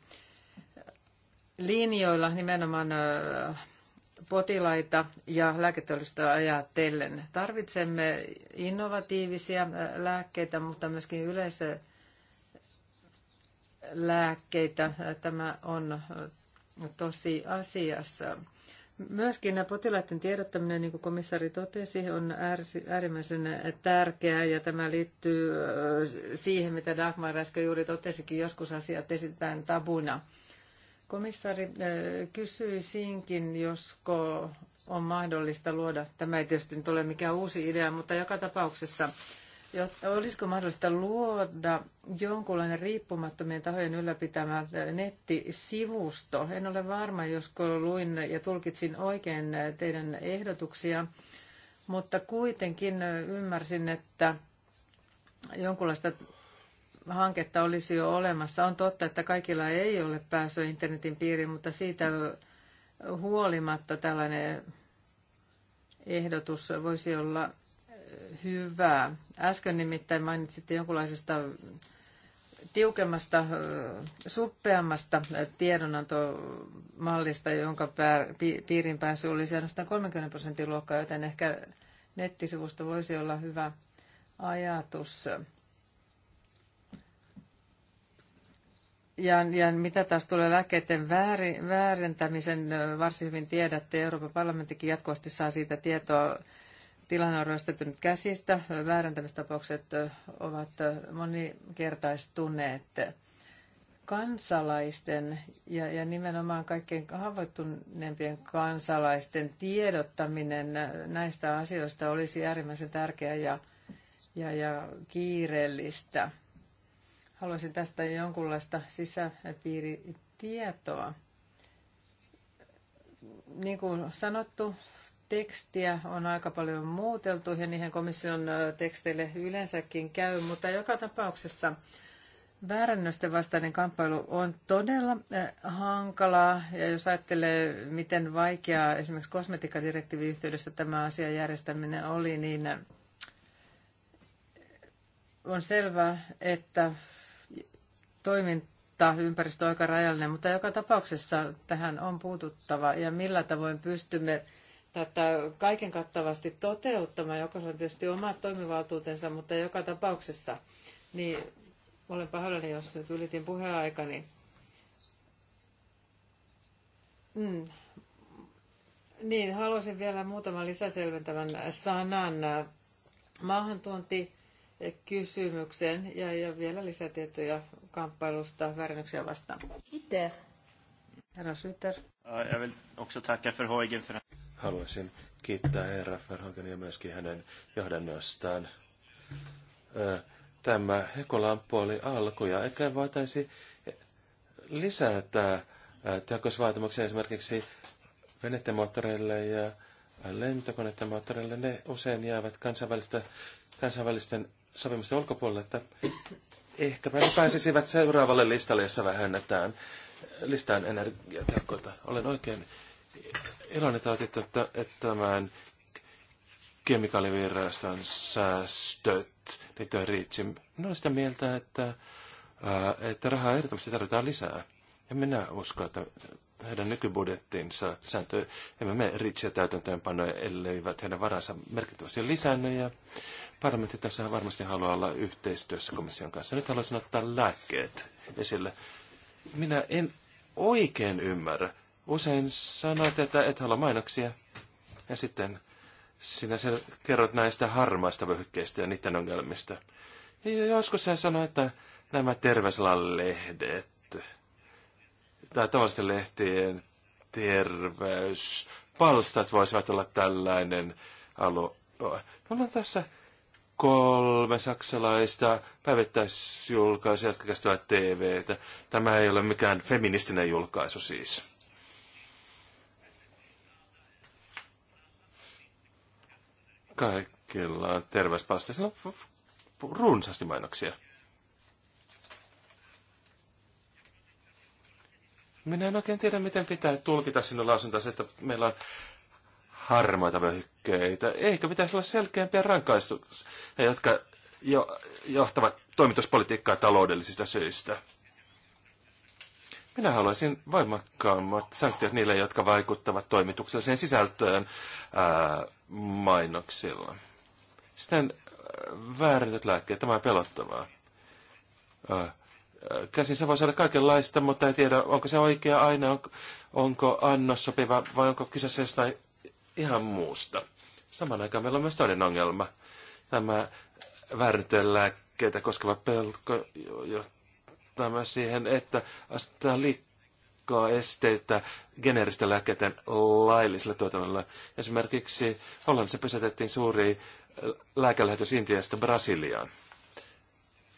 linjoilla nimenomaan eh, potilaita ja lääketeollisuutta ajatellen. Tarvitsemme innovatiivisia eh, lääkkeitä, mutta myöskin yleisö lääkkeitä. Tämä on tosi asiassa. Myöskin potilaiden tiedottaminen, niin kuin komissari totesi, on äärimmäisen tärkeää ja tämä liittyy äh, siihen, mitä Dagmar äsken juuri totesikin, joskus asiat esitetään tabuna. Komissaari, äh, kysyisinkin, josko on mahdollista luoda, tämä ei tietysti nyt ole mikään uusi idea, mutta joka tapauksessa olisiko mahdollista luoda jonkunlainen riippumattomien tahojen ylläpitämä nettisivusto. En ole varma, josko luin ja tulkitsin oikein teidän ehdotuksia, mutta kuitenkin ymmärsin, että jonkunlaista hanketta olisi jo olemassa. On totta, että kaikilla ei ole pääsyä internetin piiriin, mutta siitä huolimatta tällainen ehdotus voisi olla hyvää. Äsken nimittäin mainitsitte jonkunlaisesta tiukemmasta, suppeammasta tiedonantomallista, jonka piirin pääsy olisi ainoastaan 30 prosentin luokkaa, joten ehkä nettisivusto voisi olla hyvä ajatus. Ja, ja mitä taas tulee lääkkeiden väärin, väärentämisen, varsin hyvin tiedätte, Euroopan parlamenttikin jatkuvasti saa siitä tietoa Tilanne on ryöstetynyt käsistä. Väärentämistapaukset ovat moninkertaistuneet. Kansalaisten ja, ja nimenomaan kaikkein haavoittuneempien kansalaisten tiedottaminen näistä asioista olisi äärimmäisen tärkeää ja, ja, ja kiireellistä. Haluaisin tästä jonkunlaista sisäpiiritietoa. Niin kuin sanottu, tekstiä on aika paljon muuteltu ja niihin komission teksteille yleensäkin käy, mutta joka tapauksessa väärännösten vastainen kamppailu on todella hankalaa ja jos ajattelee, miten vaikeaa esimerkiksi kosmetiikkadirektiivin yhteydessä tämä asia järjestäminen oli, niin on selvää, että toiminta ympäristö on aika rajallinen, mutta joka tapauksessa tähän on puututtava ja millä tavoin pystymme tätä kaiken kattavasti toteuttamaan. Jokaisella on tietysti omat toimivaltuutensa, mutta joka tapauksessa, niin olen pahoillani, jos nyt ylitin puheaikani. Mm. Niin, haluaisin vielä muutaman lisäselventävän sanan maahantuonti kysymyksen ja, ja vielä lisätietoja kamppailusta väärännöksiä vastaan. Kiitos. Herra Slyter. Jag vill också tacka för Hoigen för haluaisin kiittää herra ja myöskin hänen johdannostaan. Tämä hekolamppu oli alku ja ehkä voitaisiin lisätä tehokkuusvaatimuksia esimerkiksi venettemoottoreille ja lentokonettemoottoreille. Ne usein jäävät kansainvälisten, kansainvälisten sopimusten ulkopuolelle, että ehkäpä ne pääsisivät seuraavalle listalle, jossa vähennetään listaan energiatehokkuutta. Olen oikein iloinen, että että tämän kemikaalivirraston säästöt liittyen Reachin. Minä olen sitä mieltä, että, että rahaa ehdottomasti tarvitaan lisää. Ja minä uskon, että heidän nykybudjettinsa sääntö, emme me Reachia täytäntöönpanoja, elleivät heidän varansa merkittävästi lisännyt. Ja parlamentti tässä varmasti haluaa olla yhteistyössä komission kanssa. Nyt haluaisin ottaa lääkkeet esille. Minä en oikein ymmärrä, Usein sanoit, että et halua mainoksia. Ja sitten sinä sen kerrot näistä harmaista vyöhykkeistä ja niiden ongelmista. Ja joskus hän sanoi, että nämä terveysalan lehdet tai tavallisten lehtien terveyspalstat voisivat olla tällainen alue. Meillä on tässä kolme saksalaista päivittäisjulkaisia, jotka käsittävät TVtä. Tämä ei ole mikään feministinen julkaisu siis. kaikilla on on runsaasti mainoksia. Minä en oikein tiedä, miten pitää tulkita sinun lausuntasi, että meillä on harmaita vöhykkeitä. Eikö pitäisi olla selkeämpiä rankaistuksia, jotka jo johtavat toimituspolitiikkaa taloudellisista syistä? Minä haluaisin voimakkaammat sanktiot niille, jotka vaikuttavat toimitukselliseen sisältöön ää, mainoksilla. Sitten väärätyt lääkkeet, tämä on pelottavaa. Ää, se voi saada kaikenlaista, mutta ei tiedä, onko se oikea aina, onko, onko annos sopiva vai onko kyseessä jostain ihan muusta. Saman aikaan meillä on myös toinen ongelma. Tämä väärätyt lääkkeitä koskeva pelko, Tämä siihen, että astetaan liikkaa esteitä geneeristen lääkkeiden lailliselle tuotannolle. Esimerkiksi Hollannissa pysäytettiin suuri äh, lääkelähetys Intiasta Brasiliaan.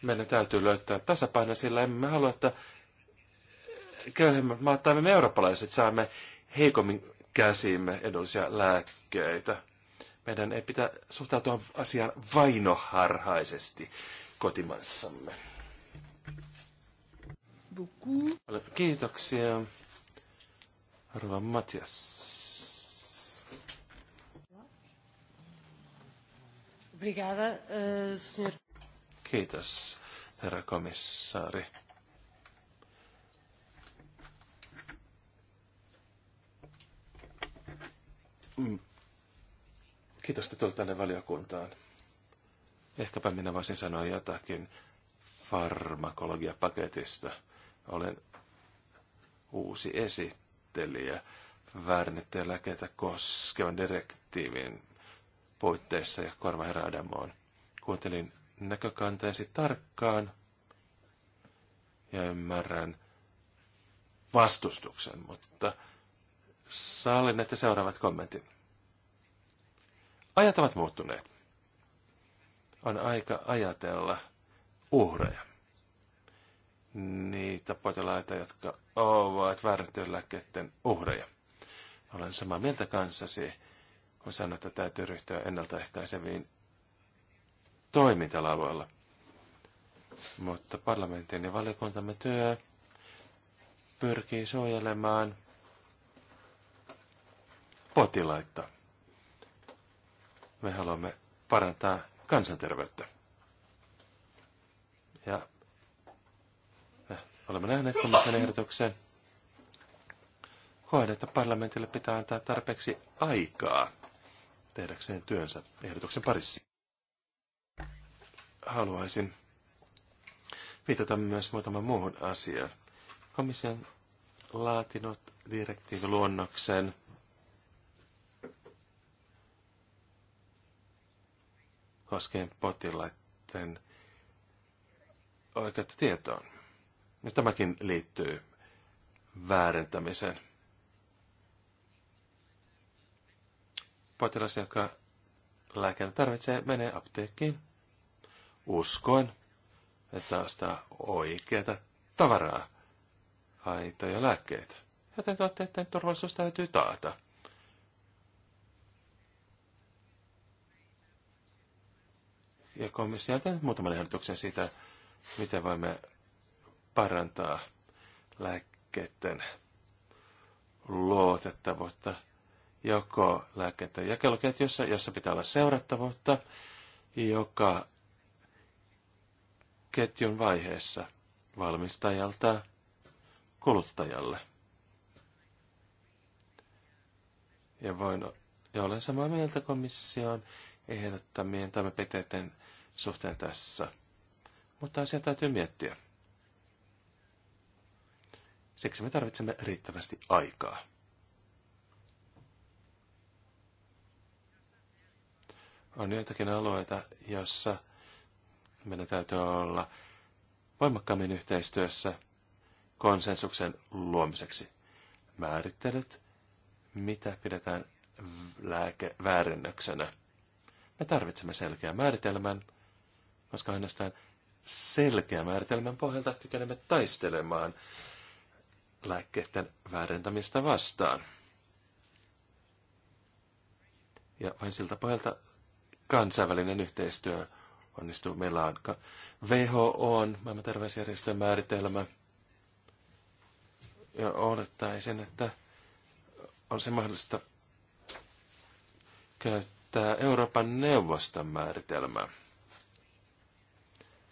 Meidän täytyy löytää tasapaino, sillä emme halua, että köyhemmät maat tai me eurooppalaiset saamme heikommin käsiimme edullisia lääkkeitä. Meidän ei pitää suhtautua asiaan vainoharhaisesti kotimaassamme beaucoup. Kiitoksia. Arva Matias. Brigada, eh, senhor. Kiitos, herra komissaari. Mm. Kiitos, että tulit tänne valiokuntaan. Ehkäpä minä voisin sanoa jotakin farmakologiapaketista. Olen uusi esittelijä väärennettyjä lääkkeitä koskevan direktiivin puitteissa ja herra Adamoon. Kuuntelin näkökantaisi tarkkaan ja ymmärrän vastustuksen, mutta sallin, että seuraavat kommentit. Ajat ovat muuttuneet. On aika ajatella uhreja niitä potilaita, jotka ovat väärättyjen uhreja. Olen samaa mieltä kanssasi, kun sanoit, että täytyy ryhtyä ennaltaehkäiseviin toimintalalueella. Mutta parlamentin ja valiokuntamme työ pyrkii suojelemaan potilaita. Me haluamme parantaa kansanterveyttä. Ja Olemme nähneet komission ehdotuksen. Koen, että parlamentille pitää antaa tarpeeksi aikaa tehdäkseen työnsä ehdotuksen parissa. Haluaisin viitata myös muutaman muuhun asiaan. Komission laatinut direktiiviluonnoksen koskien potilaiden oikeutta tietoon. Ja tämäkin liittyy väärentämiseen. Potilas, joka lääkäri tarvitsee, menee apteekkiin uskoen, että ostaa oikeata tavaraa, aitoja lääkkeitä. Joten tuotteiden turvallisuus täytyy taata. Ja komissio muutaman ehdotuksen siitä, miten voimme parantaa lääkkeiden luotettavuutta joko lääkkeiden jakeluketjussa, jossa pitää olla seurattavuutta, joka ketjun vaiheessa valmistajalta kuluttajalle. Ja, voin, ja olen samaa mieltä komission ehdottamien toimenpiteiden suhteen tässä. Mutta asia täytyy miettiä. Siksi me tarvitsemme riittävästi aikaa. On joitakin alueita, jossa meidän täytyy olla voimakkaammin yhteistyössä konsensuksen luomiseksi. Määrittelyt, mitä pidetään lääkeväärennöksenä. Me tarvitsemme selkeän määritelmän, koska ainoastaan selkeän määritelmän pohjalta kykenemme taistelemaan lääkkeiden väärentämistä vastaan. Ja vain siltä pohjalta kansainvälinen yhteistyö onnistuu. Meillä on WHO, on maailman terveysjärjestön määritelmä. Ja olettaisin, että on se mahdollista käyttää Euroopan neuvoston määritelmää.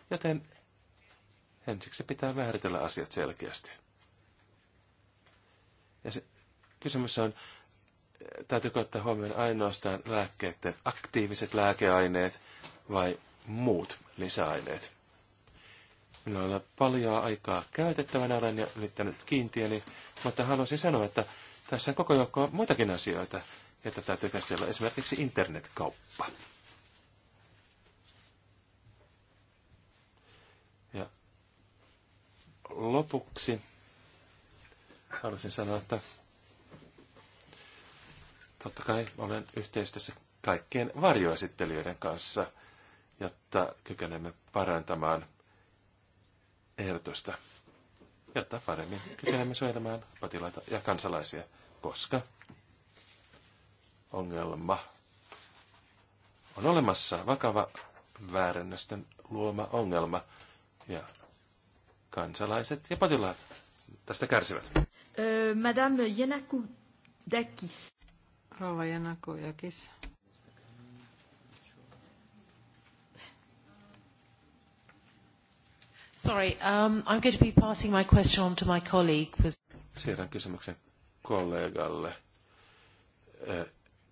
Joten ensiksi pitää määritellä asiat selkeästi. Ja se kysymys on, täytyykö ottaa huomioon ainoastaan lääkkeiden aktiiviset lääkeaineet vai muut lisäaineet. Minulla on paljon aikaa käytettävänä, olen jo ylittänyt kiintieni, mutta haluaisin sanoa, että tässä on koko joukko muitakin asioita, joita täytyy käsitellä, esimerkiksi internetkauppa. Ja lopuksi halusin sanoa, että totta kai olen yhteistyössä kaikkien varjoesittelijöiden kanssa, jotta kykenemme parantamaan ehdotusta, jotta paremmin kykenemme suojelemaan potilaita ja kansalaisia, koska ongelma on olemassa vakava väärennösten luoma ongelma ja kansalaiset ja potilaat tästä kärsivät. Öö, Madame Janakudakis. Rouva Janakudakis. Sorry, um, I'm going to be passing my question on to my colleague. Siirrän kysymyksen kollegalle, eh,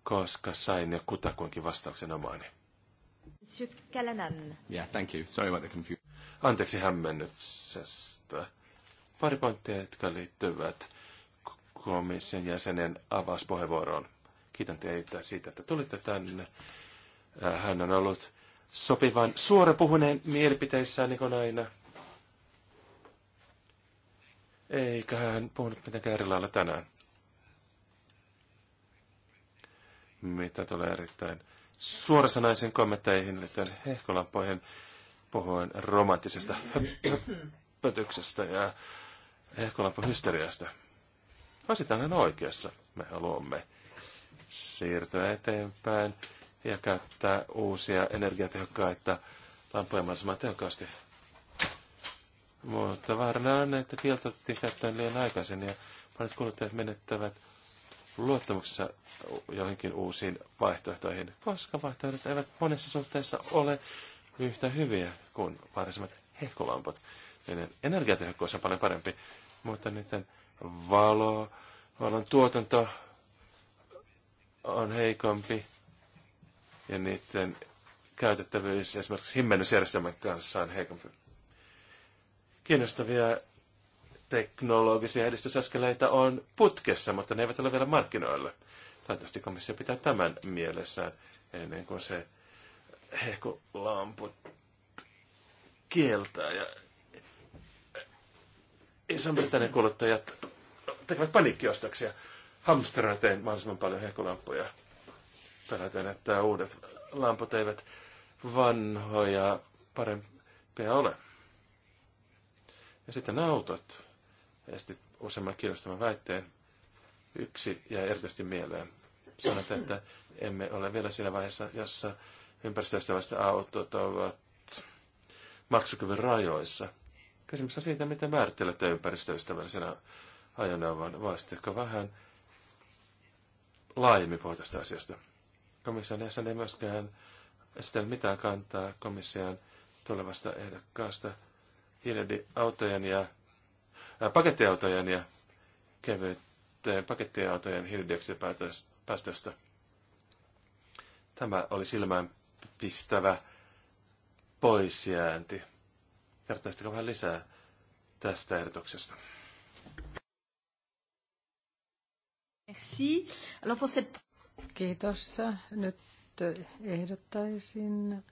koska sain jo kutakuinkin vastauksen omaani. Monsieur Kalanan. Yeah, thank you. Sorry about the confusion. Anteeksi hämmennyksestä pari pointtia, jotka liittyvät komission jäsenen avauspuheenvuoroon. Kiitän teitä siitä, että tulitte tänne. Äh, hän on ollut sopivan suorapuhuneen mielipiteissään, niin kuin aina. Eikä hän puhunut mitenkään eri lailla tänään. Mitä tulee erittäin suorasanaisiin kommentteihin, että hehkolapoihin puhuen romanttisesta höpötyksestä ja Ehkolanpa hysteriasta. Osittain on oikeassa. Me haluamme siirtyä eteenpäin ja käyttää uusia energiatehokkaita lampuja mahdollisimman tehokkaasti. Mutta vaarana on, että kieltä otettiin käyttöön liian aikaisin ja monet kuluttajat menettävät luottamuksessa joihinkin uusiin vaihtoehtoihin, koska vaihtoehdot eivät monessa suhteessa ole yhtä hyviä kuin varsimmat hehkulamput. Niiden energiatehokkuus on paljon parempi mutta niiden valo, valon tuotanto on heikompi ja niiden käytettävyys esimerkiksi himmennysjärjestelmän kanssa on heikompi. Kiinnostavia teknologisia edistysaskeleita on putkessa, mutta ne eivät ole vielä markkinoilla. Toivottavasti komissio pitää tämän mielessään ennen kuin se hehkulamput kieltää ja Iso-Britannian niin, kuluttajat tekevät paniikkiostoksia. Hamsteroina tein mahdollisimman paljon hehkulampuja. Pelätään, että uudet lamput eivät vanhoja parempia ole. Ja sitten autot. Ja sitten useamman kiinnostavan väitteen yksi ja erityisesti mieleen. sanat, että emme ole vielä siinä vaiheessa, jossa ympäristöystävälliset autot ovat maksukyvyn rajoissa – Kysymys on siitä, miten määrittelette ympäristöystävällisenä ajoneuvon. Voisitko vähän laajemmin puhua tästä asiasta? Komission jäsen ei myöskään esitellä mitään kantaa komission tulevasta ehdokkaasta hiilidiautojen ja ää, äh, pakettiautojen ja kevyyteen pakettiautojen hiilidioksidipäästöstä. Tämä oli silmään pistävä poisjäänti. Kertoisitko vähän lisää tästä ehdotuksesta? Kiitos. Nyt ehdottaisin,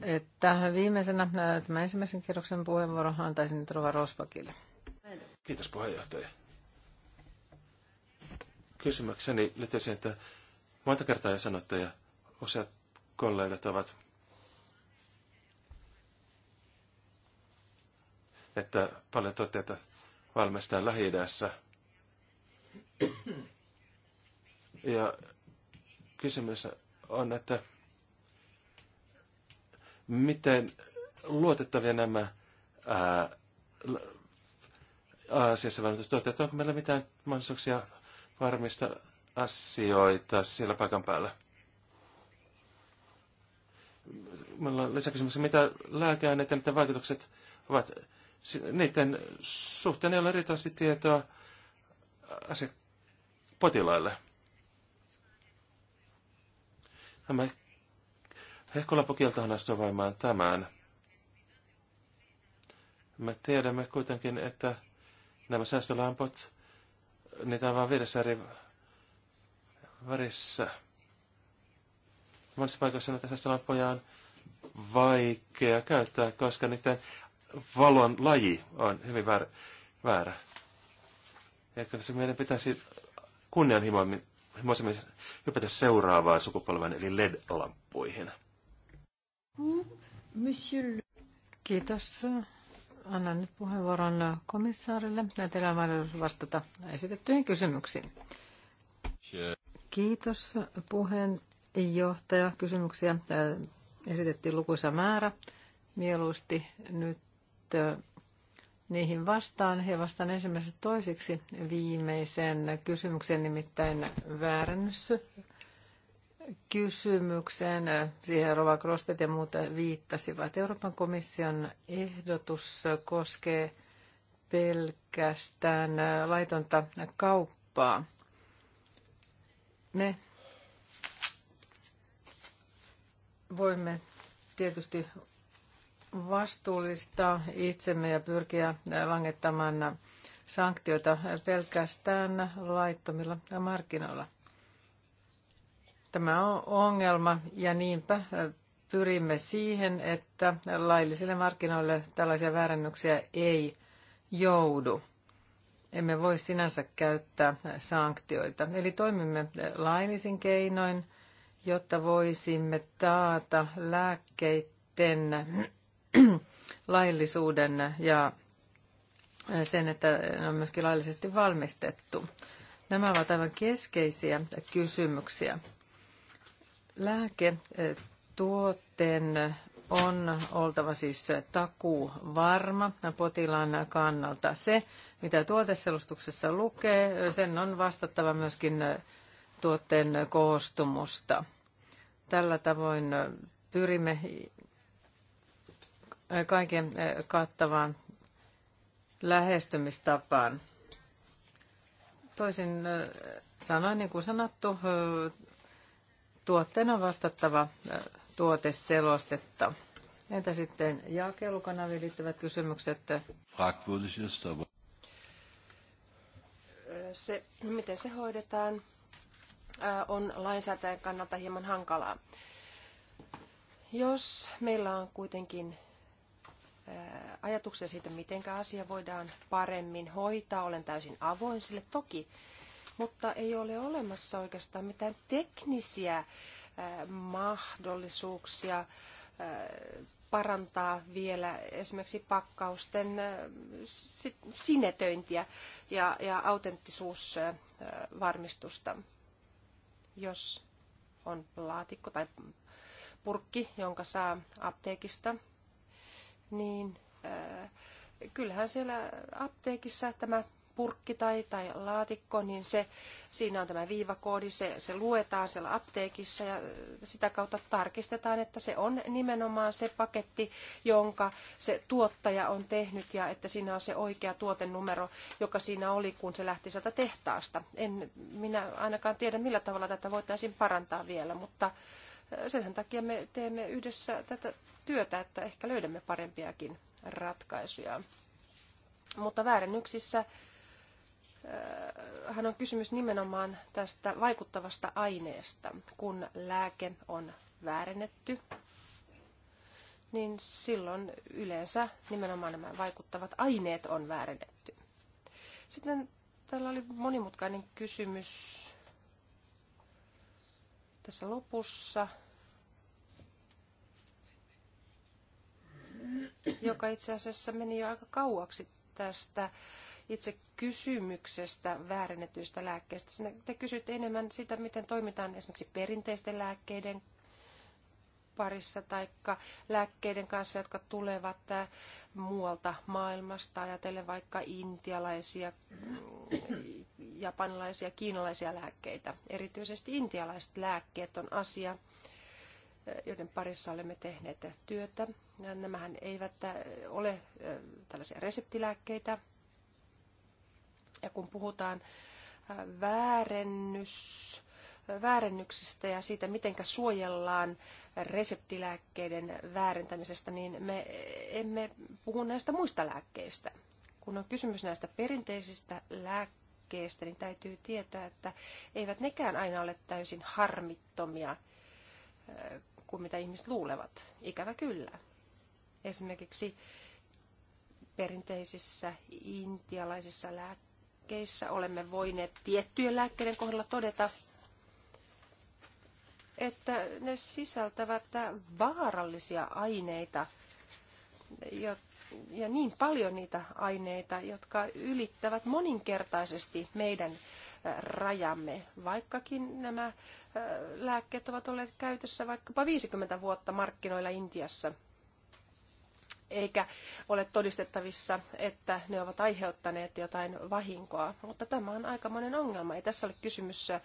että viimeisenä tämä ensimmäisen kerroksen puheenvuoro antaisin Trova Rospakille. Kiitos puheenjohtaja. Kysymykseni liittyy siihen, että monta kertaa jo sanottu ja useat kollegat ovat että paljon tuotteita valmistetaan lähi Ja kysymys on, että miten luotettavia nämä ää, Aasiassa valmistetut tuotteet, onko meillä mitään mahdollisuuksia varmistaa asioita siellä paikan päällä? Meillä on lisäkysymyksiä, mitä lääkeaineiden vaikutukset ovat niiden suhteen ei ole riittävästi tietoa potilaille. Tämä hehkulapokielto on astua voimaan tämän. Me tiedämme kuitenkin, että nämä säästölamput, niitä on vain viidessä eri värissä. Monissa paikoissa näitä säästölampoja on vaikea käyttää, koska niiden valon laji on hyvin väärä. väärä. Ehkä se meidän pitäisi kunnianhimoisemmin hypätä seuraavaan sukupolven eli LED-lamppuihin. Kiitos. Annan nyt puheenvuoron komissaarille. Teillä on mahdollisuus vastata esitettyihin kysymyksiin. Kiitos puheenjohtaja. Kysymyksiä esitettiin lukuisa määrä. Mieluusti nyt niihin vastaan he vastaan ensimmäisen toiseksi viimeisen kysymyksen, nimittäin väärännys kysymykseen. Siihen Rova Krostet ja muuta viittasivat. Euroopan komission ehdotus koskee pelkästään laitonta kauppaa. Me voimme tietysti vastuullista itsemme ja pyrkiä langettamaan sanktioita pelkästään laittomilla markkinoilla. Tämä on ongelma ja niinpä pyrimme siihen, että laillisille markkinoille tällaisia väärännyksiä ei joudu. Emme voi sinänsä käyttää sanktioita. Eli toimimme laillisin keinoin, jotta voisimme taata lääkkeiden laillisuuden ja sen, että ne on myöskin laillisesti valmistettu. Nämä ovat aivan keskeisiä kysymyksiä. Lääketuotteen eh, on oltava siis takuu varma potilaan kannalta. Se, mitä tuoteselustuksessa lukee, sen on vastattava myöskin tuotteen koostumusta. Tällä tavoin pyrimme kaiken kattavaan lähestymistapaan. Toisin sanoen, niin kuin sanottu, tuotteena vastattava tuoteselostetta. Entä sitten jakelukanaviin liittyvät kysymykset? Se, miten se hoidetaan, on lainsäätäjän kannalta hieman hankalaa. Jos meillä on kuitenkin ajatuksia siitä, miten asia voidaan paremmin hoitaa. Olen täysin avoin sille toki, mutta ei ole olemassa oikeastaan mitään teknisiä mahdollisuuksia parantaa vielä esimerkiksi pakkausten sinetöintiä ja, ja autenttisuusvarmistusta, jos on laatikko tai purkki, jonka saa apteekista niin äh, kyllähän siellä apteekissa tämä purkki tai, tai laatikko, niin se, siinä on tämä viivakoodi, se, se luetaan siellä apteekissa ja sitä kautta tarkistetaan, että se on nimenomaan se paketti, jonka se tuottaja on tehnyt ja että siinä on se oikea tuotenumero, joka siinä oli, kun se lähti sieltä tehtaasta. En minä ainakaan tiedä, millä tavalla tätä voitaisiin parantaa vielä, mutta sen takia me teemme yhdessä tätä työtä, että ehkä löydämme parempiakin ratkaisuja. Mutta väärennyksissä äh, hän on kysymys nimenomaan tästä vaikuttavasta aineesta. Kun lääke on väärennetty, niin silloin yleensä nimenomaan nämä vaikuttavat aineet on väärennetty. Sitten täällä oli monimutkainen kysymys tässä lopussa. joka itse asiassa meni jo aika kauaksi tästä itse kysymyksestä väärennetyistä lääkkeistä. Sinä te kysytte enemmän sitä, miten toimitaan esimerkiksi perinteisten lääkkeiden parissa tai lääkkeiden kanssa, jotka tulevat äh, muualta maailmasta, ajatellen vaikka intialaisia, mm, japanilaisia, kiinalaisia lääkkeitä. Erityisesti intialaiset lääkkeet on asia, joiden parissa olemme tehneet työtä. Nämähän eivät äh, ole äh, tällaisia reseptilääkkeitä. Ja kun puhutaan äh, väärennys, väärennyksistä ja siitä, miten suojellaan reseptilääkkeiden väärentämisestä, niin me emme puhu näistä muista lääkkeistä. Kun on kysymys näistä perinteisistä lääkkeistä, niin täytyy tietää, että eivät nekään aina ole täysin harmittomia kuin mitä ihmiset luulevat. Ikävä kyllä. Esimerkiksi perinteisissä intialaisissa lääkkeissä olemme voineet tiettyjen lääkkeiden kohdalla todeta, että ne sisältävät vaarallisia aineita ja niin paljon niitä aineita, jotka ylittävät moninkertaisesti meidän rajamme, vaikkakin nämä äh, lääkkeet ovat olleet käytössä vaikkapa 50 vuotta markkinoilla Intiassa, eikä ole todistettavissa, että ne ovat aiheuttaneet jotain vahinkoa. Mutta tämä on aikamoinen ongelma. Ei tässä ole kysymys äh,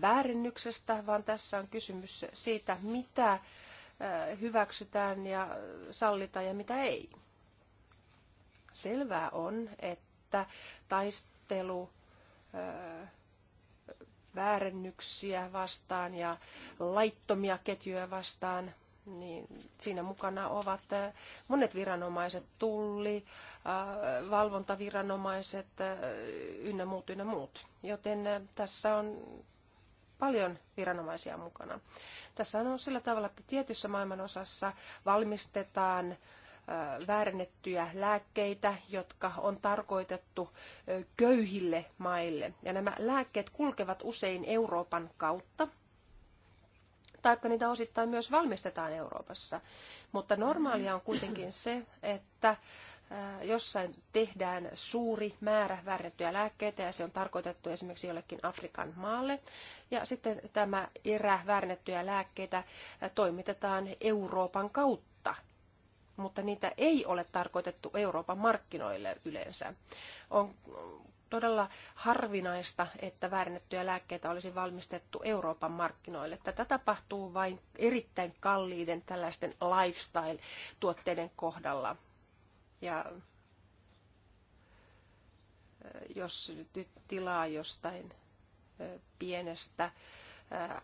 väärennyksestä, vaan tässä on kysymys siitä, mitä äh, hyväksytään ja sallitaan ja mitä ei. Selvää on, että taistelu väärennyksiä vastaan ja laittomia ketjuja vastaan, niin siinä mukana ovat monet viranomaiset, tulli, valvontaviranomaiset ynnä muut, ynnä muut. Joten tässä on paljon viranomaisia mukana. Tässä on sillä tavalla, että tietyssä maailmanosassa valmistetaan väärennettyjä lääkkeitä, jotka on tarkoitettu köyhille maille. Ja nämä lääkkeet kulkevat usein Euroopan kautta, taikka niitä osittain myös valmistetaan Euroopassa. Mutta normaalia on kuitenkin se, että jossain tehdään suuri määrä väärennettyjä lääkkeitä ja se on tarkoitettu esimerkiksi jollekin Afrikan maalle. Ja sitten tämä erä väärennettyjä lääkkeitä toimitetaan Euroopan kautta mutta niitä ei ole tarkoitettu Euroopan markkinoille yleensä. On todella harvinaista, että väärennettyjä lääkkeitä olisi valmistettu Euroopan markkinoille. Tätä tapahtuu vain erittäin kalliiden tällaisten lifestyle-tuotteiden kohdalla. Ja jos nyt tilaa jostain pienestä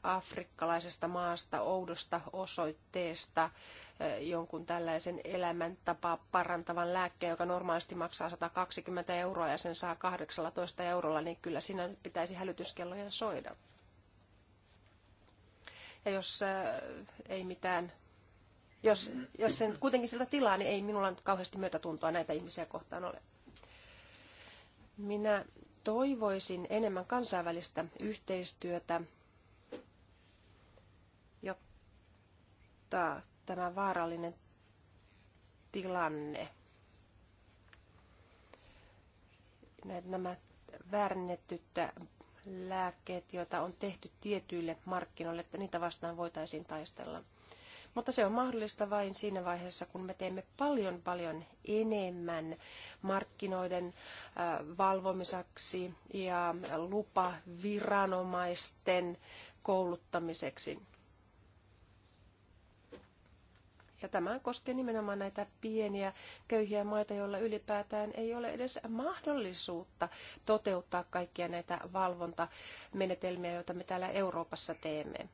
afrikkalaisesta maasta, oudosta osoitteesta jonkun tällaisen elämäntapaa parantavan lääkkeen, joka normaalisti maksaa 120 euroa ja sen saa 18 eurolla, niin kyllä siinä pitäisi hälytyskelloja soida. Ja jos ei mitään jos, jos sen kuitenkin siltä tilaa, niin ei minulla nyt kauheasti myötätuntoa näitä ihmisiä kohtaan ole. Minä toivoisin enemmän kansainvälistä yhteistyötä mutta tämä vaarallinen tilanne. Nämä väärennettyt lääkkeet, joita on tehty tietyille markkinoille, että niitä vastaan voitaisiin taistella. Mutta se on mahdollista vain siinä vaiheessa, kun me teemme paljon paljon enemmän markkinoiden valvomiseksi ja lupaviranomaisten kouluttamiseksi. Ja tämä koskee nimenomaan näitä pieniä köyhiä maita, joilla ylipäätään ei ole edes mahdollisuutta toteuttaa kaikkia näitä valvontamenetelmiä, joita me täällä Euroopassa teemme.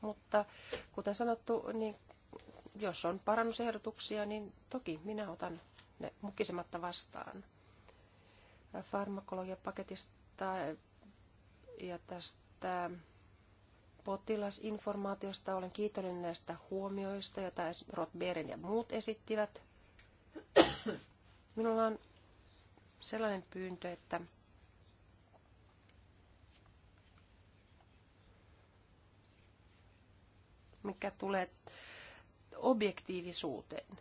Mutta kuten sanottu, niin jos on parannusehdotuksia, niin toki minä otan ne mukisematta vastaan. Farmakologiapaketista ja tästä potilasinformaatiosta. Olen kiitollinen näistä huomioista, joita Rod Beren ja muut esittivät. Minulla on sellainen pyyntö, että mikä tulee objektiivisuuteen.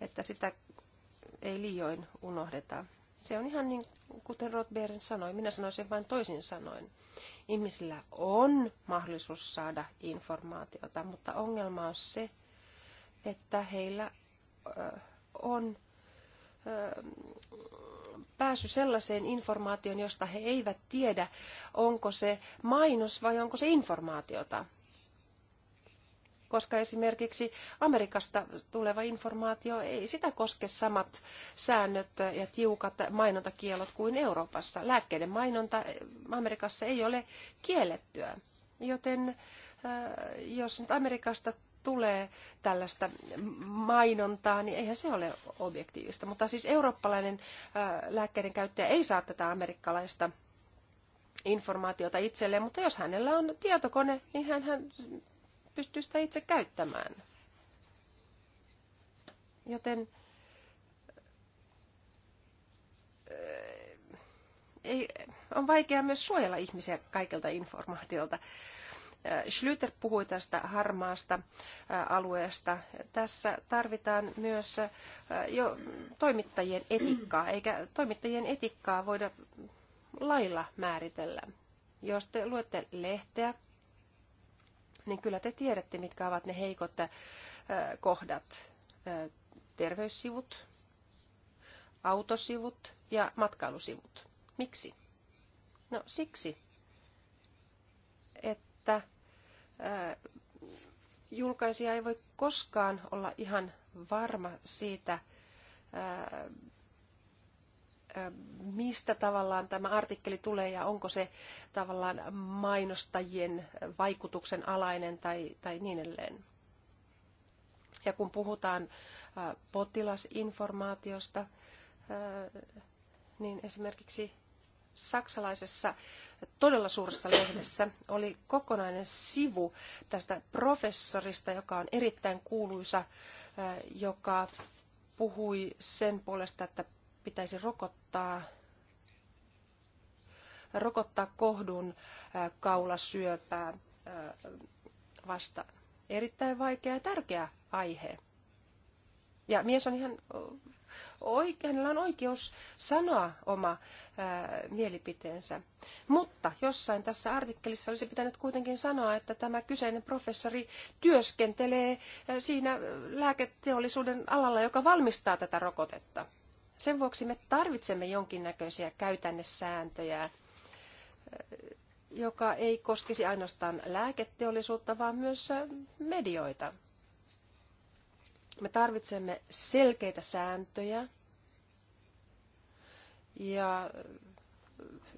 Että sitä ei liioin unohdeta. Se on ihan niin, kuten Rothberg sanoi, minä sanoisin vain toisin sanoen. Ihmisillä on mahdollisuus saada informaatiota, mutta ongelma on se, että heillä on pääsy sellaiseen informaatioon, josta he eivät tiedä, onko se mainos vai onko se informaatiota koska esimerkiksi Amerikasta tuleva informaatio ei sitä koske samat säännöt ja tiukat mainontakielot kuin Euroopassa. Lääkkeiden mainonta Amerikassa ei ole kiellettyä, joten äh, jos nyt Amerikasta tulee tällaista mainontaa, niin eihän se ole objektiivista. Mutta siis eurooppalainen äh, lääkkeiden käyttäjä ei saa tätä amerikkalaista informaatiota itselleen, mutta jos hänellä on tietokone, niin hän, hän pysty sitä itse käyttämään. Joten eh, ei, on vaikea myös suojella ihmisiä kaikelta informaatiolta. Eh, Schlüter puhui tästä harmaasta eh, alueesta. Tässä tarvitaan myös jo toimittajien etikkaa, eikä toimittajien etikkaa voida lailla määritellä. Jos te luette lehteä, niin kyllä te tiedätte, mitkä ovat ne heikot kohdat. Terveyssivut, autosivut ja matkailusivut. Miksi? No siksi, että julkaisija ei voi koskaan olla ihan varma siitä, mistä tavallaan tämä artikkeli tulee ja onko se tavallaan mainostajien vaikutuksen alainen tai, tai niin edelleen. Ja kun puhutaan potilasinformaatiosta, niin esimerkiksi saksalaisessa todella suuressa lehdessä oli kokonainen sivu tästä professorista, joka on erittäin kuuluisa, joka puhui sen puolesta, että pitäisi rokottaa rokottaa kohdun kaulasyöpää vastaan. Erittäin vaikea ja tärkeä aihe. Ja mies on ihan, oike, hänellä on oikeus sanoa oma ää, mielipiteensä. Mutta jossain tässä artikkelissa olisi pitänyt kuitenkin sanoa, että tämä kyseinen professori työskentelee siinä lääketeollisuuden alalla, joka valmistaa tätä rokotetta. Sen vuoksi me tarvitsemme jonkinnäköisiä käytännesääntöjä, joka ei koskisi ainoastaan lääketeollisuutta, vaan myös medioita. Me tarvitsemme selkeitä sääntöjä ja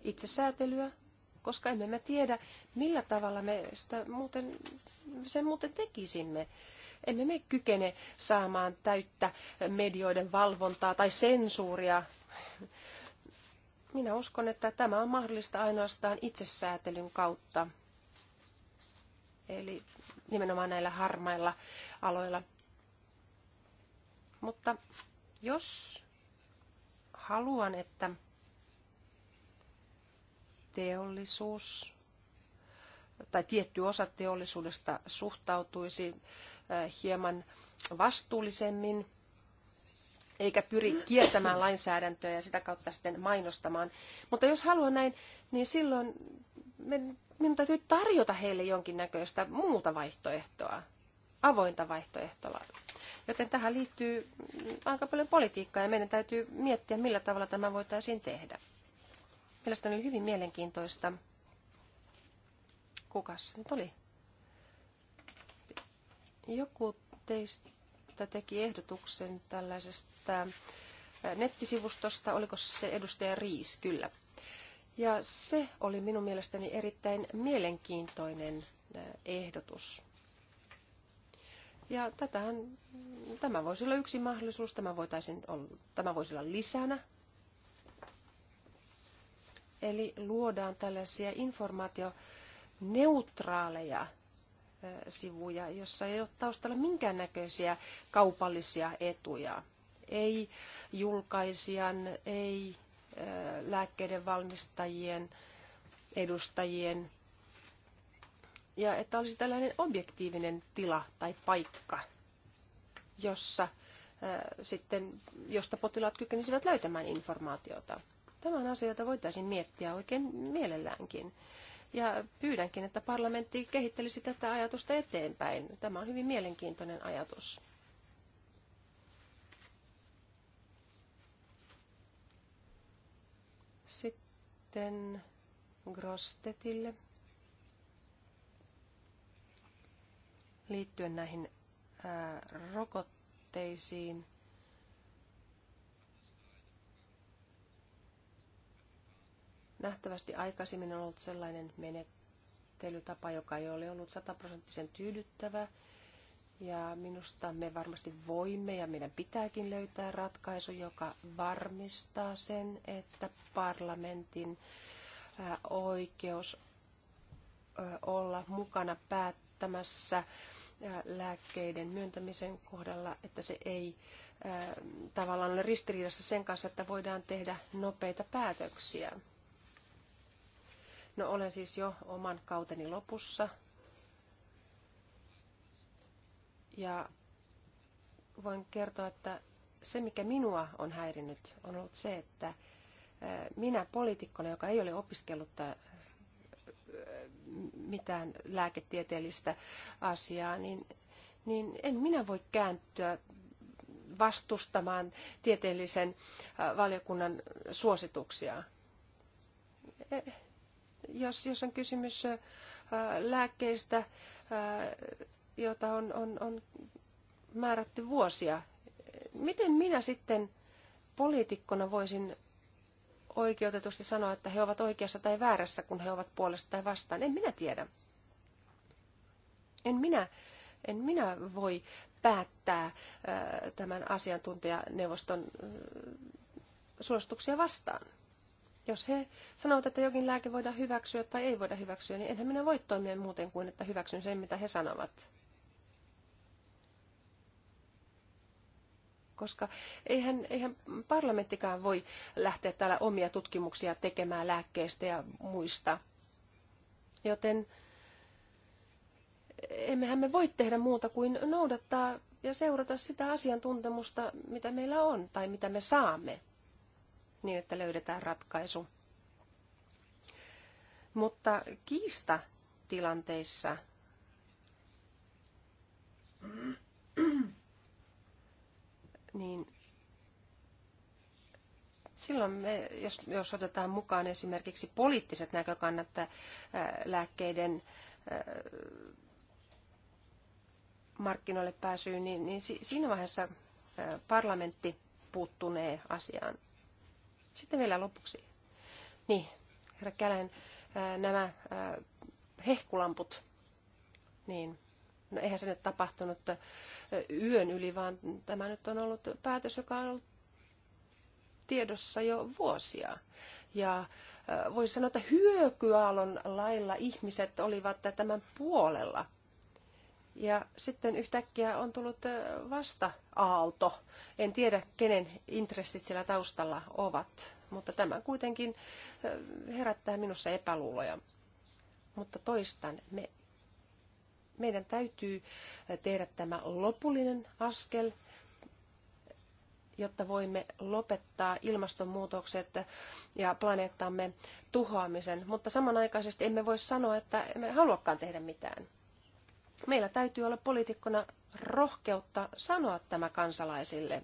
itsesäätelyä, koska emme me tiedä, millä tavalla me sitä muuten, sen muuten tekisimme. Emme me kykene saamaan täyttä medioiden valvontaa tai sensuuria. Minä uskon, että tämä on mahdollista ainoastaan itsesäätelyn kautta. Eli nimenomaan näillä harmailla aloilla. Mutta jos haluan, että teollisuus tai tietty osa teollisuudesta suhtautuisi hieman vastuullisemmin eikä pyri kiertämään lainsäädäntöä ja sitä kautta sitten mainostamaan. Mutta jos haluan näin, niin silloin minun täytyy tarjota heille jonkinnäköistä muuta vaihtoehtoa, avointa vaihtoehtoa. Joten tähän liittyy aika paljon politiikkaa ja meidän täytyy miettiä, millä tavalla tämä voitaisiin tehdä. Mielestäni oli hyvin mielenkiintoista. Kukas se nyt oli? Joku teistä teki ehdotuksen tällaisesta äh, nettisivustosta, oliko se edustaja Riis, kyllä. Ja se oli minun mielestäni erittäin mielenkiintoinen äh, ehdotus. Ja tätähän, tämä voisi olla yksi mahdollisuus, tämä, voitaisiin, tämä voisi olla lisänä. Eli luodaan tällaisia informaationeutraaleja sivuja, jossa ei ole taustalla minkäännäköisiä kaupallisia etuja. Ei julkaisijan, ei lääkkeiden valmistajien, edustajien. Ja että olisi tällainen objektiivinen tila tai paikka, jossa sitten, josta potilaat kykenisivät löytämään informaatiota. Tämän asioita voitaisiin miettiä oikein mielelläänkin. Ja pyydänkin, että parlamentti kehittelisi tätä ajatusta eteenpäin. Tämä on hyvin mielenkiintoinen ajatus. Sitten Grostetille liittyen näihin ää, rokotteisiin – Nähtävästi aikaisemmin on ollut sellainen menettelytapa, joka ei ole ollut sataprosenttisen tyydyttävä. Ja minusta me varmasti voimme ja meidän pitääkin löytää ratkaisu, joka varmistaa sen, että parlamentin oikeus olla mukana päättämässä lääkkeiden myöntämisen kohdalla, että se ei tavallaan ole ristiriidassa sen kanssa, että voidaan tehdä nopeita päätöksiä. No olen siis jo oman kauteni lopussa. Ja voin kertoa, että se mikä minua on häirinnyt on ollut se, että minä poliitikkona, joka ei ole opiskellut mitään lääketieteellistä asiaa, niin, niin en minä voi kääntyä vastustamaan tieteellisen valiokunnan suosituksia. E, jos, jos on kysymys lääkkeistä, jota on, on, on määrätty vuosia, miten minä sitten poliitikkona voisin oikeutetusti sanoa, että he ovat oikeassa tai väärässä, kun he ovat puolesta tai vastaan? En minä tiedä. En minä, en minä voi päättää tämän asiantuntijaneuvoston suosituksia vastaan. Jos he sanovat, että jokin lääke voidaan hyväksyä tai ei voida hyväksyä, niin enhän minä voi toimia muuten kuin, että hyväksyn sen, mitä he sanovat. Koska eihän, eihän parlamenttikaan voi lähteä täällä omia tutkimuksia tekemään lääkkeistä ja muista. Joten emmehän me voi tehdä muuta kuin noudattaa ja seurata sitä asiantuntemusta, mitä meillä on tai mitä me saamme niin, että löydetään ratkaisu. Mutta kiista tilanteissa niin silloin me, jos, jos otetaan mukaan esimerkiksi poliittiset näkökannat äh, lääkkeiden äh, markkinoille pääsyyn, niin, niin siinä vaiheessa äh, parlamentti puuttunee asiaan. Sitten vielä lopuksi. Niin, herra Kälän, nämä hehkulamput, niin no eihän se nyt tapahtunut yön yli, vaan tämä nyt on ollut päätös, joka on ollut tiedossa jo vuosia. Ja voisi sanoa, että hyökyaalon lailla ihmiset olivat tämän puolella. Ja sitten yhtäkkiä on tullut vasta aalto. En tiedä, kenen intressit siellä taustalla ovat, mutta tämä kuitenkin herättää minussa epäluuloja. Mutta toistan, me, meidän täytyy tehdä tämä lopullinen askel, jotta voimme lopettaa ilmastonmuutokset ja planeettamme tuhoamisen. Mutta samanaikaisesti emme voi sanoa, että emme haluakaan tehdä mitään Meillä täytyy olla poliitikkona rohkeutta sanoa tämä kansalaisille.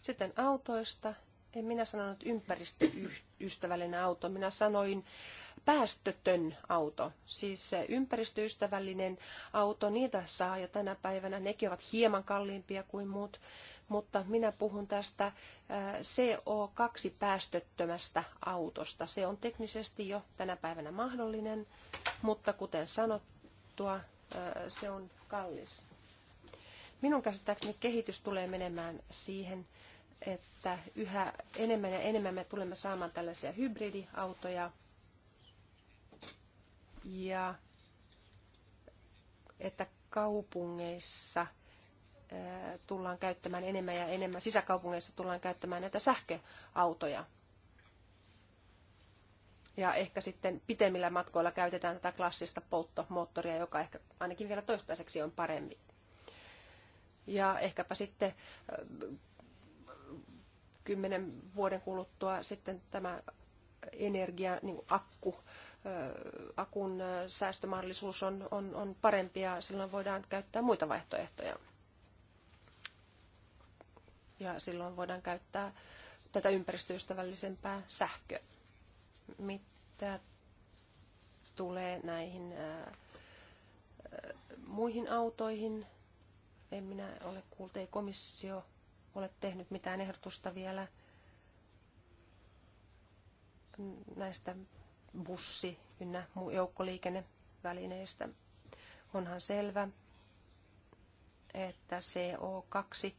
Sitten autoista. En minä sanonut ympäristöystävällinen auto, minä sanoin päästötön auto. Siis ympäristöystävällinen auto, niitä saa jo tänä päivänä. Nekin ovat hieman kalliimpia kuin muut mutta minä puhun tästä CO2-päästöttömästä autosta. Se on teknisesti jo tänä päivänä mahdollinen, mutta kuten sanottua, se on kallis. Minun käsittääkseni kehitys tulee menemään siihen, että yhä enemmän ja enemmän me tulemme saamaan tällaisia hybridiautoja. Ja että kaupungeissa – tullaan käyttämään enemmän ja enemmän, sisäkaupungeissa tullaan käyttämään näitä sähköautoja. Ja ehkä sitten pitemmillä matkoilla käytetään tätä klassista polttomoottoria, joka ehkä ainakin vielä toistaiseksi on parempi. Ja ehkäpä sitten kymmenen vuoden kuluttua sitten tämä energia, niin akku, akun säästömahdollisuus on, on, on parempi ja silloin voidaan käyttää muita vaihtoehtoja ja silloin voidaan käyttää tätä ympäristöystävällisempää sähköä. Mitä tulee näihin ää, muihin autoihin, en minä ole kuullut, ei komissio ole tehnyt mitään ehdotusta vielä näistä bussi- ynnä joukkoliikennevälineistä. Onhan selvä, että CO2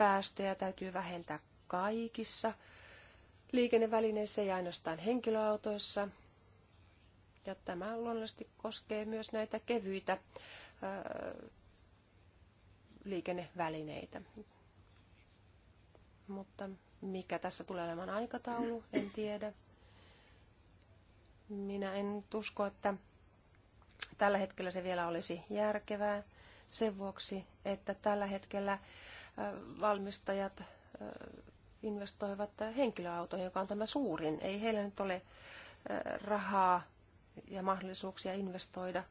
päästöjä täytyy vähentää kaikissa liikennevälineissä ja ainoastaan henkilöautoissa. Ja tämä luonnollisesti koskee myös näitä kevyitä liikennevälineitä. Mutta mikä tässä tulee olemaan aikataulu, en tiedä. Minä en usko, että tällä hetkellä se vielä olisi järkevää sen vuoksi, että tällä hetkellä valmistajat investoivat henkilöautoihin, joka on tämä suurin. Ei heillä nyt ole rahaa ja mahdollisuuksia investoida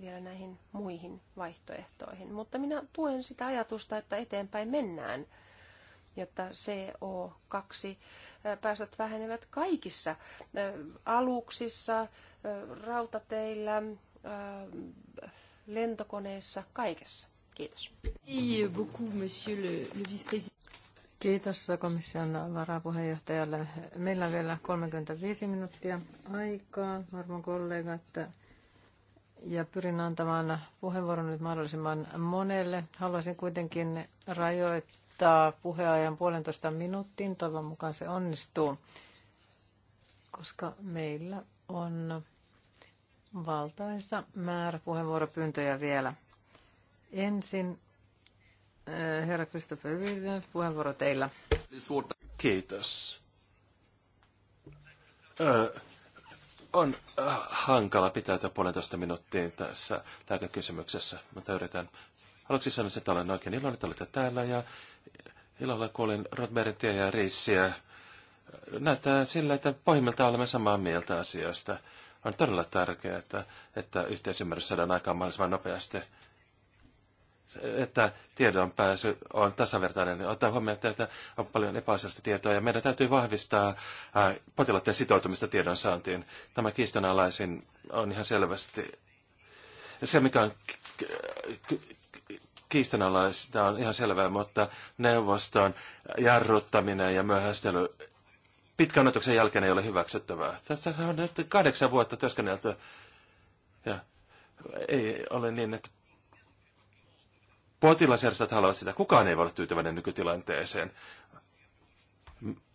vielä näihin muihin vaihtoehtoihin. Mutta minä tuen sitä ajatusta, että eteenpäin mennään, jotta CO2-päästöt vähenevät kaikissa aluksissa, rautateillä, lentokoneissa, kaikessa. Kiitos. Kiitos komission varapuheenjohtajalle. Meillä on vielä 35 minuuttia aikaa, arvon kollegat. Ja pyrin antamaan puheenvuoron nyt mahdollisimman monelle. Haluaisin kuitenkin rajoittaa puheajan puolentoista minuuttiin. Toivon mukaan se onnistuu, koska meillä on valtaisa määrä puheenvuoropyyntöjä vielä. Ensin äh, herra Christopher Williams, puheenvuoro teillä. Kiitos. Ö, äh, on äh, hankala pitäytyä puolentoista minuuttiin tässä lääkekysymyksessä, mutta yritän. Aluksi sanoisin, että olen oikein iloinen, että olette täällä ja ilolla kuulin Rodmerin tie ja Riissiä. Näyttää sillä, että pohjimmiltaan olemme samaa mieltä asiasta. On todella tärkeää, että, että yhteisymmärrys saadaan aikaan mahdollisimman nopeasti että tiedon pääsy on tasavertainen. Ottaa huomioon, että on paljon epäasiallista tietoa ja meidän täytyy vahvistaa potilaiden sitoutumista tiedon saantiin. Tämä kiistanalaisin on ihan selvästi se, mikä on kiistanalaista on ihan selvää, mutta neuvoston jarruttaminen ja myöhästely pitkän odotuksen jälkeen ei ole hyväksyttävää. Tässä on nyt kahdeksan vuotta työskennelty ja ei ole niin, että Potilasjärjestöt haluavat sitä. Kukaan ei voi olla tyytyväinen nykytilanteeseen.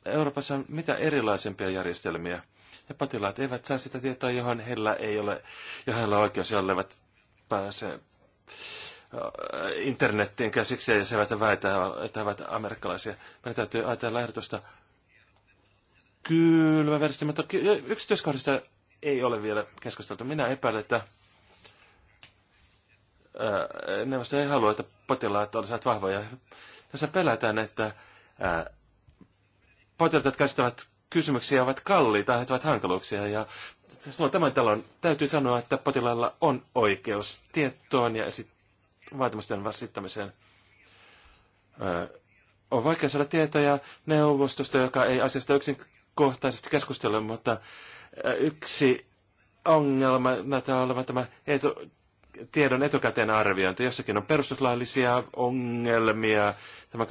Euroopassa on mitä erilaisempia järjestelmiä. Ja potilaat eivät saa sitä tietoa, johon heillä ei ole, johon heillä on oikeus, jolleivät pääse äh, internettiin käsiksi ja se väitä, että he ovat amerikkalaisia. Meidän täytyy ajatella ehdotusta kylmäveristä, mutta yksityiskohdista ei ole vielä keskusteltu. Minä epäilen, että neuvosto ei halua, että potilaat olisivat vahvoja. Tässä pelätään, että ää, potilaat, jotka käsittävät kysymyksiä, ovat kalliita, aiheuttavat hankaluuksia. Ja silloin tämän talon täytyy sanoa, että potilailla on oikeus tietoon ja esit- vaatimusten vastittamiseen. on vaikea saada tietoja neuvostosta, joka ei asiasta yksinkohtaisesti keskustele, mutta yksi ongelma näyttää olevan tämä etu, tiedon etukäteen arviointi. Jossakin on perustuslaillisia ongelmia. Tämä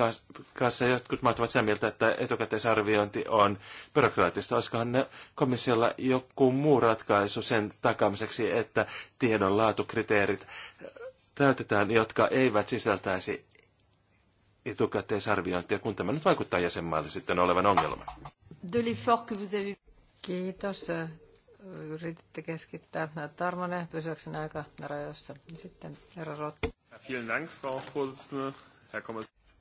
kanssa jotkut maat ovat sitä mieltä, että etukäteisarviointi on byrokraattista. Olisikohan ne komissiolla joku muu ratkaisu sen takaamiseksi, että tiedon laatukriteerit täytetään, jotka eivät sisältäisi etukäteisarviointia, kun tämä nyt vaikuttaa jäsenmaalle sitten olevan ongelma. Kiitos yrititte keskittää tarmonne pysyäkseni aika rajoissa. Sitten herra Rotti.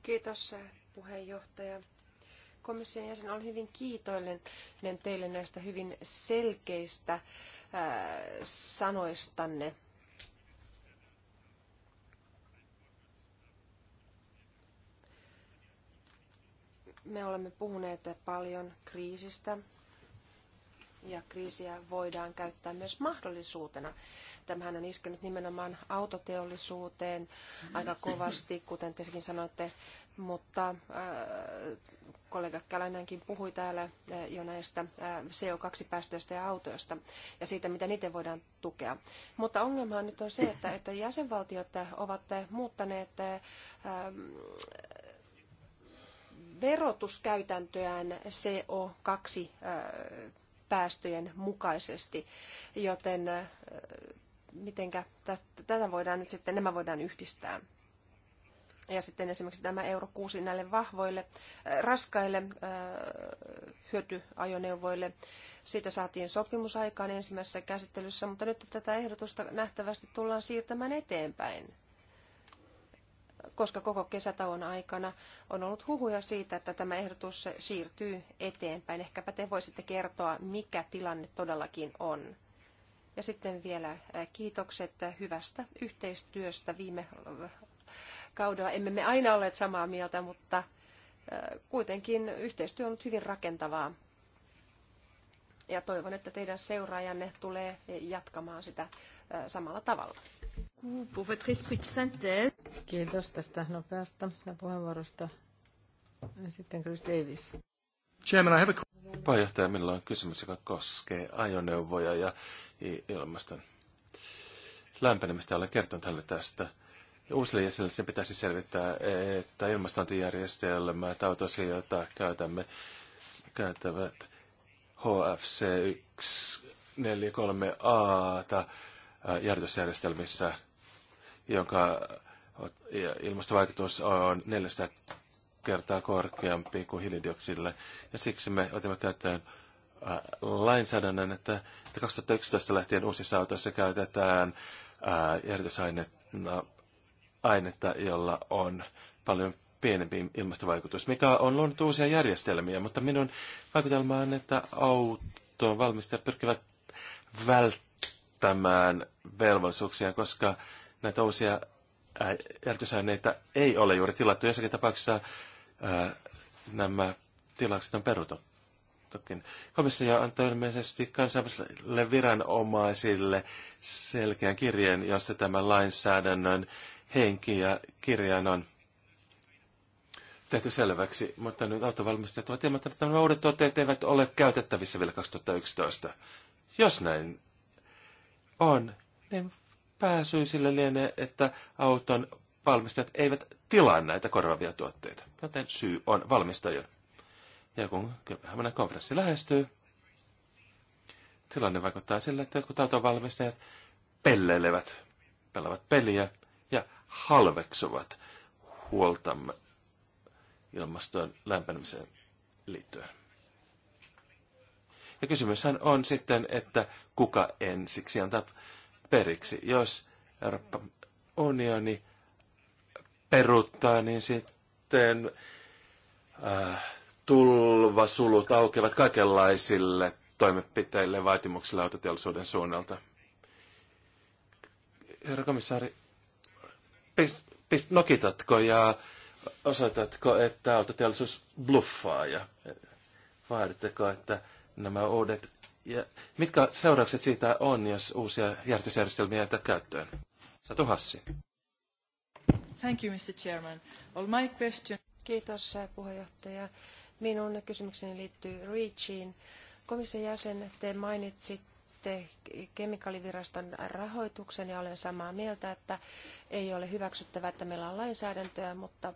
Kiitos puheenjohtaja. Komission jäsen on hyvin kiitollinen teille näistä hyvin selkeistä ää, äh, sanoistanne. Me olemme puhuneet paljon kriisistä, ja kriisiä voidaan käyttää myös mahdollisuutena. Tämähän on iskenyt nimenomaan autoteollisuuteen aika kovasti, kuten tekin sanoitte, mutta äh, kollega Kälänenkin puhui täällä äh, jo näistä äh, CO2-päästöistä ja autoista ja siitä, miten niitä voidaan tukea. Mutta ongelma nyt on se, että, että jäsenvaltiot ovat muuttaneet äh, verotuskäytäntöään CO2 päästöjen mukaisesti, joten mitenkä tätä voidaan nyt sitten, nämä voidaan yhdistää. Ja sitten esimerkiksi tämä euro 6 näille vahvoille, raskaille hyötyajoneuvoille. Siitä saatiin sopimus aikaan ensimmäisessä käsittelyssä, mutta nyt tätä ehdotusta nähtävästi tullaan siirtämään eteenpäin koska koko kesätauon aikana on ollut huhuja siitä, että tämä ehdotus siirtyy eteenpäin. Ehkäpä te voisitte kertoa, mikä tilanne todellakin on. Ja sitten vielä äh, kiitokset hyvästä yhteistyöstä viime äh, kaudella. Emme me aina olleet samaa mieltä, mutta äh, kuitenkin yhteistyö on ollut hyvin rakentavaa. Ja toivon, että teidän seuraajanne tulee jatkamaan sitä samalla tavalla beaucoup pour votre esprit de synthèse. Kiitos tästä nopeasta puheenvuorosta. Ja sitten Chris Davis. Chairman, I have a... Pääjohtaja, minulla on kysymys, joka koskee ajoneuvoja ja ilmaston lämpenemistä. Olen kertonut hänelle tästä. uusille jäsenille sen pitäisi selvittää, että ilmastointijärjestelmä ilmastointijärjestelmät, autosi, joita käytämme, käyttävät HFC 143A järjestelmissä jonka ilmastovaikutus on 400 kertaa korkeampi kuin hiilidioksidille. Ja siksi me otimme käyttöön äh, lainsäädännön, että, 2011 lähtien uusissa autoissa käytetään äh, järjestysainetta, jolla on paljon pienempi ilmastovaikutus, mikä on luonut uusia järjestelmiä, mutta minun vaikutelma on, että auton valmistajat pyrkivät välttämään velvollisuuksia, koska näitä uusia järjestysaineita ei ole juuri tilattu. Jossakin tapauksessa ää, nämä tilaukset on peruttu. Komissio antoi ilmeisesti kansainvälisille viranomaisille selkeän kirjeen, jossa tämä lainsäädännön henki ja kirjan on tehty selväksi, mutta nyt autovalmistajat ovat ilmoittaneet, että nämä uudet tuotteet eivät ole käytettävissä vielä 2011. Jos näin on, niin pääsyy sillä lienee, että auton valmistajat eivät tilaa näitä korvaavia tuotteita, joten syy on valmistaja. Ja kun Kööpenhaminan konferenssi lähestyy, tilanne vaikuttaa sillä, että jotkut valmistajat pellelevät, pelaavat peliä ja halveksuvat huoltamme ilmaston lämpenemiseen liittyen. Ja kysymyshän on sitten, että kuka ensiksi antaa periksi. Jos Euroopan unioni peruttaa niin sitten äh, tulvasulut aukevat kaikenlaisille toimenpiteille vaatimuksille autoteollisuuden suunnalta. Herra komissaari, pist, pist, nokitatko ja osoitatko, että autoteollisuus bluffaa ja vaaditteko, että nämä uudet ja mitkä seuraukset siitä on, jos uusia järjestelmiä jätetään käyttöön? Satu Hassi. Thank you, Mr. Chairman. All my question... Kiitos, äh, puheenjohtaja. Minun kysymykseni liittyy REACHiin. Komission jäsen, te mainitsitte kemikaaliviraston rahoituksen ja olen samaa mieltä, että ei ole hyväksyttävää, että meillä on lainsäädäntöä, mutta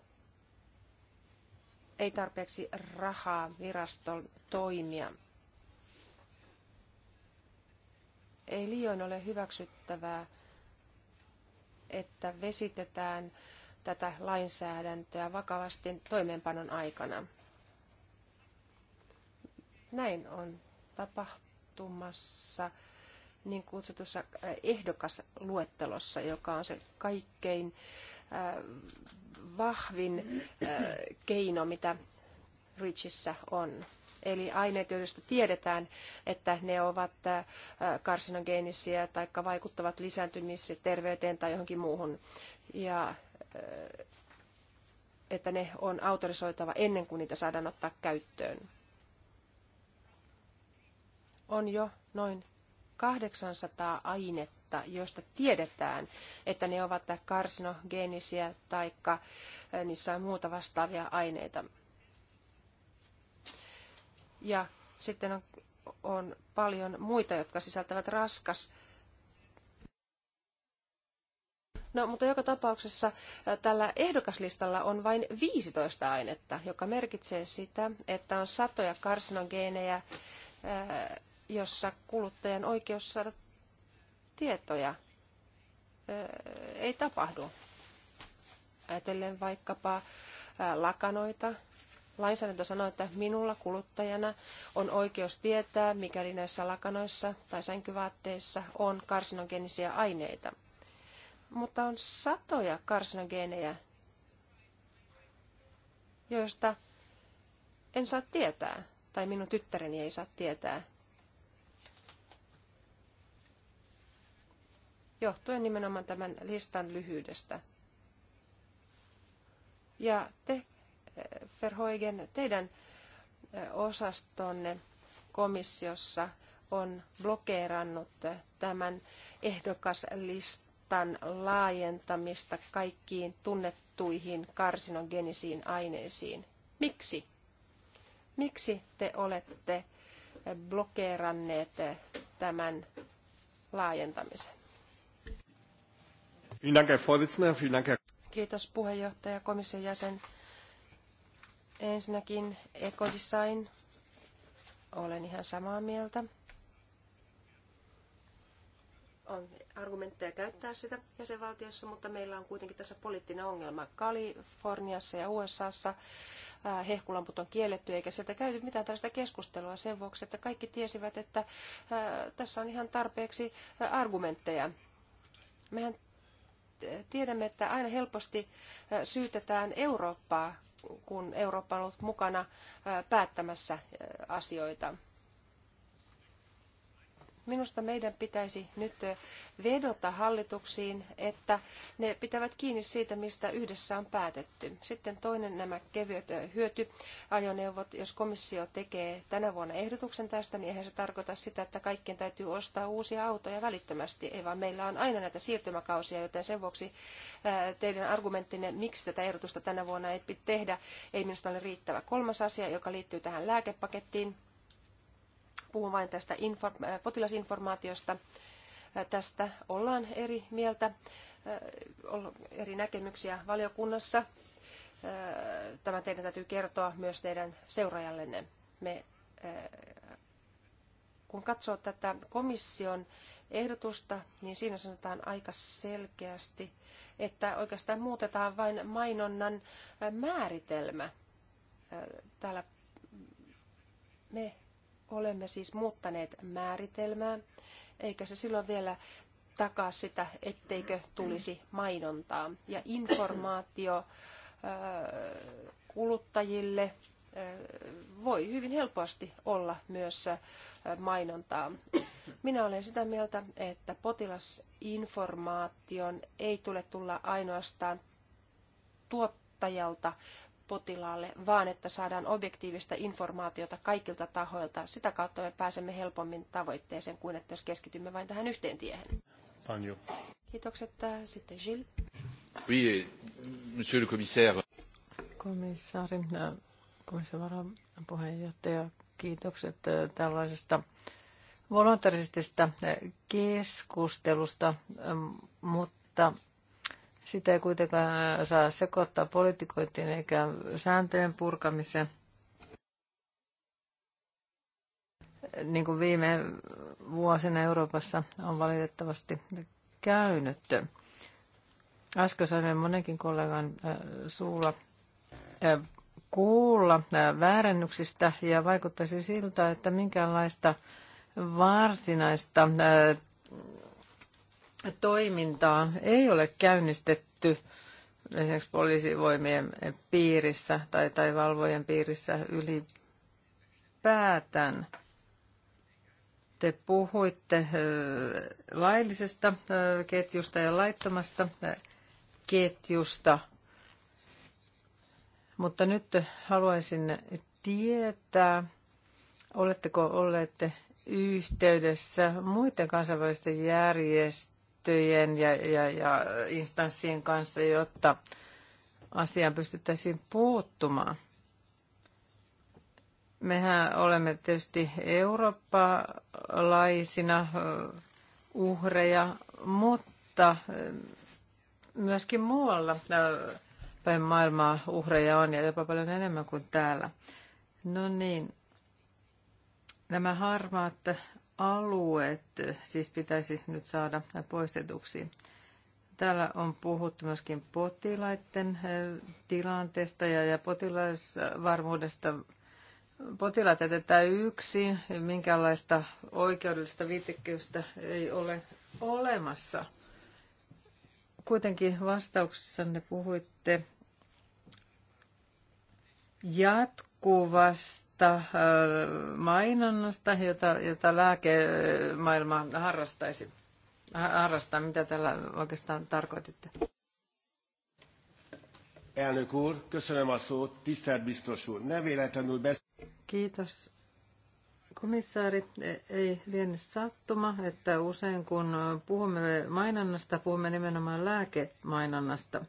ei tarpeeksi rahaa viraston toimia. Ei liioin ole hyväksyttävää, että vesitetään tätä lainsäädäntöä vakavasti toimeenpanon aikana. Näin on tapahtumassa niin kutsutussa äh, ehdokasluettelossa, joka on se kaikkein äh, vahvin äh, keino, mitä Richissä on eli aineet, joista tiedetään, että ne ovat äh, karsinogeenisiä tai vaikuttavat lisääntymisterveyteen tai johonkin muuhun. Ja äh, että ne on autorisoitava ennen kuin niitä saadaan ottaa käyttöön. On jo noin 800 ainetta, joista tiedetään, että ne ovat karsinogeenisiä tai äh, niissä on muuta vastaavia aineita. Ja sitten on, on paljon muita, jotka sisältävät raskas. No, mutta joka tapauksessa tällä ehdokaslistalla on vain 15 ainetta, joka merkitsee sitä, että on satoja karsinogeenejä, jossa kuluttajan oikeus saada tietoja ei tapahdu. Ajatellen vaikkapa lakanoita lainsäädäntö sanoo, että minulla kuluttajana on oikeus tietää, mikäli näissä lakanoissa tai sänkyvaatteissa on karsinogenisia aineita. Mutta on satoja karsinogeenejä, joista en saa tietää, tai minun tyttäreni ei saa tietää, johtuen nimenomaan tämän listan lyhyydestä. Ja te Verhoigen, teidän osastonne komissiossa on blokeerannut tämän ehdokaslistan laajentamista kaikkiin tunnettuihin karsinogenisiin aineisiin. Miksi? Miksi te olette blokeeranneet tämän laajentamisen? Kiitos puheenjohtaja, komission jäsen. Ensinnäkin ekodesign. Olen ihan samaa mieltä. On argumentteja käyttää sitä jäsenvaltiossa, mutta meillä on kuitenkin tässä poliittinen ongelma. Kaliforniassa ja USAssa äh, hehkulamput on kielletty, eikä sieltä käyty mitään tällaista keskustelua sen vuoksi, että kaikki tiesivät, että äh, tässä on ihan tarpeeksi äh, argumentteja. Mehän tiedämme, että aina helposti syytetään Eurooppaa, kun Eurooppa on ollut mukana päättämässä asioita. Minusta meidän pitäisi nyt vedota hallituksiin, että ne pitävät kiinni siitä, mistä yhdessä on päätetty. Sitten toinen nämä kevyet hyötyajoneuvot. Jos komissio tekee tänä vuonna ehdotuksen tästä, niin eihän se tarkoita sitä, että kaikkien täytyy ostaa uusia autoja välittömästi. Ei vaan meillä on aina näitä siirtymäkausia, joten sen vuoksi teidän argumenttinne, miksi tätä ehdotusta tänä vuonna ei tehdä, ei minusta ole riittävä. Kolmas asia, joka liittyy tähän lääkepakettiin puhun vain tästä äh, potilasinformaatiosta. Äh, tästä ollaan eri mieltä, äh, eri näkemyksiä valiokunnassa. Tämä teidän täytyy kertoa myös teidän seuraajallenne. Me, kun katsoo tätä komission ehdotusta, niin siinä sanotaan aika selkeästi, että oikeastaan muutetaan vain mainonnan määritelmä. Täällä me olemme siis muuttaneet määritelmää, eikä se silloin vielä takaa sitä, etteikö tulisi mainontaa. Ja informaatio äh, kuluttajille äh, voi hyvin helposti olla myös äh, mainontaa. Minä olen sitä mieltä, että potilasinformaation ei tule tulla ainoastaan tuottajalta, potilaalle, vaan että saadaan objektiivista informaatiota kaikilta tahoilta. Sitä kautta me pääsemme helpommin tavoitteeseen kuin että jos keskitymme vain tähän yhteen tiehen. Panjo. Kiitokset. Äh, sitten Gilles. Oui, euh, monsieur le commissaire. Komissaari, äh, komissaari puheenjohtaja, kiitokset äh, tällaisesta voluntaristisesta keskustelusta, ähm, mutta sitä ei kuitenkaan saa sekoittaa politikointiin eikä sääntöjen purkamiseen. Niin kuin viime vuosina Euroopassa on valitettavasti käynyt. Äsken saimme monenkin kollegan äh, suulla äh, kuulla äh, väärennyksistä ja vaikuttaisi siltä, että minkäänlaista varsinaista toimintaa ei ole käynnistetty esimerkiksi poliisivoimien piirissä tai, tai valvojen piirissä ylipäätään. Te puhuitte laillisesta ketjusta ja laittomasta ketjusta, mutta nyt haluaisin tietää, oletteko olleet yhteydessä muiden kansainvälisten järjestöjen, järjestöjen ja, ja, ja instanssien kanssa, jotta asiaan pystyttäisiin puuttumaan. Mehän olemme tietysti eurooppalaisina uhreja, mutta myöskin muualla päin maailmaa uhreja on ja jopa paljon enemmän kuin täällä. No niin, nämä harmaat alueet siis pitäisi nyt saada poistetuksi. Täällä on puhuttu myöskin potilaiden eh, tilanteesta ja potilasvarmuudesta. Potilaat jätetään yksi, minkälaista oikeudellista viitekehystä ei ole olemassa. Kuitenkin vastauksessanne puhuitte jatkuvasti huolimatta äh, mainonnasta, jota, jota lääkemaailma harrastaisi. Harrastaa, mitä tällä oikeastaan tarkoititte? Elnök úr, köszönöm a szót, tisztelt biztos úr. Nem véletlenül besz... Kiitos. Komissaari, e, ei liene sattuma, että usein kun puhumme mainonnasta, puhumme nimenomaan lääkemainonnasta.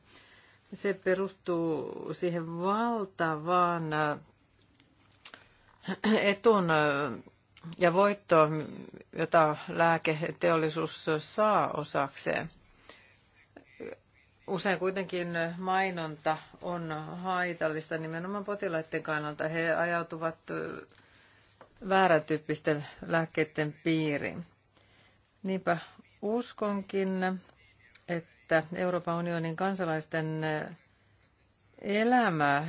Se perustuu siihen valtavaan etun ja voitto, jota lääketeollisuus saa osakseen. Usein kuitenkin mainonta on haitallista nimenomaan potilaiden kannalta. He ajautuvat väärätyyppisten lääkkeiden piiriin. Niinpä uskonkin, että Euroopan unionin kansalaisten elämä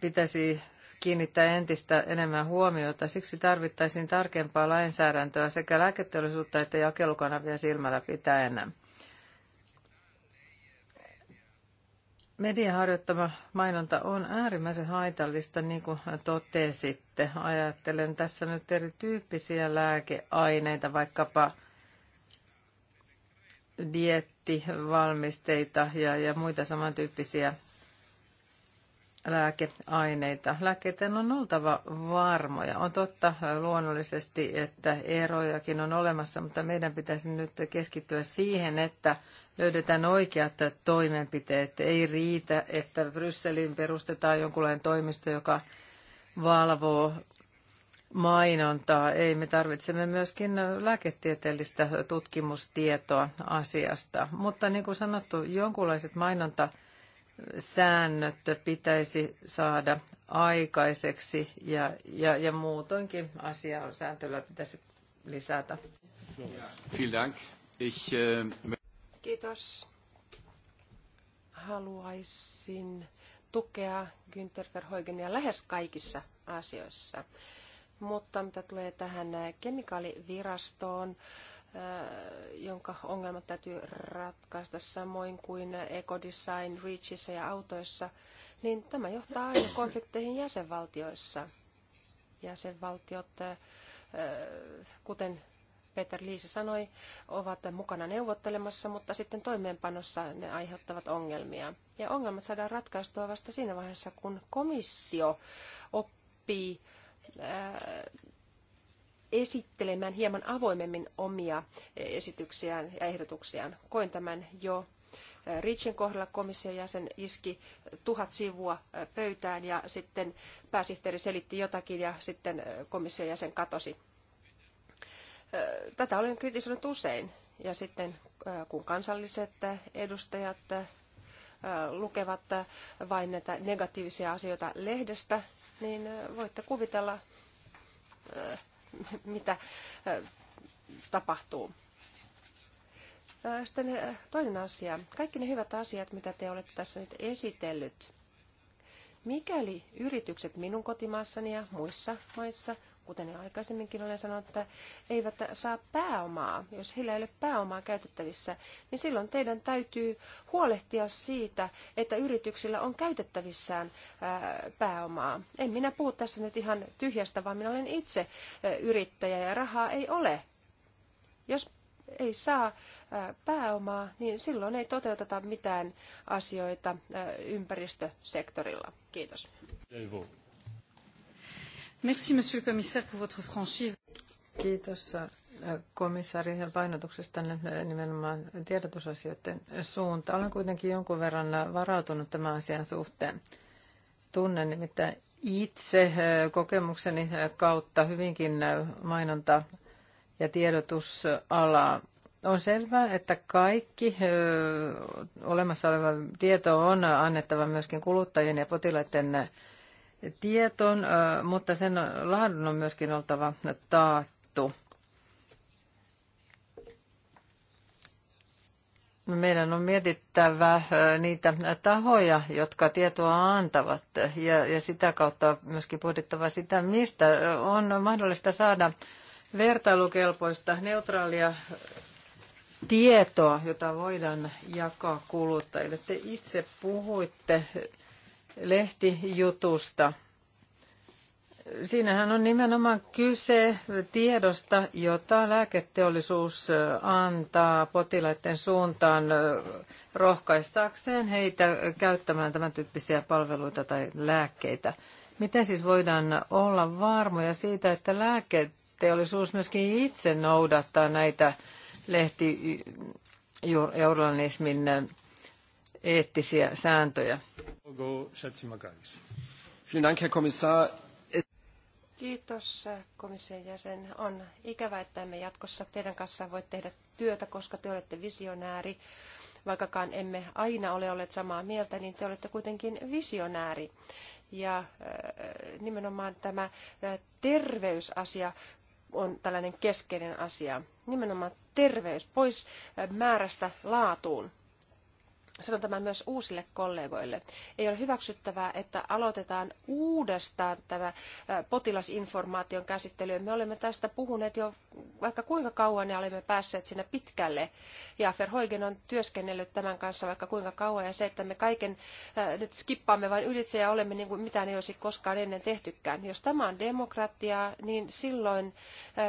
pitäisi kiinnittää entistä enemmän huomiota. Siksi tarvittaisiin tarkempaa lainsäädäntöä sekä lääketeollisuutta että jakelukanavia silmällä pitäen. Median harjoittama mainonta on äärimmäisen haitallista, niin kuin totesitte. Ajattelen tässä nyt erityyppisiä lääkeaineita, vaikkapa diettivalmisteita ja, ja muita samantyyppisiä lääkeaineita. Lääkkeiden on oltava varmoja. On totta luonnollisesti, että erojakin on olemassa, mutta meidän pitäisi nyt keskittyä siihen, että löydetään oikeat toimenpiteet. Ei riitä, että Brysseliin perustetaan jonkunlainen toimisto, joka valvoo mainontaa. Ei, me tarvitsemme myöskin lääketieteellistä tutkimustietoa asiasta. Mutta niin kuin sanottu, jonkunlaiset mainonta säännöt pitäisi saada aikaiseksi ja, ja, ja muutoinkin on sääntelyä pitäisi lisätä. Äh, Kiitos. Haluaisin tukea Günther Verhoegenia lähes kaikissa asioissa. Mutta mitä tulee tähän kemikaalivirastoon, jonka ongelmat täytyy ratkaista samoin kuin ekodesign reachissa ja autoissa, niin tämä johtaa aina konflikteihin jäsenvaltioissa. Jäsenvaltiot, kuten Peter Liisi sanoi, ovat mukana neuvottelemassa, mutta sitten toimeenpanossa ne aiheuttavat ongelmia. Ja ongelmat saadaan ratkaistua vasta siinä vaiheessa, kun komissio oppii esittelemään hieman avoimemmin omia esityksiään ja ehdotuksiaan. Koin tämän jo Richin kohdalla komission jäsen iski tuhat sivua pöytään ja sitten pääsihteeri selitti jotakin ja sitten komission jäsen katosi. Tätä olen kritisoinut usein ja sitten kun kansalliset edustajat lukevat vain näitä negatiivisia asioita lehdestä, niin voitte kuvitella, mitä tapahtuu. Sitten toinen asia. Kaikki ne hyvät asiat, mitä te olette tässä nyt esitellyt. Mikäli yritykset minun kotimaassani ja muissa maissa – kuten jo aikaisemminkin olen sanonut, että eivät saa pääomaa. Jos heillä ei ole pääomaa käytettävissä, niin silloin teidän täytyy huolehtia siitä, että yrityksillä on käytettävissään pääomaa. En minä puhu tässä nyt ihan tyhjästä, vaan minä olen itse yrittäjä ja rahaa ei ole. Jos ei saa pääomaa, niin silloin ei toteuteta mitään asioita ympäristösektorilla. Kiitos. Ei voi. Merci, monsieur le commissaire, pour votre franchise. Kiitos äh, komissaari painotuksesta äh, nimenomaan tiedotusasioiden suuntaan. Olen kuitenkin jonkun verran äh, varautunut tämän asian suhteen. Tunnen nimittäin itse kokemukseni kautta hyvinkin mainonta- ja tiedotusalaa. On selvää, että kaikki olemassa oleva tieto on annettava myöskin kuluttajien ja potilaiden tietoon, mutta sen laadun on myöskin oltava taattu. No, meidän on mietittävä niitä tahoja, jotka tietoa antavat ja, ja sitä kautta myöskin pohdittava sitä, mistä on mahdollista saada vertailukelpoista neutraalia tietoa, jota voidaan jakaa kuluttajille. Te itse puhuitte lehtijutusta. Siinähän on nimenomaan kyse tiedosta, jota lääketeollisuus antaa potilaiden suuntaan rohkaistaakseen heitä käyttämään tämän tyyppisiä palveluita tai lääkkeitä. Miten siis voidaan olla varmoja siitä, että lääketeollisuus myöskin itse noudattaa näitä lehtijournalismin eettisiä sääntöjä? Kiitos komission jäsen. On ikävä, että emme jatkossa teidän kanssa voi tehdä työtä, koska te olette visionääri. Vaikkakaan emme aina ole olleet samaa mieltä, niin te olette kuitenkin visionääri. Ja äh, nimenomaan tämä äh, terveysasia on tällainen keskeinen asia. Nimenomaan terveys pois äh, määrästä laatuun sanon tämän myös uusille kollegoille. Ei ole hyväksyttävää, että aloitetaan uudestaan tämä potilasinformaation käsittely. Me olemme tästä puhuneet jo vaikka kuinka kauan ja olemme päässeet sinne pitkälle. Ja Verhoigen on työskennellyt tämän kanssa vaikka kuinka kauan ja se, että me kaiken nyt skippaamme vain ylitse ja olemme niin kuin mitään ei olisi koskaan ennen tehtykään. Jos tämä on demokratiaa, niin silloin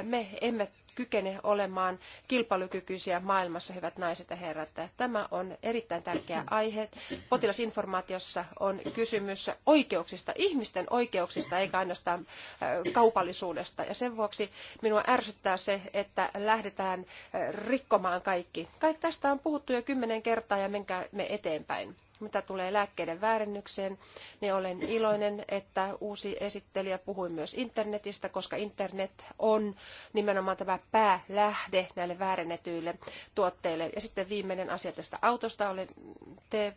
me emme kykene olemaan kilpailukykyisiä maailmassa, hyvät naiset ja herrat. Tämä on erittäin tärkeä aihe. Potilasinformaatiossa on kysymys oikeuksista, ihmisten oikeuksista, eikä ainoastaan äh, kaupallisuudesta. Ja sen vuoksi minua ärsyttää se, että lähdetään äh, rikkomaan kaikki. Kaikki tästä on puhuttu jo kymmenen kertaa ja menkää me eteenpäin. Mitä tulee lääkkeiden väärennykseen, niin olen iloinen, että uusi esittelijä puhui myös internetistä, koska internet on nimenomaan tämä päälähde näille väärennetyille tuotteille. Ja sitten viimeinen asia tästä autosta. Olen, te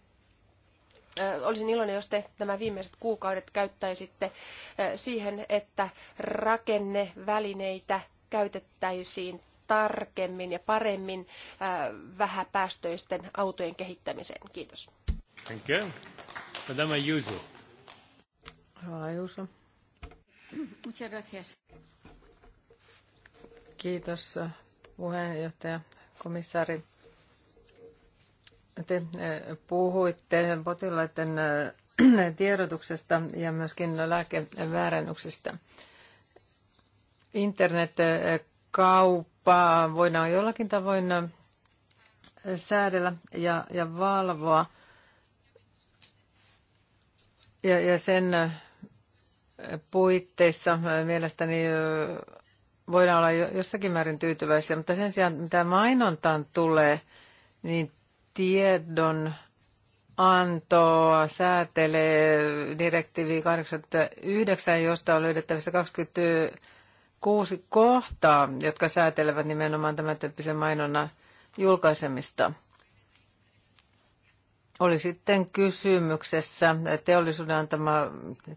äh, olisin iloinen, jos te nämä viimeiset kuukaudet käyttäisitte äh, siihen, että rakennevälineitä käytettäisiin tarkemmin ja paremmin äh, vähäpäästöisten autojen kehittämiseen. Kiitos. Thank you. Madame Ayuso. Ayuso. Muchas gracias. Kiitos eh, puheenjohtaja, komissaari. Te eh, puhuitte potilaiden eh, tiedotuksesta ja myöskin lääkeväärännyksistä. Internetkauppaa voidaan jollakin tavoin säädellä ja, ja valvoa – ja, ja sen äh, puitteissa äh, mielestäni äh, voidaan olla jossakin määrin tyytyväisiä, mutta sen sijaan mitä mainontaan tulee, niin tiedon antoa säätelee direktiivi 89, josta on löydettävissä 26 kohtaa, jotka säätelevät nimenomaan tämän tyyppisen mainonnan julkaisemista. Oli sitten kysymyksessä teollisuuden antama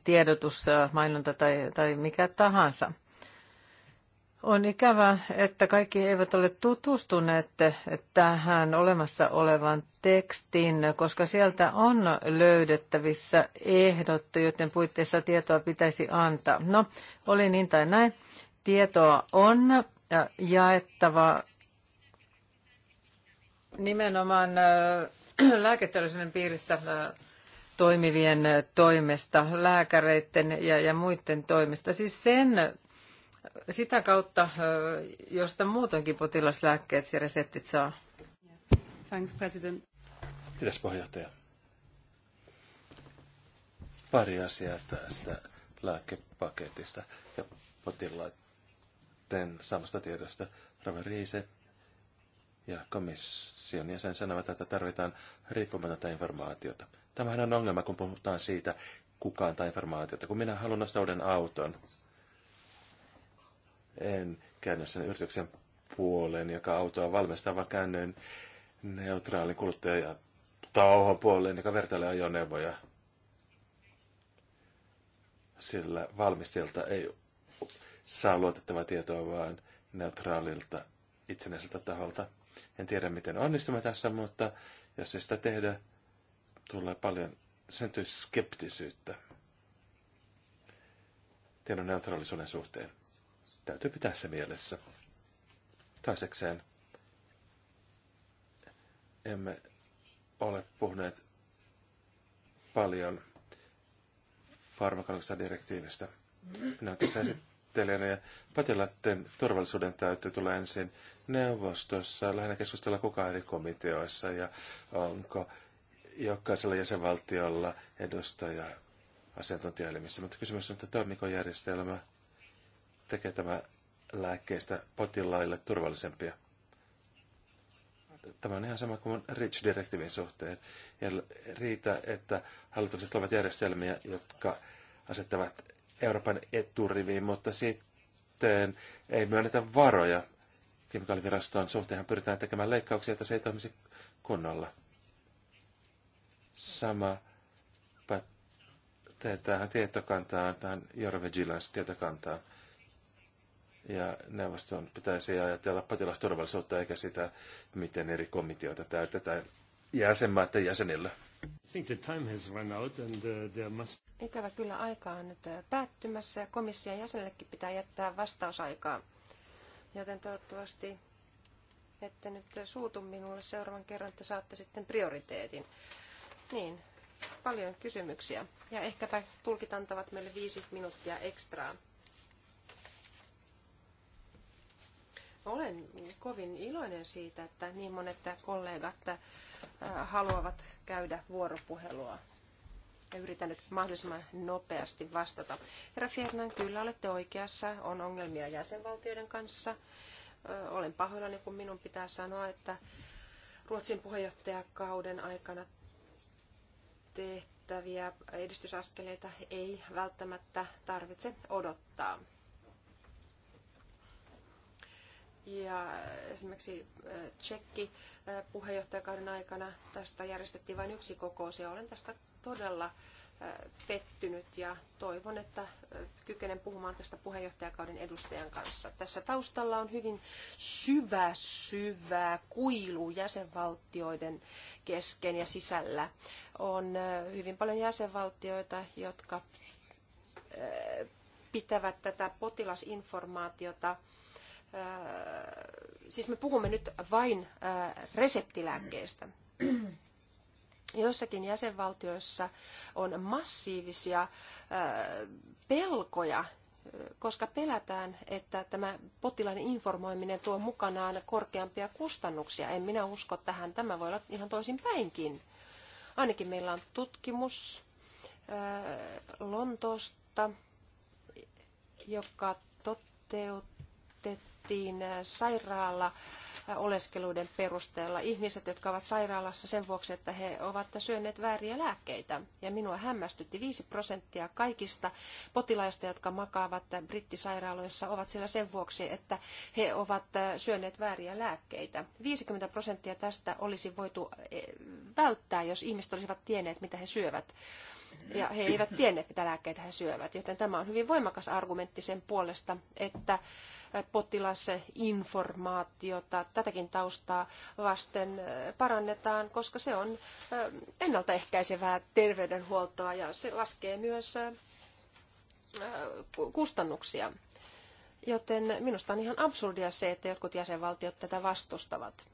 tiedotus, mainonta tai, tai mikä tahansa. On ikävä, että kaikki eivät ole tutustuneet tähän olemassa olevan tekstiin, koska sieltä on löydettävissä ehdot, joten puitteissa tietoa pitäisi antaa. No, oli niin tai näin. Tietoa on äh, jaettava nimenomaan äh, lääketeollisuuden piirissä äh, toimivien äh, toimesta, lääkäreiden ja, ja muiden toimesta. Siis sen, äh, sitä kautta, josta muutenkin potilaslääkkeet ja reseptit saa. Thanks, President. Kiitos, puheenjohtaja. Pari asiaa tästä lääkepaketista ja potilaiden samasta tiedosta. Rava Riise ja komission jäsen sanovat, että tarvitaan riippumatonta informaatiota. Tämähän on ongelma, kun puhutaan siitä, kukaan tai informaatiota. Kun minä haluan ostaa uuden auton, en käänny sen yrityksen puoleen, joka autoa valmistaa, vaan käännyin neutraalin ja tauhon puoleen, joka vertailee ajoneuvoja. Sillä valmistajalta ei saa luotettavaa tietoa, vaan neutraalilta itsenäiseltä taholta. En tiedä, miten onnistumme tässä, mutta jos ei sitä tehdä, tulee paljon syntyy skeptisyyttä tiedon neutraalisuuden suhteen. Täytyy pitää se mielessä. Toisekseen, emme ole puhuneet paljon farmakologisesta direktiivistä. Minä olen tässä käsittelijänä ja potilaiden turvallisuuden täytyy tulla ensin neuvostossa, lähinnä keskustella kuka eri komiteoissa ja onko jokaisella jäsenvaltiolla edustaja asiantuntijaelimissä. Mutta kysymys on, että toimiko järjestelmä, tekee tämä lääkkeistä potilaille turvallisempia. Tämä on ihan sama kuin REACH-direktiivin suhteen. Ja riitä, että hallitukset luovat järjestelmiä, jotka asettavat Euroopan eturiviin, mutta sitten ei myönnetä varoja kemikaalivirastoon. suhteenhan pyritään tekemään leikkauksia, että se ei toimisi kunnolla. Sama pätee tähän tietokantaan, tähän Eurovigilance-tietokantaan. Ja neuvoston pitäisi ajatella potilasturvallisuutta eikä sitä, miten eri komiteoita täytetään jäsenmaiden jäsenillä. I think the time has run out and uh, there must... Ikävä kyllä aika on nyt päättymässä ja komission jäsenellekin pitää jättää vastausaikaa. Joten toivottavasti ette nyt suutu minulle seuraavan kerran, että saatte sitten prioriteetin. Niin, paljon kysymyksiä. Ja ehkäpä tulkit antavat meille viisi minuuttia ekstraa. Olen kovin iloinen siitä, että niin monet kollegat äh, haluavat käydä vuoropuhelua ja yritän nyt mahdollisimman nopeasti vastata. Herra Fiernan, kyllä olette oikeassa. On ongelmia jäsenvaltioiden kanssa. Olen pahoillani, kun minun pitää sanoa, että Ruotsin puheenjohtajakauden aikana tehtäviä edistysaskeleita ei välttämättä tarvitse odottaa. Ja esimerkiksi Tsekki puheenjohtajakauden aikana tästä järjestettiin vain yksi kokous ja olen tästä todella äh, pettynyt ja toivon, että äh, kykenen puhumaan tästä puheenjohtajakauden edustajan kanssa. Tässä taustalla on hyvin syvä, syvä kuilu jäsenvaltioiden kesken ja sisällä. On äh, hyvin paljon jäsenvaltioita, jotka pitävät tätä potilasinformaatiota siis me puhumme nyt vain reseptilääkkeistä. Joissakin jäsenvaltioissa on massiivisia pelkoja, koska pelätään, että tämä potilaan informoiminen tuo mukanaan korkeampia kustannuksia. En minä usko tähän. Tämä voi olla ihan toisin päinkin. Ainakin meillä on tutkimus Lontoosta, joka toteutettiin sairaala oleskeluiden perusteella. Ihmiset, jotka ovat sairaalassa sen vuoksi, että he ovat syöneet vääriä lääkkeitä. Ja minua hämmästytti 5 prosenttia kaikista potilaista, jotka makaavat brittisairaaloissa, ovat siellä sen vuoksi, että he ovat syöneet vääriä lääkkeitä. 50 prosenttia tästä olisi voitu eh, välttää, jos ihmiset olisivat tienneet, mitä he syövät ja he eivät tienneet, mitä lääkkeitä he syövät. Joten tämä on hyvin voimakas argumentti sen puolesta, että potilasinformaatiota tätäkin taustaa vasten parannetaan, koska se on ennaltaehkäisevää terveydenhuoltoa ja se laskee myös kustannuksia. Joten minusta on ihan absurdia se, että jotkut jäsenvaltiot tätä vastustavat.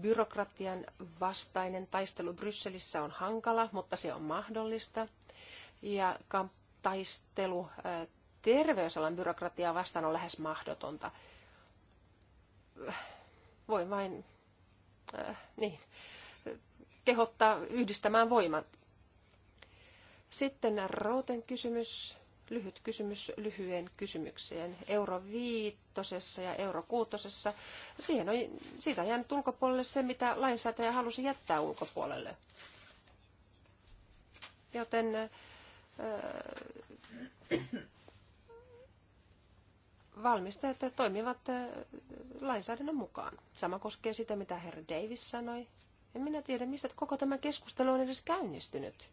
Byrokratian vastainen taistelu Brysselissä on hankala, mutta se on mahdollista. Ja taistelu terveysalan byrokratiaa vastaan on lähes mahdotonta. Voin vain äh, niin, kehottaa yhdistämään voimat. Sitten Routen kysymys lyhyt kysymys lyhyen kysymykseen. Euro viitosessa ja euro kuutosessa, siihen on, siitä on jäänyt ulkopuolelle se, mitä lainsäätäjä halusi jättää ulkopuolelle. Joten äh, valmistajat toimivat lainsäädännön mukaan. Sama koskee sitä, mitä herra Davis sanoi. En minä tiedä, mistä koko tämä keskustelu on edes käynnistynyt.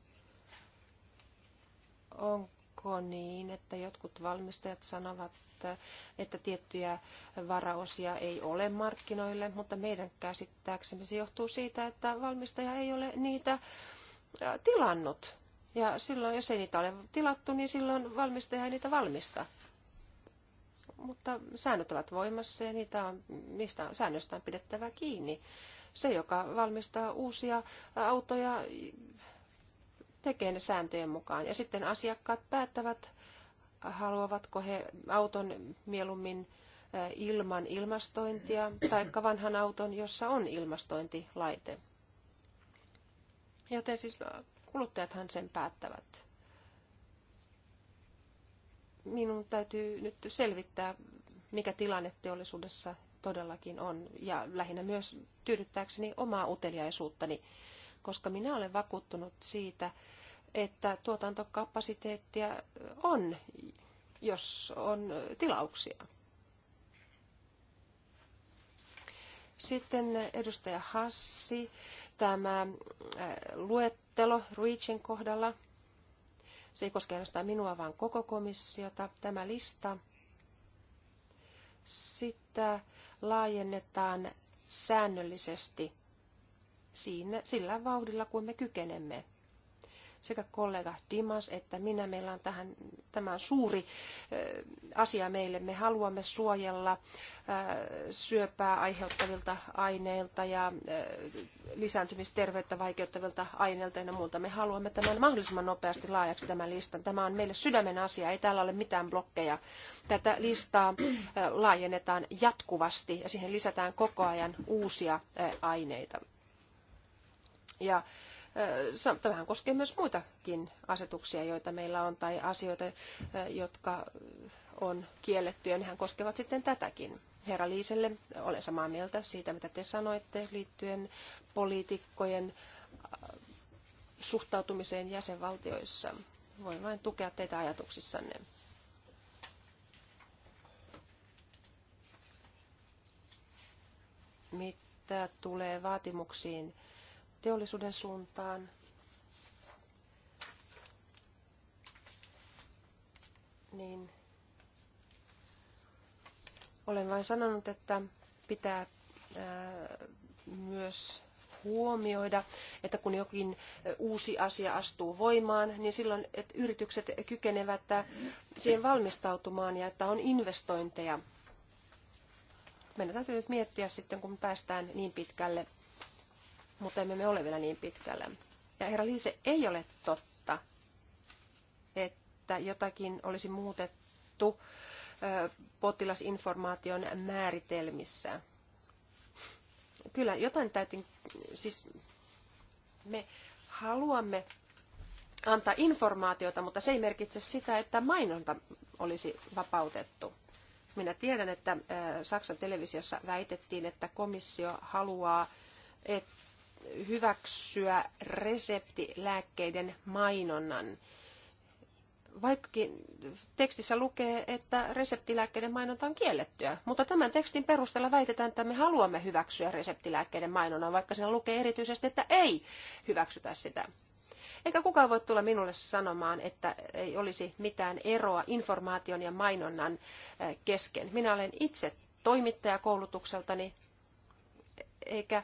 On Onko niin, että jotkut valmistajat sanovat, että tiettyjä varaosia ei ole markkinoille, mutta meidän käsittääksemme se johtuu siitä, että valmistaja ei ole niitä tilannut. Ja silloin, jos ei niitä ole tilattu, niin silloin valmistaja ei niitä valmista. Mutta säännöt ovat voimassa ja niitä on, niistä säännöistä on pidettävä kiinni. Se, joka valmistaa uusia autoja, tekee ne sääntöjen mukaan. Ja sitten asiakkaat päättävät, haluavatko he auton mieluummin ilman ilmastointia tai vanhan auton, jossa on ilmastointilaite. Joten siis kuluttajathan sen päättävät. Minun täytyy nyt selvittää, mikä tilanne teollisuudessa todellakin on ja lähinnä myös tyydyttääkseni omaa uteliaisuuttani, koska minä olen vakuuttunut siitä, että tuotantokapasiteettia on, jos on tilauksia. Sitten edustaja Hassi, tämä äh, luettelo Reachin kohdalla. Se ei koske ainoastaan minua, vaan koko komissiota. Tämä lista, sitä laajennetaan säännöllisesti siinä, sillä vauhdilla, kuin me kykenemme sekä kollega Dimas että minä, meillä on tähän, tämä on suuri asia meille. Me haluamme suojella syöpää aiheuttavilta aineilta ja lisääntymisterveyttä vaikeuttavilta aineilta ja niin muuta. Me haluamme tämän mahdollisimman nopeasti laajaksi tämän listan. Tämä on meille sydämen asia, ei täällä ole mitään blokkeja. Tätä listaa laajennetaan jatkuvasti ja siihen lisätään koko ajan uusia aineita. Ja Tämähän koskee myös muitakin asetuksia, joita meillä on, tai asioita, jotka on kielletty, ja nehän koskevat sitten tätäkin. Herra Liiselle, olen samaa mieltä siitä, mitä te sanoitte liittyen poliitikkojen suhtautumiseen jäsenvaltioissa. Voin vain tukea teitä ajatuksissanne. Mitä tulee vaatimuksiin teollisuuden suuntaan. Niin olen vain sanonut, että pitää äh, myös huomioida, että kun jokin äh, uusi asia astuu voimaan, niin silloin että yritykset kykenevät äh, siihen valmistautumaan ja että on investointeja. Meidän täytyy nyt miettiä sitten, kun päästään niin pitkälle, mutta emme me ole vielä niin pitkällä. Ja herra Liise, ei ole totta, että jotakin olisi muutettu potilasinformaation määritelmissä. Kyllä, jotain täytin, siis me haluamme antaa informaatiota, mutta se ei merkitse sitä, että mainonta olisi vapautettu. Minä tiedän, että Saksan televisiossa väitettiin, että komissio haluaa, että hyväksyä reseptilääkkeiden mainonnan. Vaikkakin tekstissä lukee, että reseptilääkkeiden mainonta on kiellettyä, mutta tämän tekstin perusteella väitetään, että me haluamme hyväksyä reseptilääkkeiden mainonnan, vaikka siinä lukee erityisesti, että ei hyväksytä sitä. Eikä kukaan voi tulla minulle sanomaan, että ei olisi mitään eroa informaation ja mainonnan eh, kesken. Minä olen itse toimittaja koulutukseltani, eikä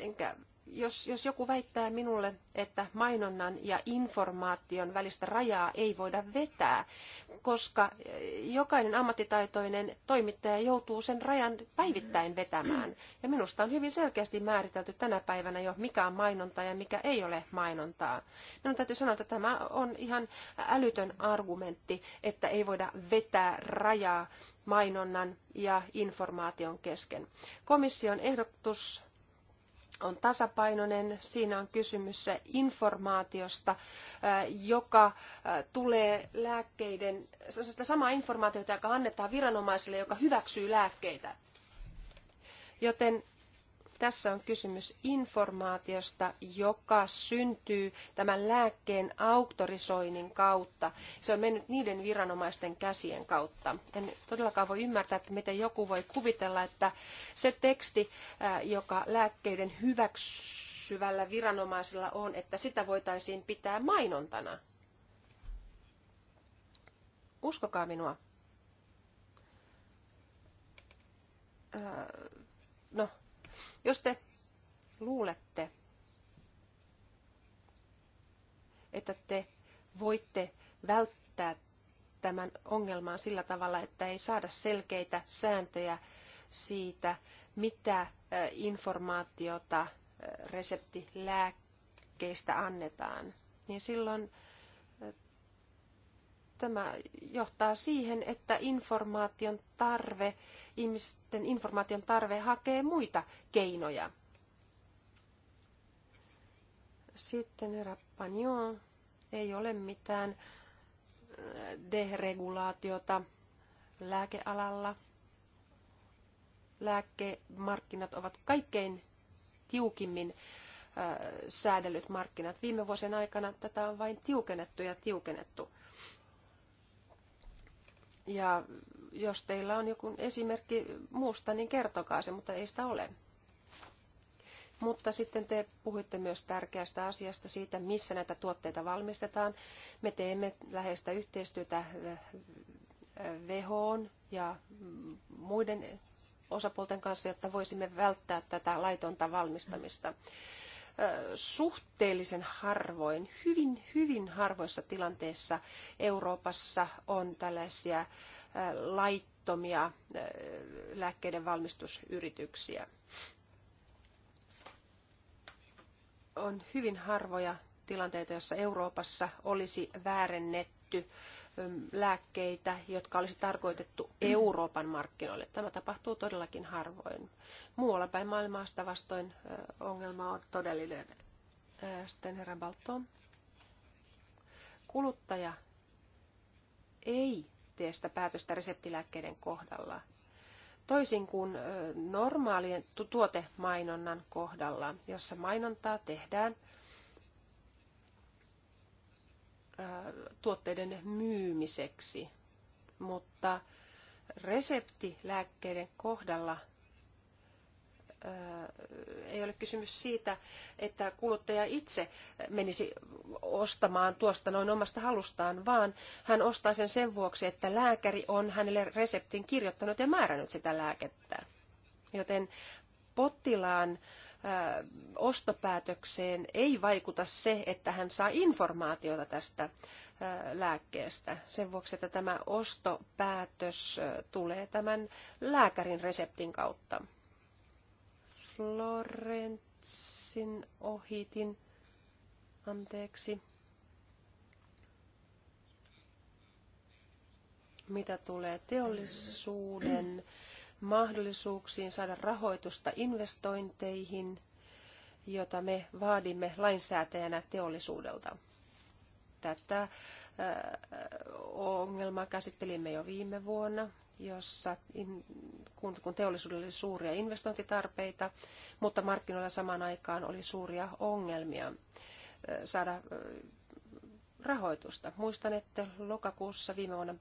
enkä jos, jos joku väittää minulle, että mainonnan ja informaation välistä rajaa ei voida vetää, koska eh, jokainen ammattitaitoinen toimittaja joutuu sen rajan päivittäin vetämään. Ja minusta on hyvin selkeästi määritelty tänä päivänä jo, mikä on mainontaa ja mikä ei ole mainontaa. Minun täytyy sanoa, että tämä on ihan älytön argumentti, että ei voida vetää rajaa mainonnan ja informaation kesken. Komission ehdotus on tasapainoinen. Siinä on kysymys informaatiosta, joka tulee lääkkeiden, sitä samaa informaatiota, joka annetaan viranomaisille, joka hyväksyy lääkkeitä. Joten tässä on kysymys informaatiosta, joka syntyy tämän lääkkeen auktorisoinnin kautta. Se on mennyt niiden viranomaisten käsien kautta. En todellakaan voi ymmärtää, että miten joku voi kuvitella, että se teksti, joka lääkkeiden hyväksyvällä viranomaisella on, että sitä voitaisiin pitää mainontana. Uskokaa minua. Jos te luulette, että te voitte välttää tämän ongelman sillä tavalla, että ei saada selkeitä sääntöjä siitä, mitä informaatiota reseptilääkkeistä annetaan, niin silloin tämä johtaa siihen, että informaation tarve, ihmisten informaation tarve hakee muita keinoja. Sitten rappanio ei ole mitään äh, deregulaatiota lääkealalla. Lääkemarkkinat ovat kaikkein tiukimmin äh, säädellyt markkinat. Viime vuosien aikana tätä on vain tiukennettu ja tiukennettu. Ja jos teillä on joku esimerkki muusta, niin kertokaa se, mutta ei sitä ole. Mutta sitten te puhuitte myös tärkeästä asiasta siitä, missä näitä tuotteita valmistetaan. Me teemme läheistä yhteistyötä eh, eh, WHOn ja muiden osapuolten kanssa, jotta voisimme välttää tätä laitonta valmistamista. Mm suhteellisen harvoin, hyvin, hyvin harvoissa tilanteissa Euroopassa on tällaisia laittomia lääkkeiden valmistusyrityksiä. On hyvin harvoja tilanteita, joissa Euroopassa olisi väärennetty lääkkeitä, jotka olisi tarkoitettu Euroopan markkinoille. Tämä tapahtuu todellakin harvoin. Muualla päin maailmaa sitä vastoin ongelma on todellinen. Sitten herra Balton. Kuluttaja ei tee sitä päätöstä reseptilääkkeiden kohdalla. Toisin kuin normaalien tuotemainonnan kohdalla, jossa mainontaa tehdään – tuotteiden myymiseksi, mutta reseptilääkkeiden kohdalla ei ole kysymys siitä, että kuluttaja itse menisi ostamaan tuosta noin omasta halustaan, vaan hän ostaa sen sen vuoksi, että lääkäri on hänelle reseptin kirjoittanut ja määrännyt sitä lääkettä. Joten potilaan äh, ostopäätökseen ei vaikuta se, että hän saa informaatiota tästä lääkkeestä. Sen vuoksi, että tämä ostopäätös tulee tämän lääkärin reseptin kautta. Florentsin ohitin. Anteeksi. Mitä tulee teollisuuden mahdollisuuksiin saada rahoitusta investointeihin, jota me vaadimme lainsäätäjänä teollisuudelta. Tätä ongelmaa käsittelimme jo viime vuonna, jossa kun teollisuudella oli suuria investointitarpeita, mutta markkinoilla samaan aikaan oli suuria ongelmia saada rahoitusta. Muistan, että lokakuussa viime vuonna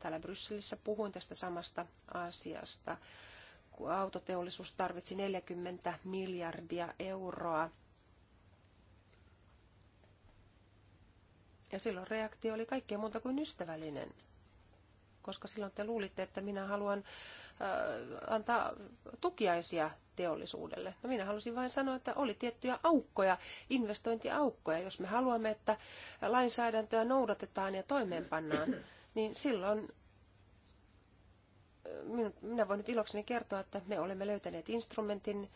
Täällä Brysselissä puhuin tästä samasta asiasta. Kun autoteollisuus tarvitsi 40 miljardia euroa. Ja silloin reaktio oli kaikkea muuta kuin ystävällinen koska silloin te luulitte, että minä haluan äh, antaa tukiaisia teollisuudelle. No minä halusin vain sanoa, että oli tiettyjä aukkoja, investointiaukkoja. Jos me haluamme, että lainsäädäntöä noudatetaan ja toimeenpannaan, niin silloin minä voin nyt ilokseni kertoa, että me olemme löytäneet instrumentin,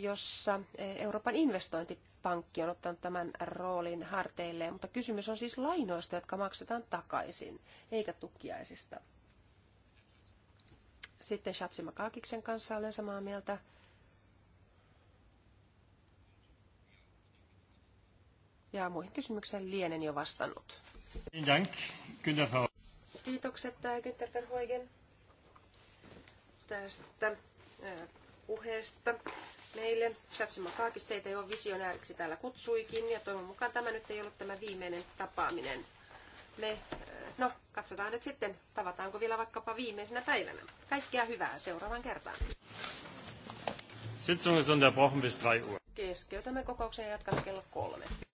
jossa Euroopan investointipankki on ottanut tämän roolin harteilleen, mutta kysymys on siis lainoista, jotka maksetaan takaisin, eikä tukiaisista. Sitten Shatsima Kaakiksen kanssa olen samaa mieltä. Ja muihin kysymykseen lienen jo vastannut. Kiitos. Kiitokset äh, Günther Verhoigen tästä äh, puheesta meille. Shatsima Kaakis teitä jo visionääriksi täällä kutsuikin ja toivon mukaan tämä nyt ei ollut tämä viimeinen tapaaminen. Me, äh, no, katsotaan nyt sitten, tavataanko vielä vaikkapa viimeisenä päivänä. Kaikkea hyvää seuraavan kertaan. Sitzung ist unterbrochen bis 3 Uhr. Keskeytämme kokouksen ja jatkamme kello kolme.